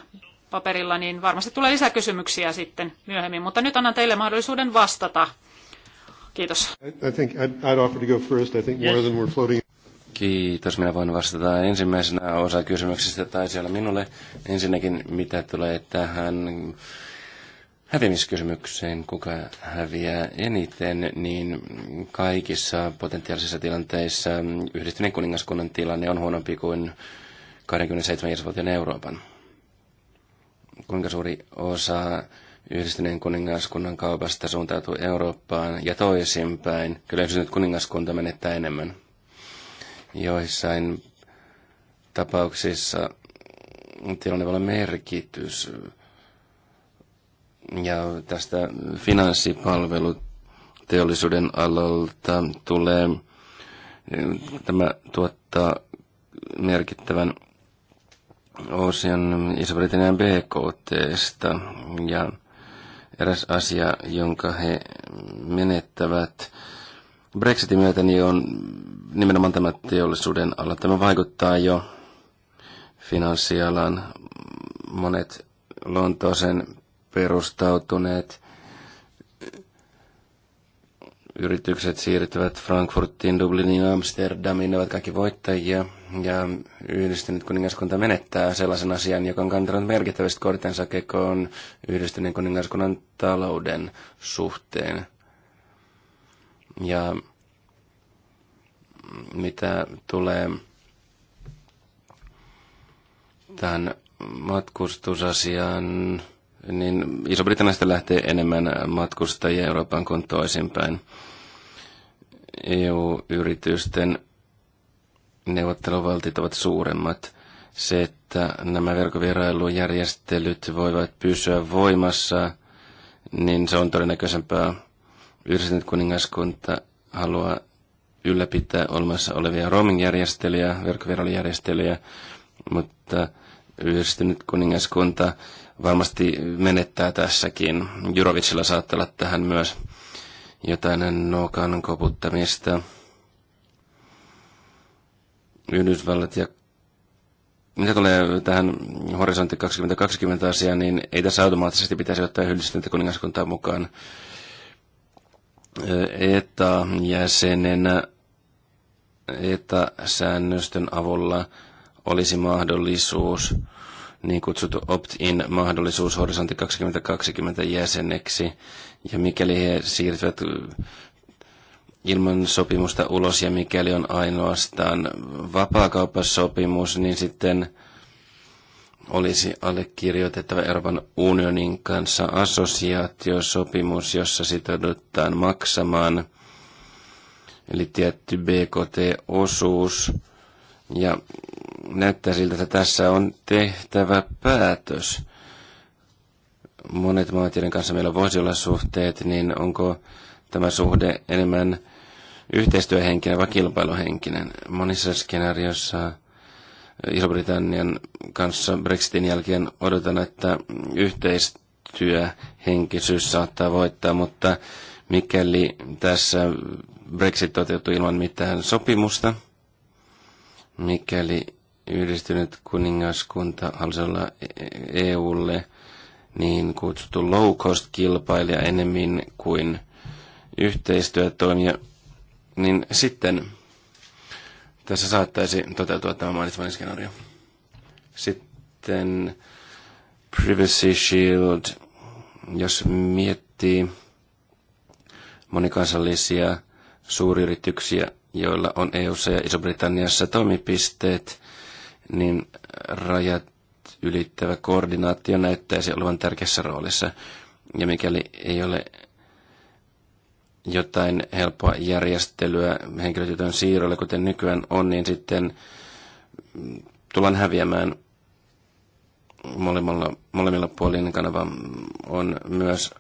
paperilla, niin varmasti tulee lisäkysymyksiä sitten myöhemmin. Mutta nyt annan teille mahdollisuuden vastata. Kiitos. I, I think I'd, I'd offer to go first. I think more than we're floating. Kiitos, minä voin vastata ensimmäisenä osa kysymyksistä tai siellä minulle. Ensinnäkin, mitä tulee tähän häviämiskysymykseen, kuka häviää eniten, niin kaikissa potentiaalisissa tilanteissa yhdistyneen kuningaskunnan tilanne on huonompi kuin 27 jäsenvaltion Euroopan. Kuinka suuri osa yhdistyneen kuningaskunnan kaupasta suuntautuu Eurooppaan ja toisinpäin? Kyllä yhdistynyt kuningaskunta menettää enemmän joissain tapauksissa tilanne voi olla merkitys. Ja tästä finanssipalveluteollisuuden alalta tulee, tämä tuottaa merkittävän osion Iso-Britannian BKTstä ja eräs asia, jonka he menettävät Brexitin myötä, niin on nimenomaan tämä teollisuuden ala. Tämä vaikuttaa jo finanssialan monet Lontoosen perustautuneet yritykset siirtyvät Frankfurtiin, Dubliniin, Amsterdamiin, ne ovat kaikki voittajia. Ja yhdistynyt kuningaskunta menettää sellaisen asian, joka on kantanut merkittävästi kortensa kekoon yhdistyneen kuningaskunnan talouden suhteen. Ja mitä tulee tähän matkustusasiaan, niin Iso-Britanniasta lähtee enemmän matkustajia Euroopan kuin toisinpäin. EU-yritysten neuvotteluvaltit ovat suuremmat. Se, että nämä verkkovierailujärjestelyt voivat pysyä voimassa, niin se on todennäköisempää. Yhdistynyt kuningaskunta haluaa ylläpitää olemassa olevia roaming-järjestelyjä, verkkovirallijärjestelyjä, mutta yhdistynyt kuningaskunta varmasti menettää tässäkin. Jurovicilla saattaa olla tähän myös jotain nokan koputtamista. Yhdysvallat ja mitä tulee tähän horisontti 2020 asiaan, niin ei tässä automaattisesti pitäisi ottaa yhdistynyttä kuningaskuntaa mukaan. ETA-jäsenenä ETA-säännösten avulla olisi mahdollisuus, niin kutsuttu opt-in-mahdollisuus Horisontti 2020 jäseneksi, ja mikäli he siirtyvät ilman sopimusta ulos, ja mikäli on ainoastaan vapaakauppasopimus, niin sitten olisi allekirjoitettava Euroopan unionin kanssa assosiaatiosopimus, jossa sitoudutaan maksamaan eli tietty BKT-osuus. Ja näyttää siltä, että tässä on tehtävä päätös. Monet maat, joiden kanssa meillä voisi olla suhteet, niin onko tämä suhde enemmän yhteistyöhenkinen vai kilpailuhenkinen? Monissa skenaarioissa Iso-Britannian kanssa Brexitin jälkeen odotan, että yhteistyöhenkisyys saattaa voittaa, mutta mikäli tässä Brexit toteutuu ilman mitään sopimusta, mikäli yhdistynyt kuningaskunta halusi olla EUlle niin kutsuttu low cost kilpailija enemmän kuin yhteistyötoimija, niin sitten – tässä saattaisi toteutua tämä mainitsemani skenaario. Sitten Privacy Shield, jos miettii monikansallisia suuryrityksiä, joilla on eu ja Iso-Britanniassa toimipisteet, niin rajat ylittävä koordinaatio näyttäisi olevan tärkeässä roolissa. Ja mikäli ei ole jotain helppoa järjestelyä henkilötietojen siirrolle, kuten nykyään on, niin sitten tullaan häviämään molemmilla, molemmilla puolin kanava on myös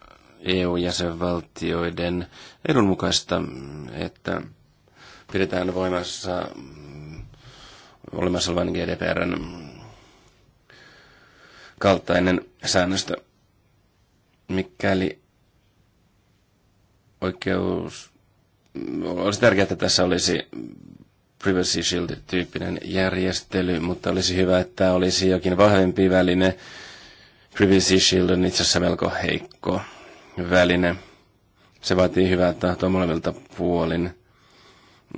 EU-jäsenvaltioiden edun mukaista, että pidetään voimassa olemassa olevan GDPRn kaltainen säännöstö. Mikäli oikeus... Olisi tärkeää, että tässä olisi Privacy Shield-tyyppinen järjestely, mutta olisi hyvä, että olisi jokin vahvempi väline. Privacy Shield on itse asiassa melko heikko väline. Se vaatii hyvää tahtoa molemmilta puolin.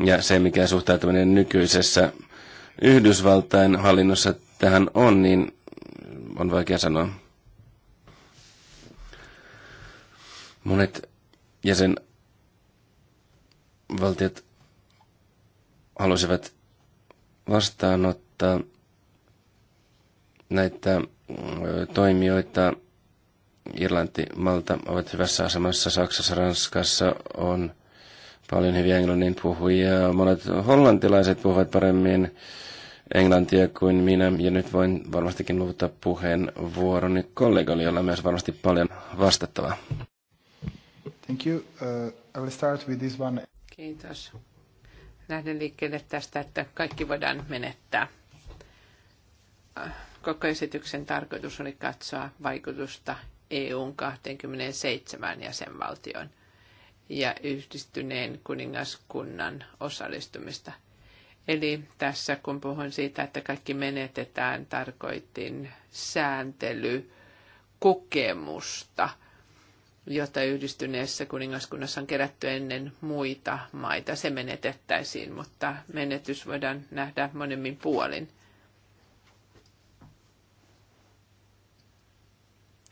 Ja se, mikä suhtautuminen nykyisessä Yhdysvaltain hallinnossa tähän on, niin on vaikea sanoa. Monet jäsenvaltiot halusivat vastaanottaa näitä toimijoita. Irlanti, Malta ovat hyvässä asemassa. Saksassa, Ranskassa on paljon hyviä englannin puhujia. Monet hollantilaiset puhuvat paremmin englantia kuin minä, ja nyt voin varmastikin luovuttaa puheenvuoroni kollegalle, jolla on myös varmasti paljon vastattavaa. Thank you. Uh, I will start with this one. Kiitos. Lähden liikkeelle tästä, että kaikki voidaan menettää. Koko esityksen tarkoitus oli katsoa vaikutusta EUn 27 jäsenvaltion ja yhdistyneen kuningaskunnan osallistumista. Eli tässä kun puhun siitä, että kaikki menetetään, tarkoitin sääntelykokemusta – jota yhdistyneessä kuningaskunnassa on kerätty ennen muita maita. Se menetettäisiin, mutta menetys voidaan nähdä monemmin puolin.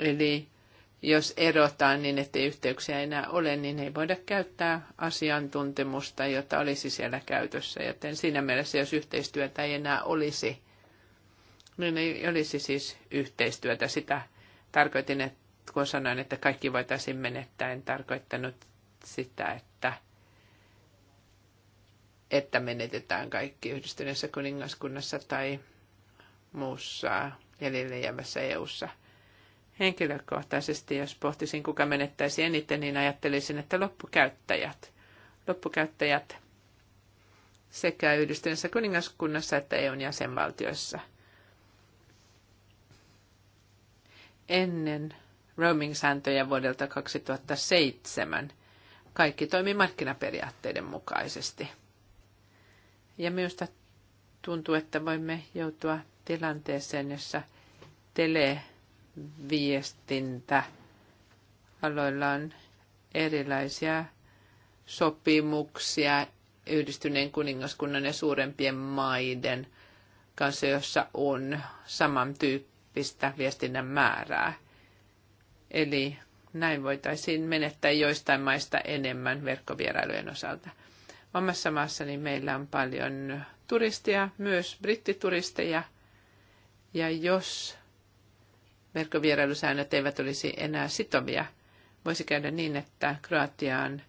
Eli jos erotaan niin, ettei yhteyksiä enää ole, niin ei voida käyttää asiantuntemusta, jota olisi siellä käytössä. Joten siinä mielessä, jos yhteistyötä ei enää olisi, niin ei olisi siis yhteistyötä. Sitä tarkoitin, että kun sanoin, että kaikki voitaisiin menettää, en tarkoittanut sitä, että, että menetetään kaikki yhdistyneessä kuningaskunnassa tai muussa jäljelle jäävässä EU-ssa. Henkilökohtaisesti, jos pohtisin, kuka menettäisi eniten, niin ajattelisin, että loppukäyttäjät. Loppukäyttäjät sekä yhdistyneessä kuningaskunnassa että EUn jäsenvaltioissa. Ennen roaming-sääntöjä vuodelta 2007. Kaikki toimi markkinaperiaatteiden mukaisesti. Ja minusta tuntuu, että voimme joutua tilanteeseen, jossa televiestintä aloilla on erilaisia sopimuksia yhdistyneen kuningaskunnan ja suurempien maiden kanssa, jossa on samantyyppistä viestinnän määrää – Eli näin voitaisiin menettää joistain maista enemmän verkkovierailujen osalta. Omassa maassani meillä on paljon turisteja, myös brittituristeja. Ja jos verkkovierailusäännöt eivät olisi enää sitovia, voisi käydä niin, että Kroatiaan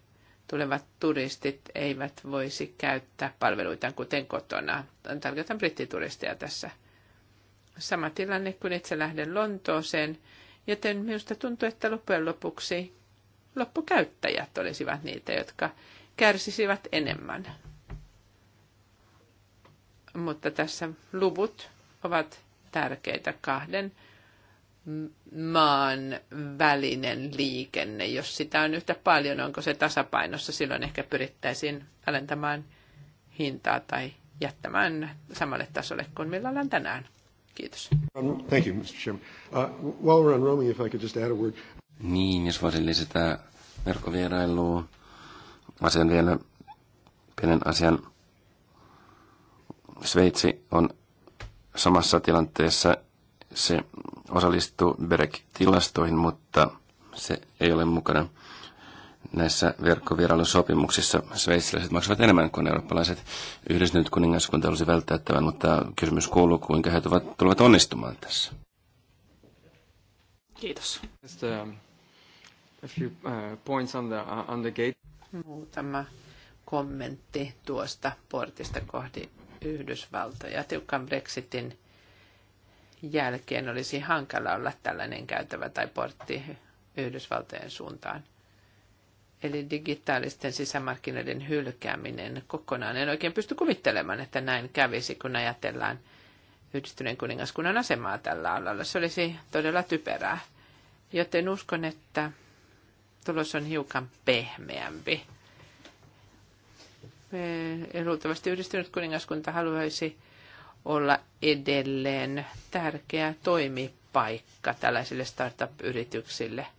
tulevat turistit eivät voisi käyttää palveluitaan kuten kotona. Tarkoitan brittituristeja tässä. Sama tilanne, kun itse lähden Lontooseen, Joten minusta tuntuu, että loppujen lopuksi loppukäyttäjät olisivat niitä, jotka kärsisivät enemmän. Mutta tässä luvut ovat tärkeitä kahden maan välinen liikenne. Jos sitä on yhtä paljon, onko se tasapainossa, silloin ehkä pyrittäisiin alentamaan hintaa tai jättämään samalle tasolle kuin millä ollaan tänään. Kiitos. thank you, Mr. Chairman. Uh, while we're on roaming, if I could just add a word. Niin, jos voisin lisätä verkkovierailua Mä sen vielä pienen asian. Sveitsi on samassa tilanteessa. Se osallistuu BEREC-tilastoihin, mutta se ei ole mukana – näissä verkkovierailusopimuksissa sveitsiläiset maksavat enemmän kuin eurooppalaiset. Yhdistynyt kuningaskunta olisi välttämättä, mutta kysymys kuuluu, kuinka he tuvat, tulevat onnistumaan tässä. Kiitos. Muutama kommentti tuosta portista kohti Yhdysvaltoja. Tiukan Brexitin jälkeen olisi hankala olla tällainen käytävä tai portti Yhdysvaltojen suuntaan eli digitaalisten sisämarkkinoiden hylkääminen kokonaan. En oikein pysty kuvittelemaan, että näin kävisi, kun ajatellaan yhdistyneen kuningaskunnan asemaa tällä alalla. Se olisi todella typerää. Joten uskon, että tulos on hiukan pehmeämpi. Luultavasti yhdistynyt kuningaskunta haluaisi olla edelleen tärkeä toimipaikka tällaisille startup-yrityksille –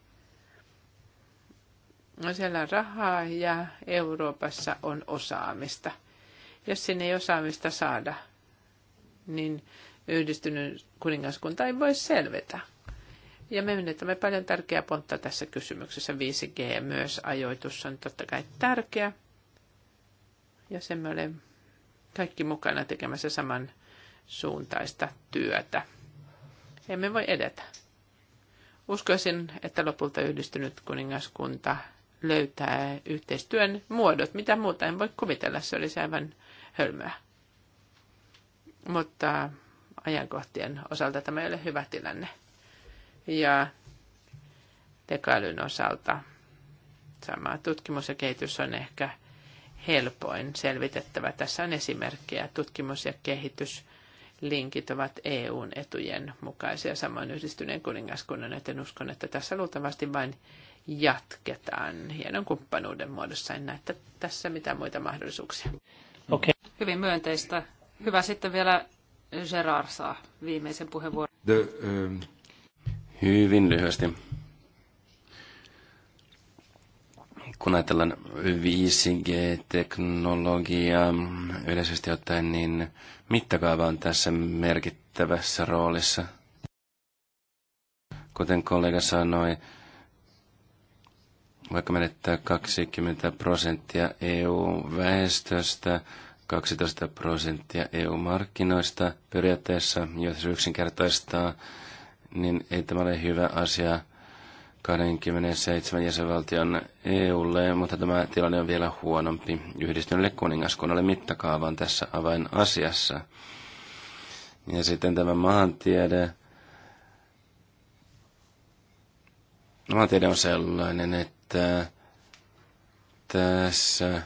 No siellä on rahaa ja Euroopassa on osaamista. Jos sinne ei osaamista saada, niin yhdistynyt kuningaskunta ei voi selvetä. Ja me menetämme paljon tärkeää pontta tässä kysymyksessä. 5G myös ajoitus on totta kai tärkeä. Ja sen me olemme kaikki mukana tekemässä saman suuntaista työtä. Emme voi edetä. Uskoisin, että lopulta yhdistynyt kuningaskunta löytää yhteistyön muodot. Mitä muuta en voi kuvitella, se olisi aivan hölmöä. Mutta ajankohtien osalta tämä ei ole hyvä tilanne. Ja tekailyn osalta sama tutkimus ja kehitys on ehkä helpoin selvitettävä. Tässä on esimerkkejä. Tutkimus ja kehitys linkit ovat EUn etujen mukaisia, samoin yhdistyneen kuningaskunnan, joten uskon, että tässä luultavasti vain jatketaan hienon kumppanuuden muodossa. En näe tässä mitään muita mahdollisuuksia. Okay. Hyvin myönteistä. Hyvä sitten vielä Gerard saa viimeisen puheenvuoron. The, um... Hyvin lyhyesti. Kun ajatellaan 5G-teknologiaa yleisesti ottaen, niin mittakaava on tässä merkittävässä roolissa. Kuten kollega sanoi, vaikka menettää 20 prosenttia EU-väestöstä, 12 prosenttia EU-markkinoista periaatteessa, jos yksinkertaistaa, niin ei tämä ole hyvä asia 27 jäsenvaltion EUlle, mutta tämä tilanne on vielä huonompi yhdistyneelle kuningaskunnalle mittakaavaan tässä avainasiassa. Ja sitten tämä maantiede. Maantiede on sellainen, että että tässä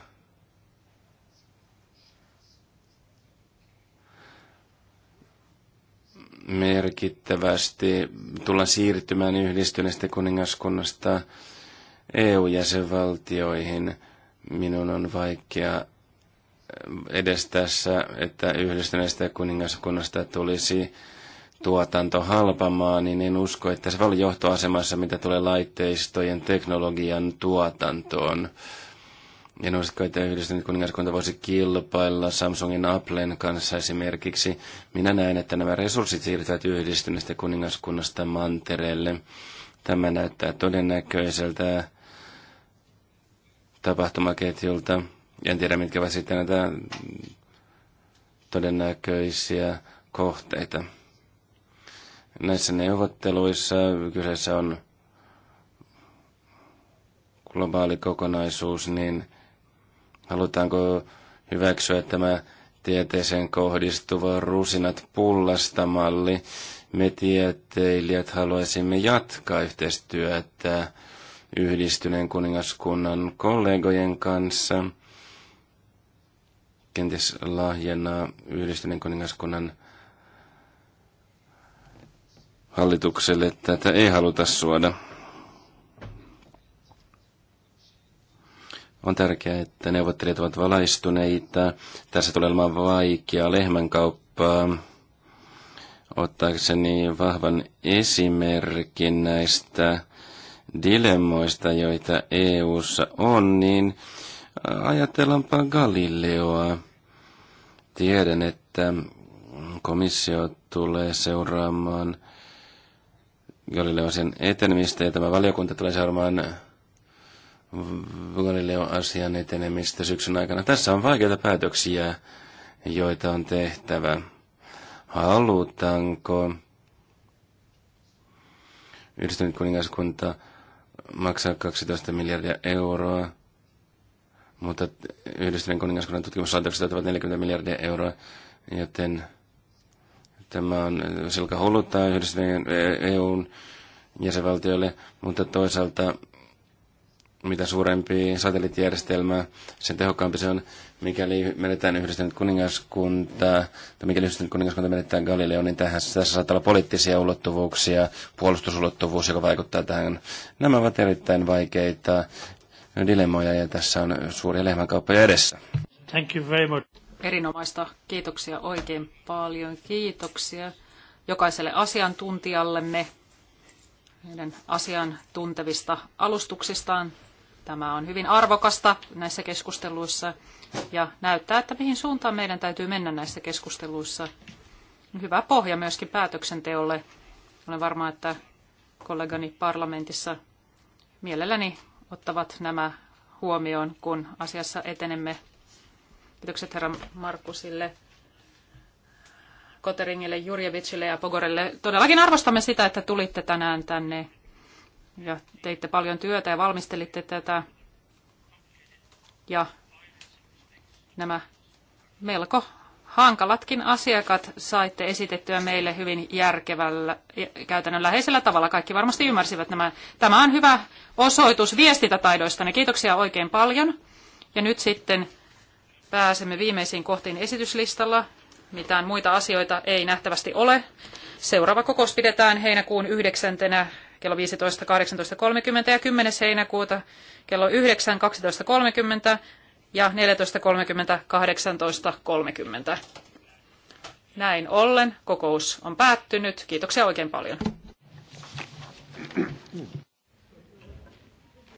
merkittävästi tullaan siirtymään yhdistyneestä kuningaskunnasta EU-jäsenvaltioihin. Minun on vaikea edes tässä, että yhdistyneestä kuningaskunnasta tulisi tuotanto halpamaa, niin en usko, että se oli johtoasemassa, mitä tulee laitteistojen teknologian tuotantoon. En usko, että yhdistynyt kuningaskunta voisi kilpailla Samsungin Applen kanssa esimerkiksi. Minä näen, että nämä resurssit siirtyvät yhdistyneestä kuningaskunnasta mantereelle. Tämä näyttää todennäköiseltä tapahtumaketjulta. En tiedä, mitkä ovat sitten näitä todennäköisiä kohteita. Näissä neuvotteluissa kyseessä on globaali kokonaisuus, niin halutaanko hyväksyä tämä tieteeseen kohdistuva rusinat pullasta malli? Me tieteilijät haluaisimme jatkaa yhteistyötä yhdistyneen kuningaskunnan kollegojen kanssa, kenties lahjana yhdistyneen kuningaskunnan hallitukselle tätä ei haluta suoda. On tärkeää, että neuvottelijat ovat valaistuneita. Tässä tulee olemaan vaikea lehmänkauppaa. Ottaakseni vahvan esimerkin näistä dilemmoista, joita EU:ssa on, niin ajatellaanpa Galileoa. Tiedän, että komissio tulee seuraamaan Galileo-asian etenemistä ja tämä valiokunta tulee seuraamaan Galileo-asian etenemistä syksyn aikana. Tässä on vaikeita päätöksiä, joita on tehtävä. Halutaanko yhdistynyt kuningaskunta maksaa 12 miljardia euroa, mutta yhdistyneen kuningaskunnan tutkimuslaitokset ovat 40 miljardia euroa, joten Tämä on selkä huluttaa Yhdysvaltain EUn e jäsenvaltioille, mutta toisaalta mitä suurempi satelliittijärjestelmä, sen tehokkaampi se on, mikäli menetään yhdistynyt kuningaskunta, tai mikäli yhdistynyt kuningaskunta menetään Galileo, niin tähän, tässä saattaa olla poliittisia ulottuvuuksia, puolustusulottuvuus, joka vaikuttaa tähän. Nämä ovat erittäin vaikeita dilemmoja, ja tässä on suuria lehmänkauppoja edessä. Thank you very much. Erinomaista. Kiitoksia oikein paljon. Kiitoksia jokaiselle asiantuntijallemme heidän asiantuntevista alustuksistaan. Tämä on hyvin arvokasta näissä keskusteluissa ja näyttää, että mihin suuntaan meidän täytyy mennä näissä keskusteluissa. Hyvä pohja myöskin päätöksenteolle. Olen varma, että kollegani parlamentissa mielelläni ottavat nämä huomioon, kun asiassa etenemme Kiitokset herra Markusille, Koteringille, Jurjevicille ja Pogorelle. Todellakin arvostamme sitä, että tulitte tänään tänne ja teitte paljon työtä ja valmistelitte tätä. Ja nämä melko hankalatkin asiakat saitte esitettyä meille hyvin järkevällä käytännönläheisellä tavalla. Kaikki varmasti ymmärsivät nämä. Tämä on hyvä osoitus viestintätaidoista. Kiitoksia oikein paljon. Ja nyt sitten pääsemme viimeisiin kohtiin esityslistalla. Mitään muita asioita ei nähtävästi ole. Seuraava kokous pidetään heinäkuun 9. kello 15.18.30 ja 10. heinäkuuta kello 9.12.30 ja 14.30.18.30. Näin ollen kokous on päättynyt. Kiitoksia oikein paljon.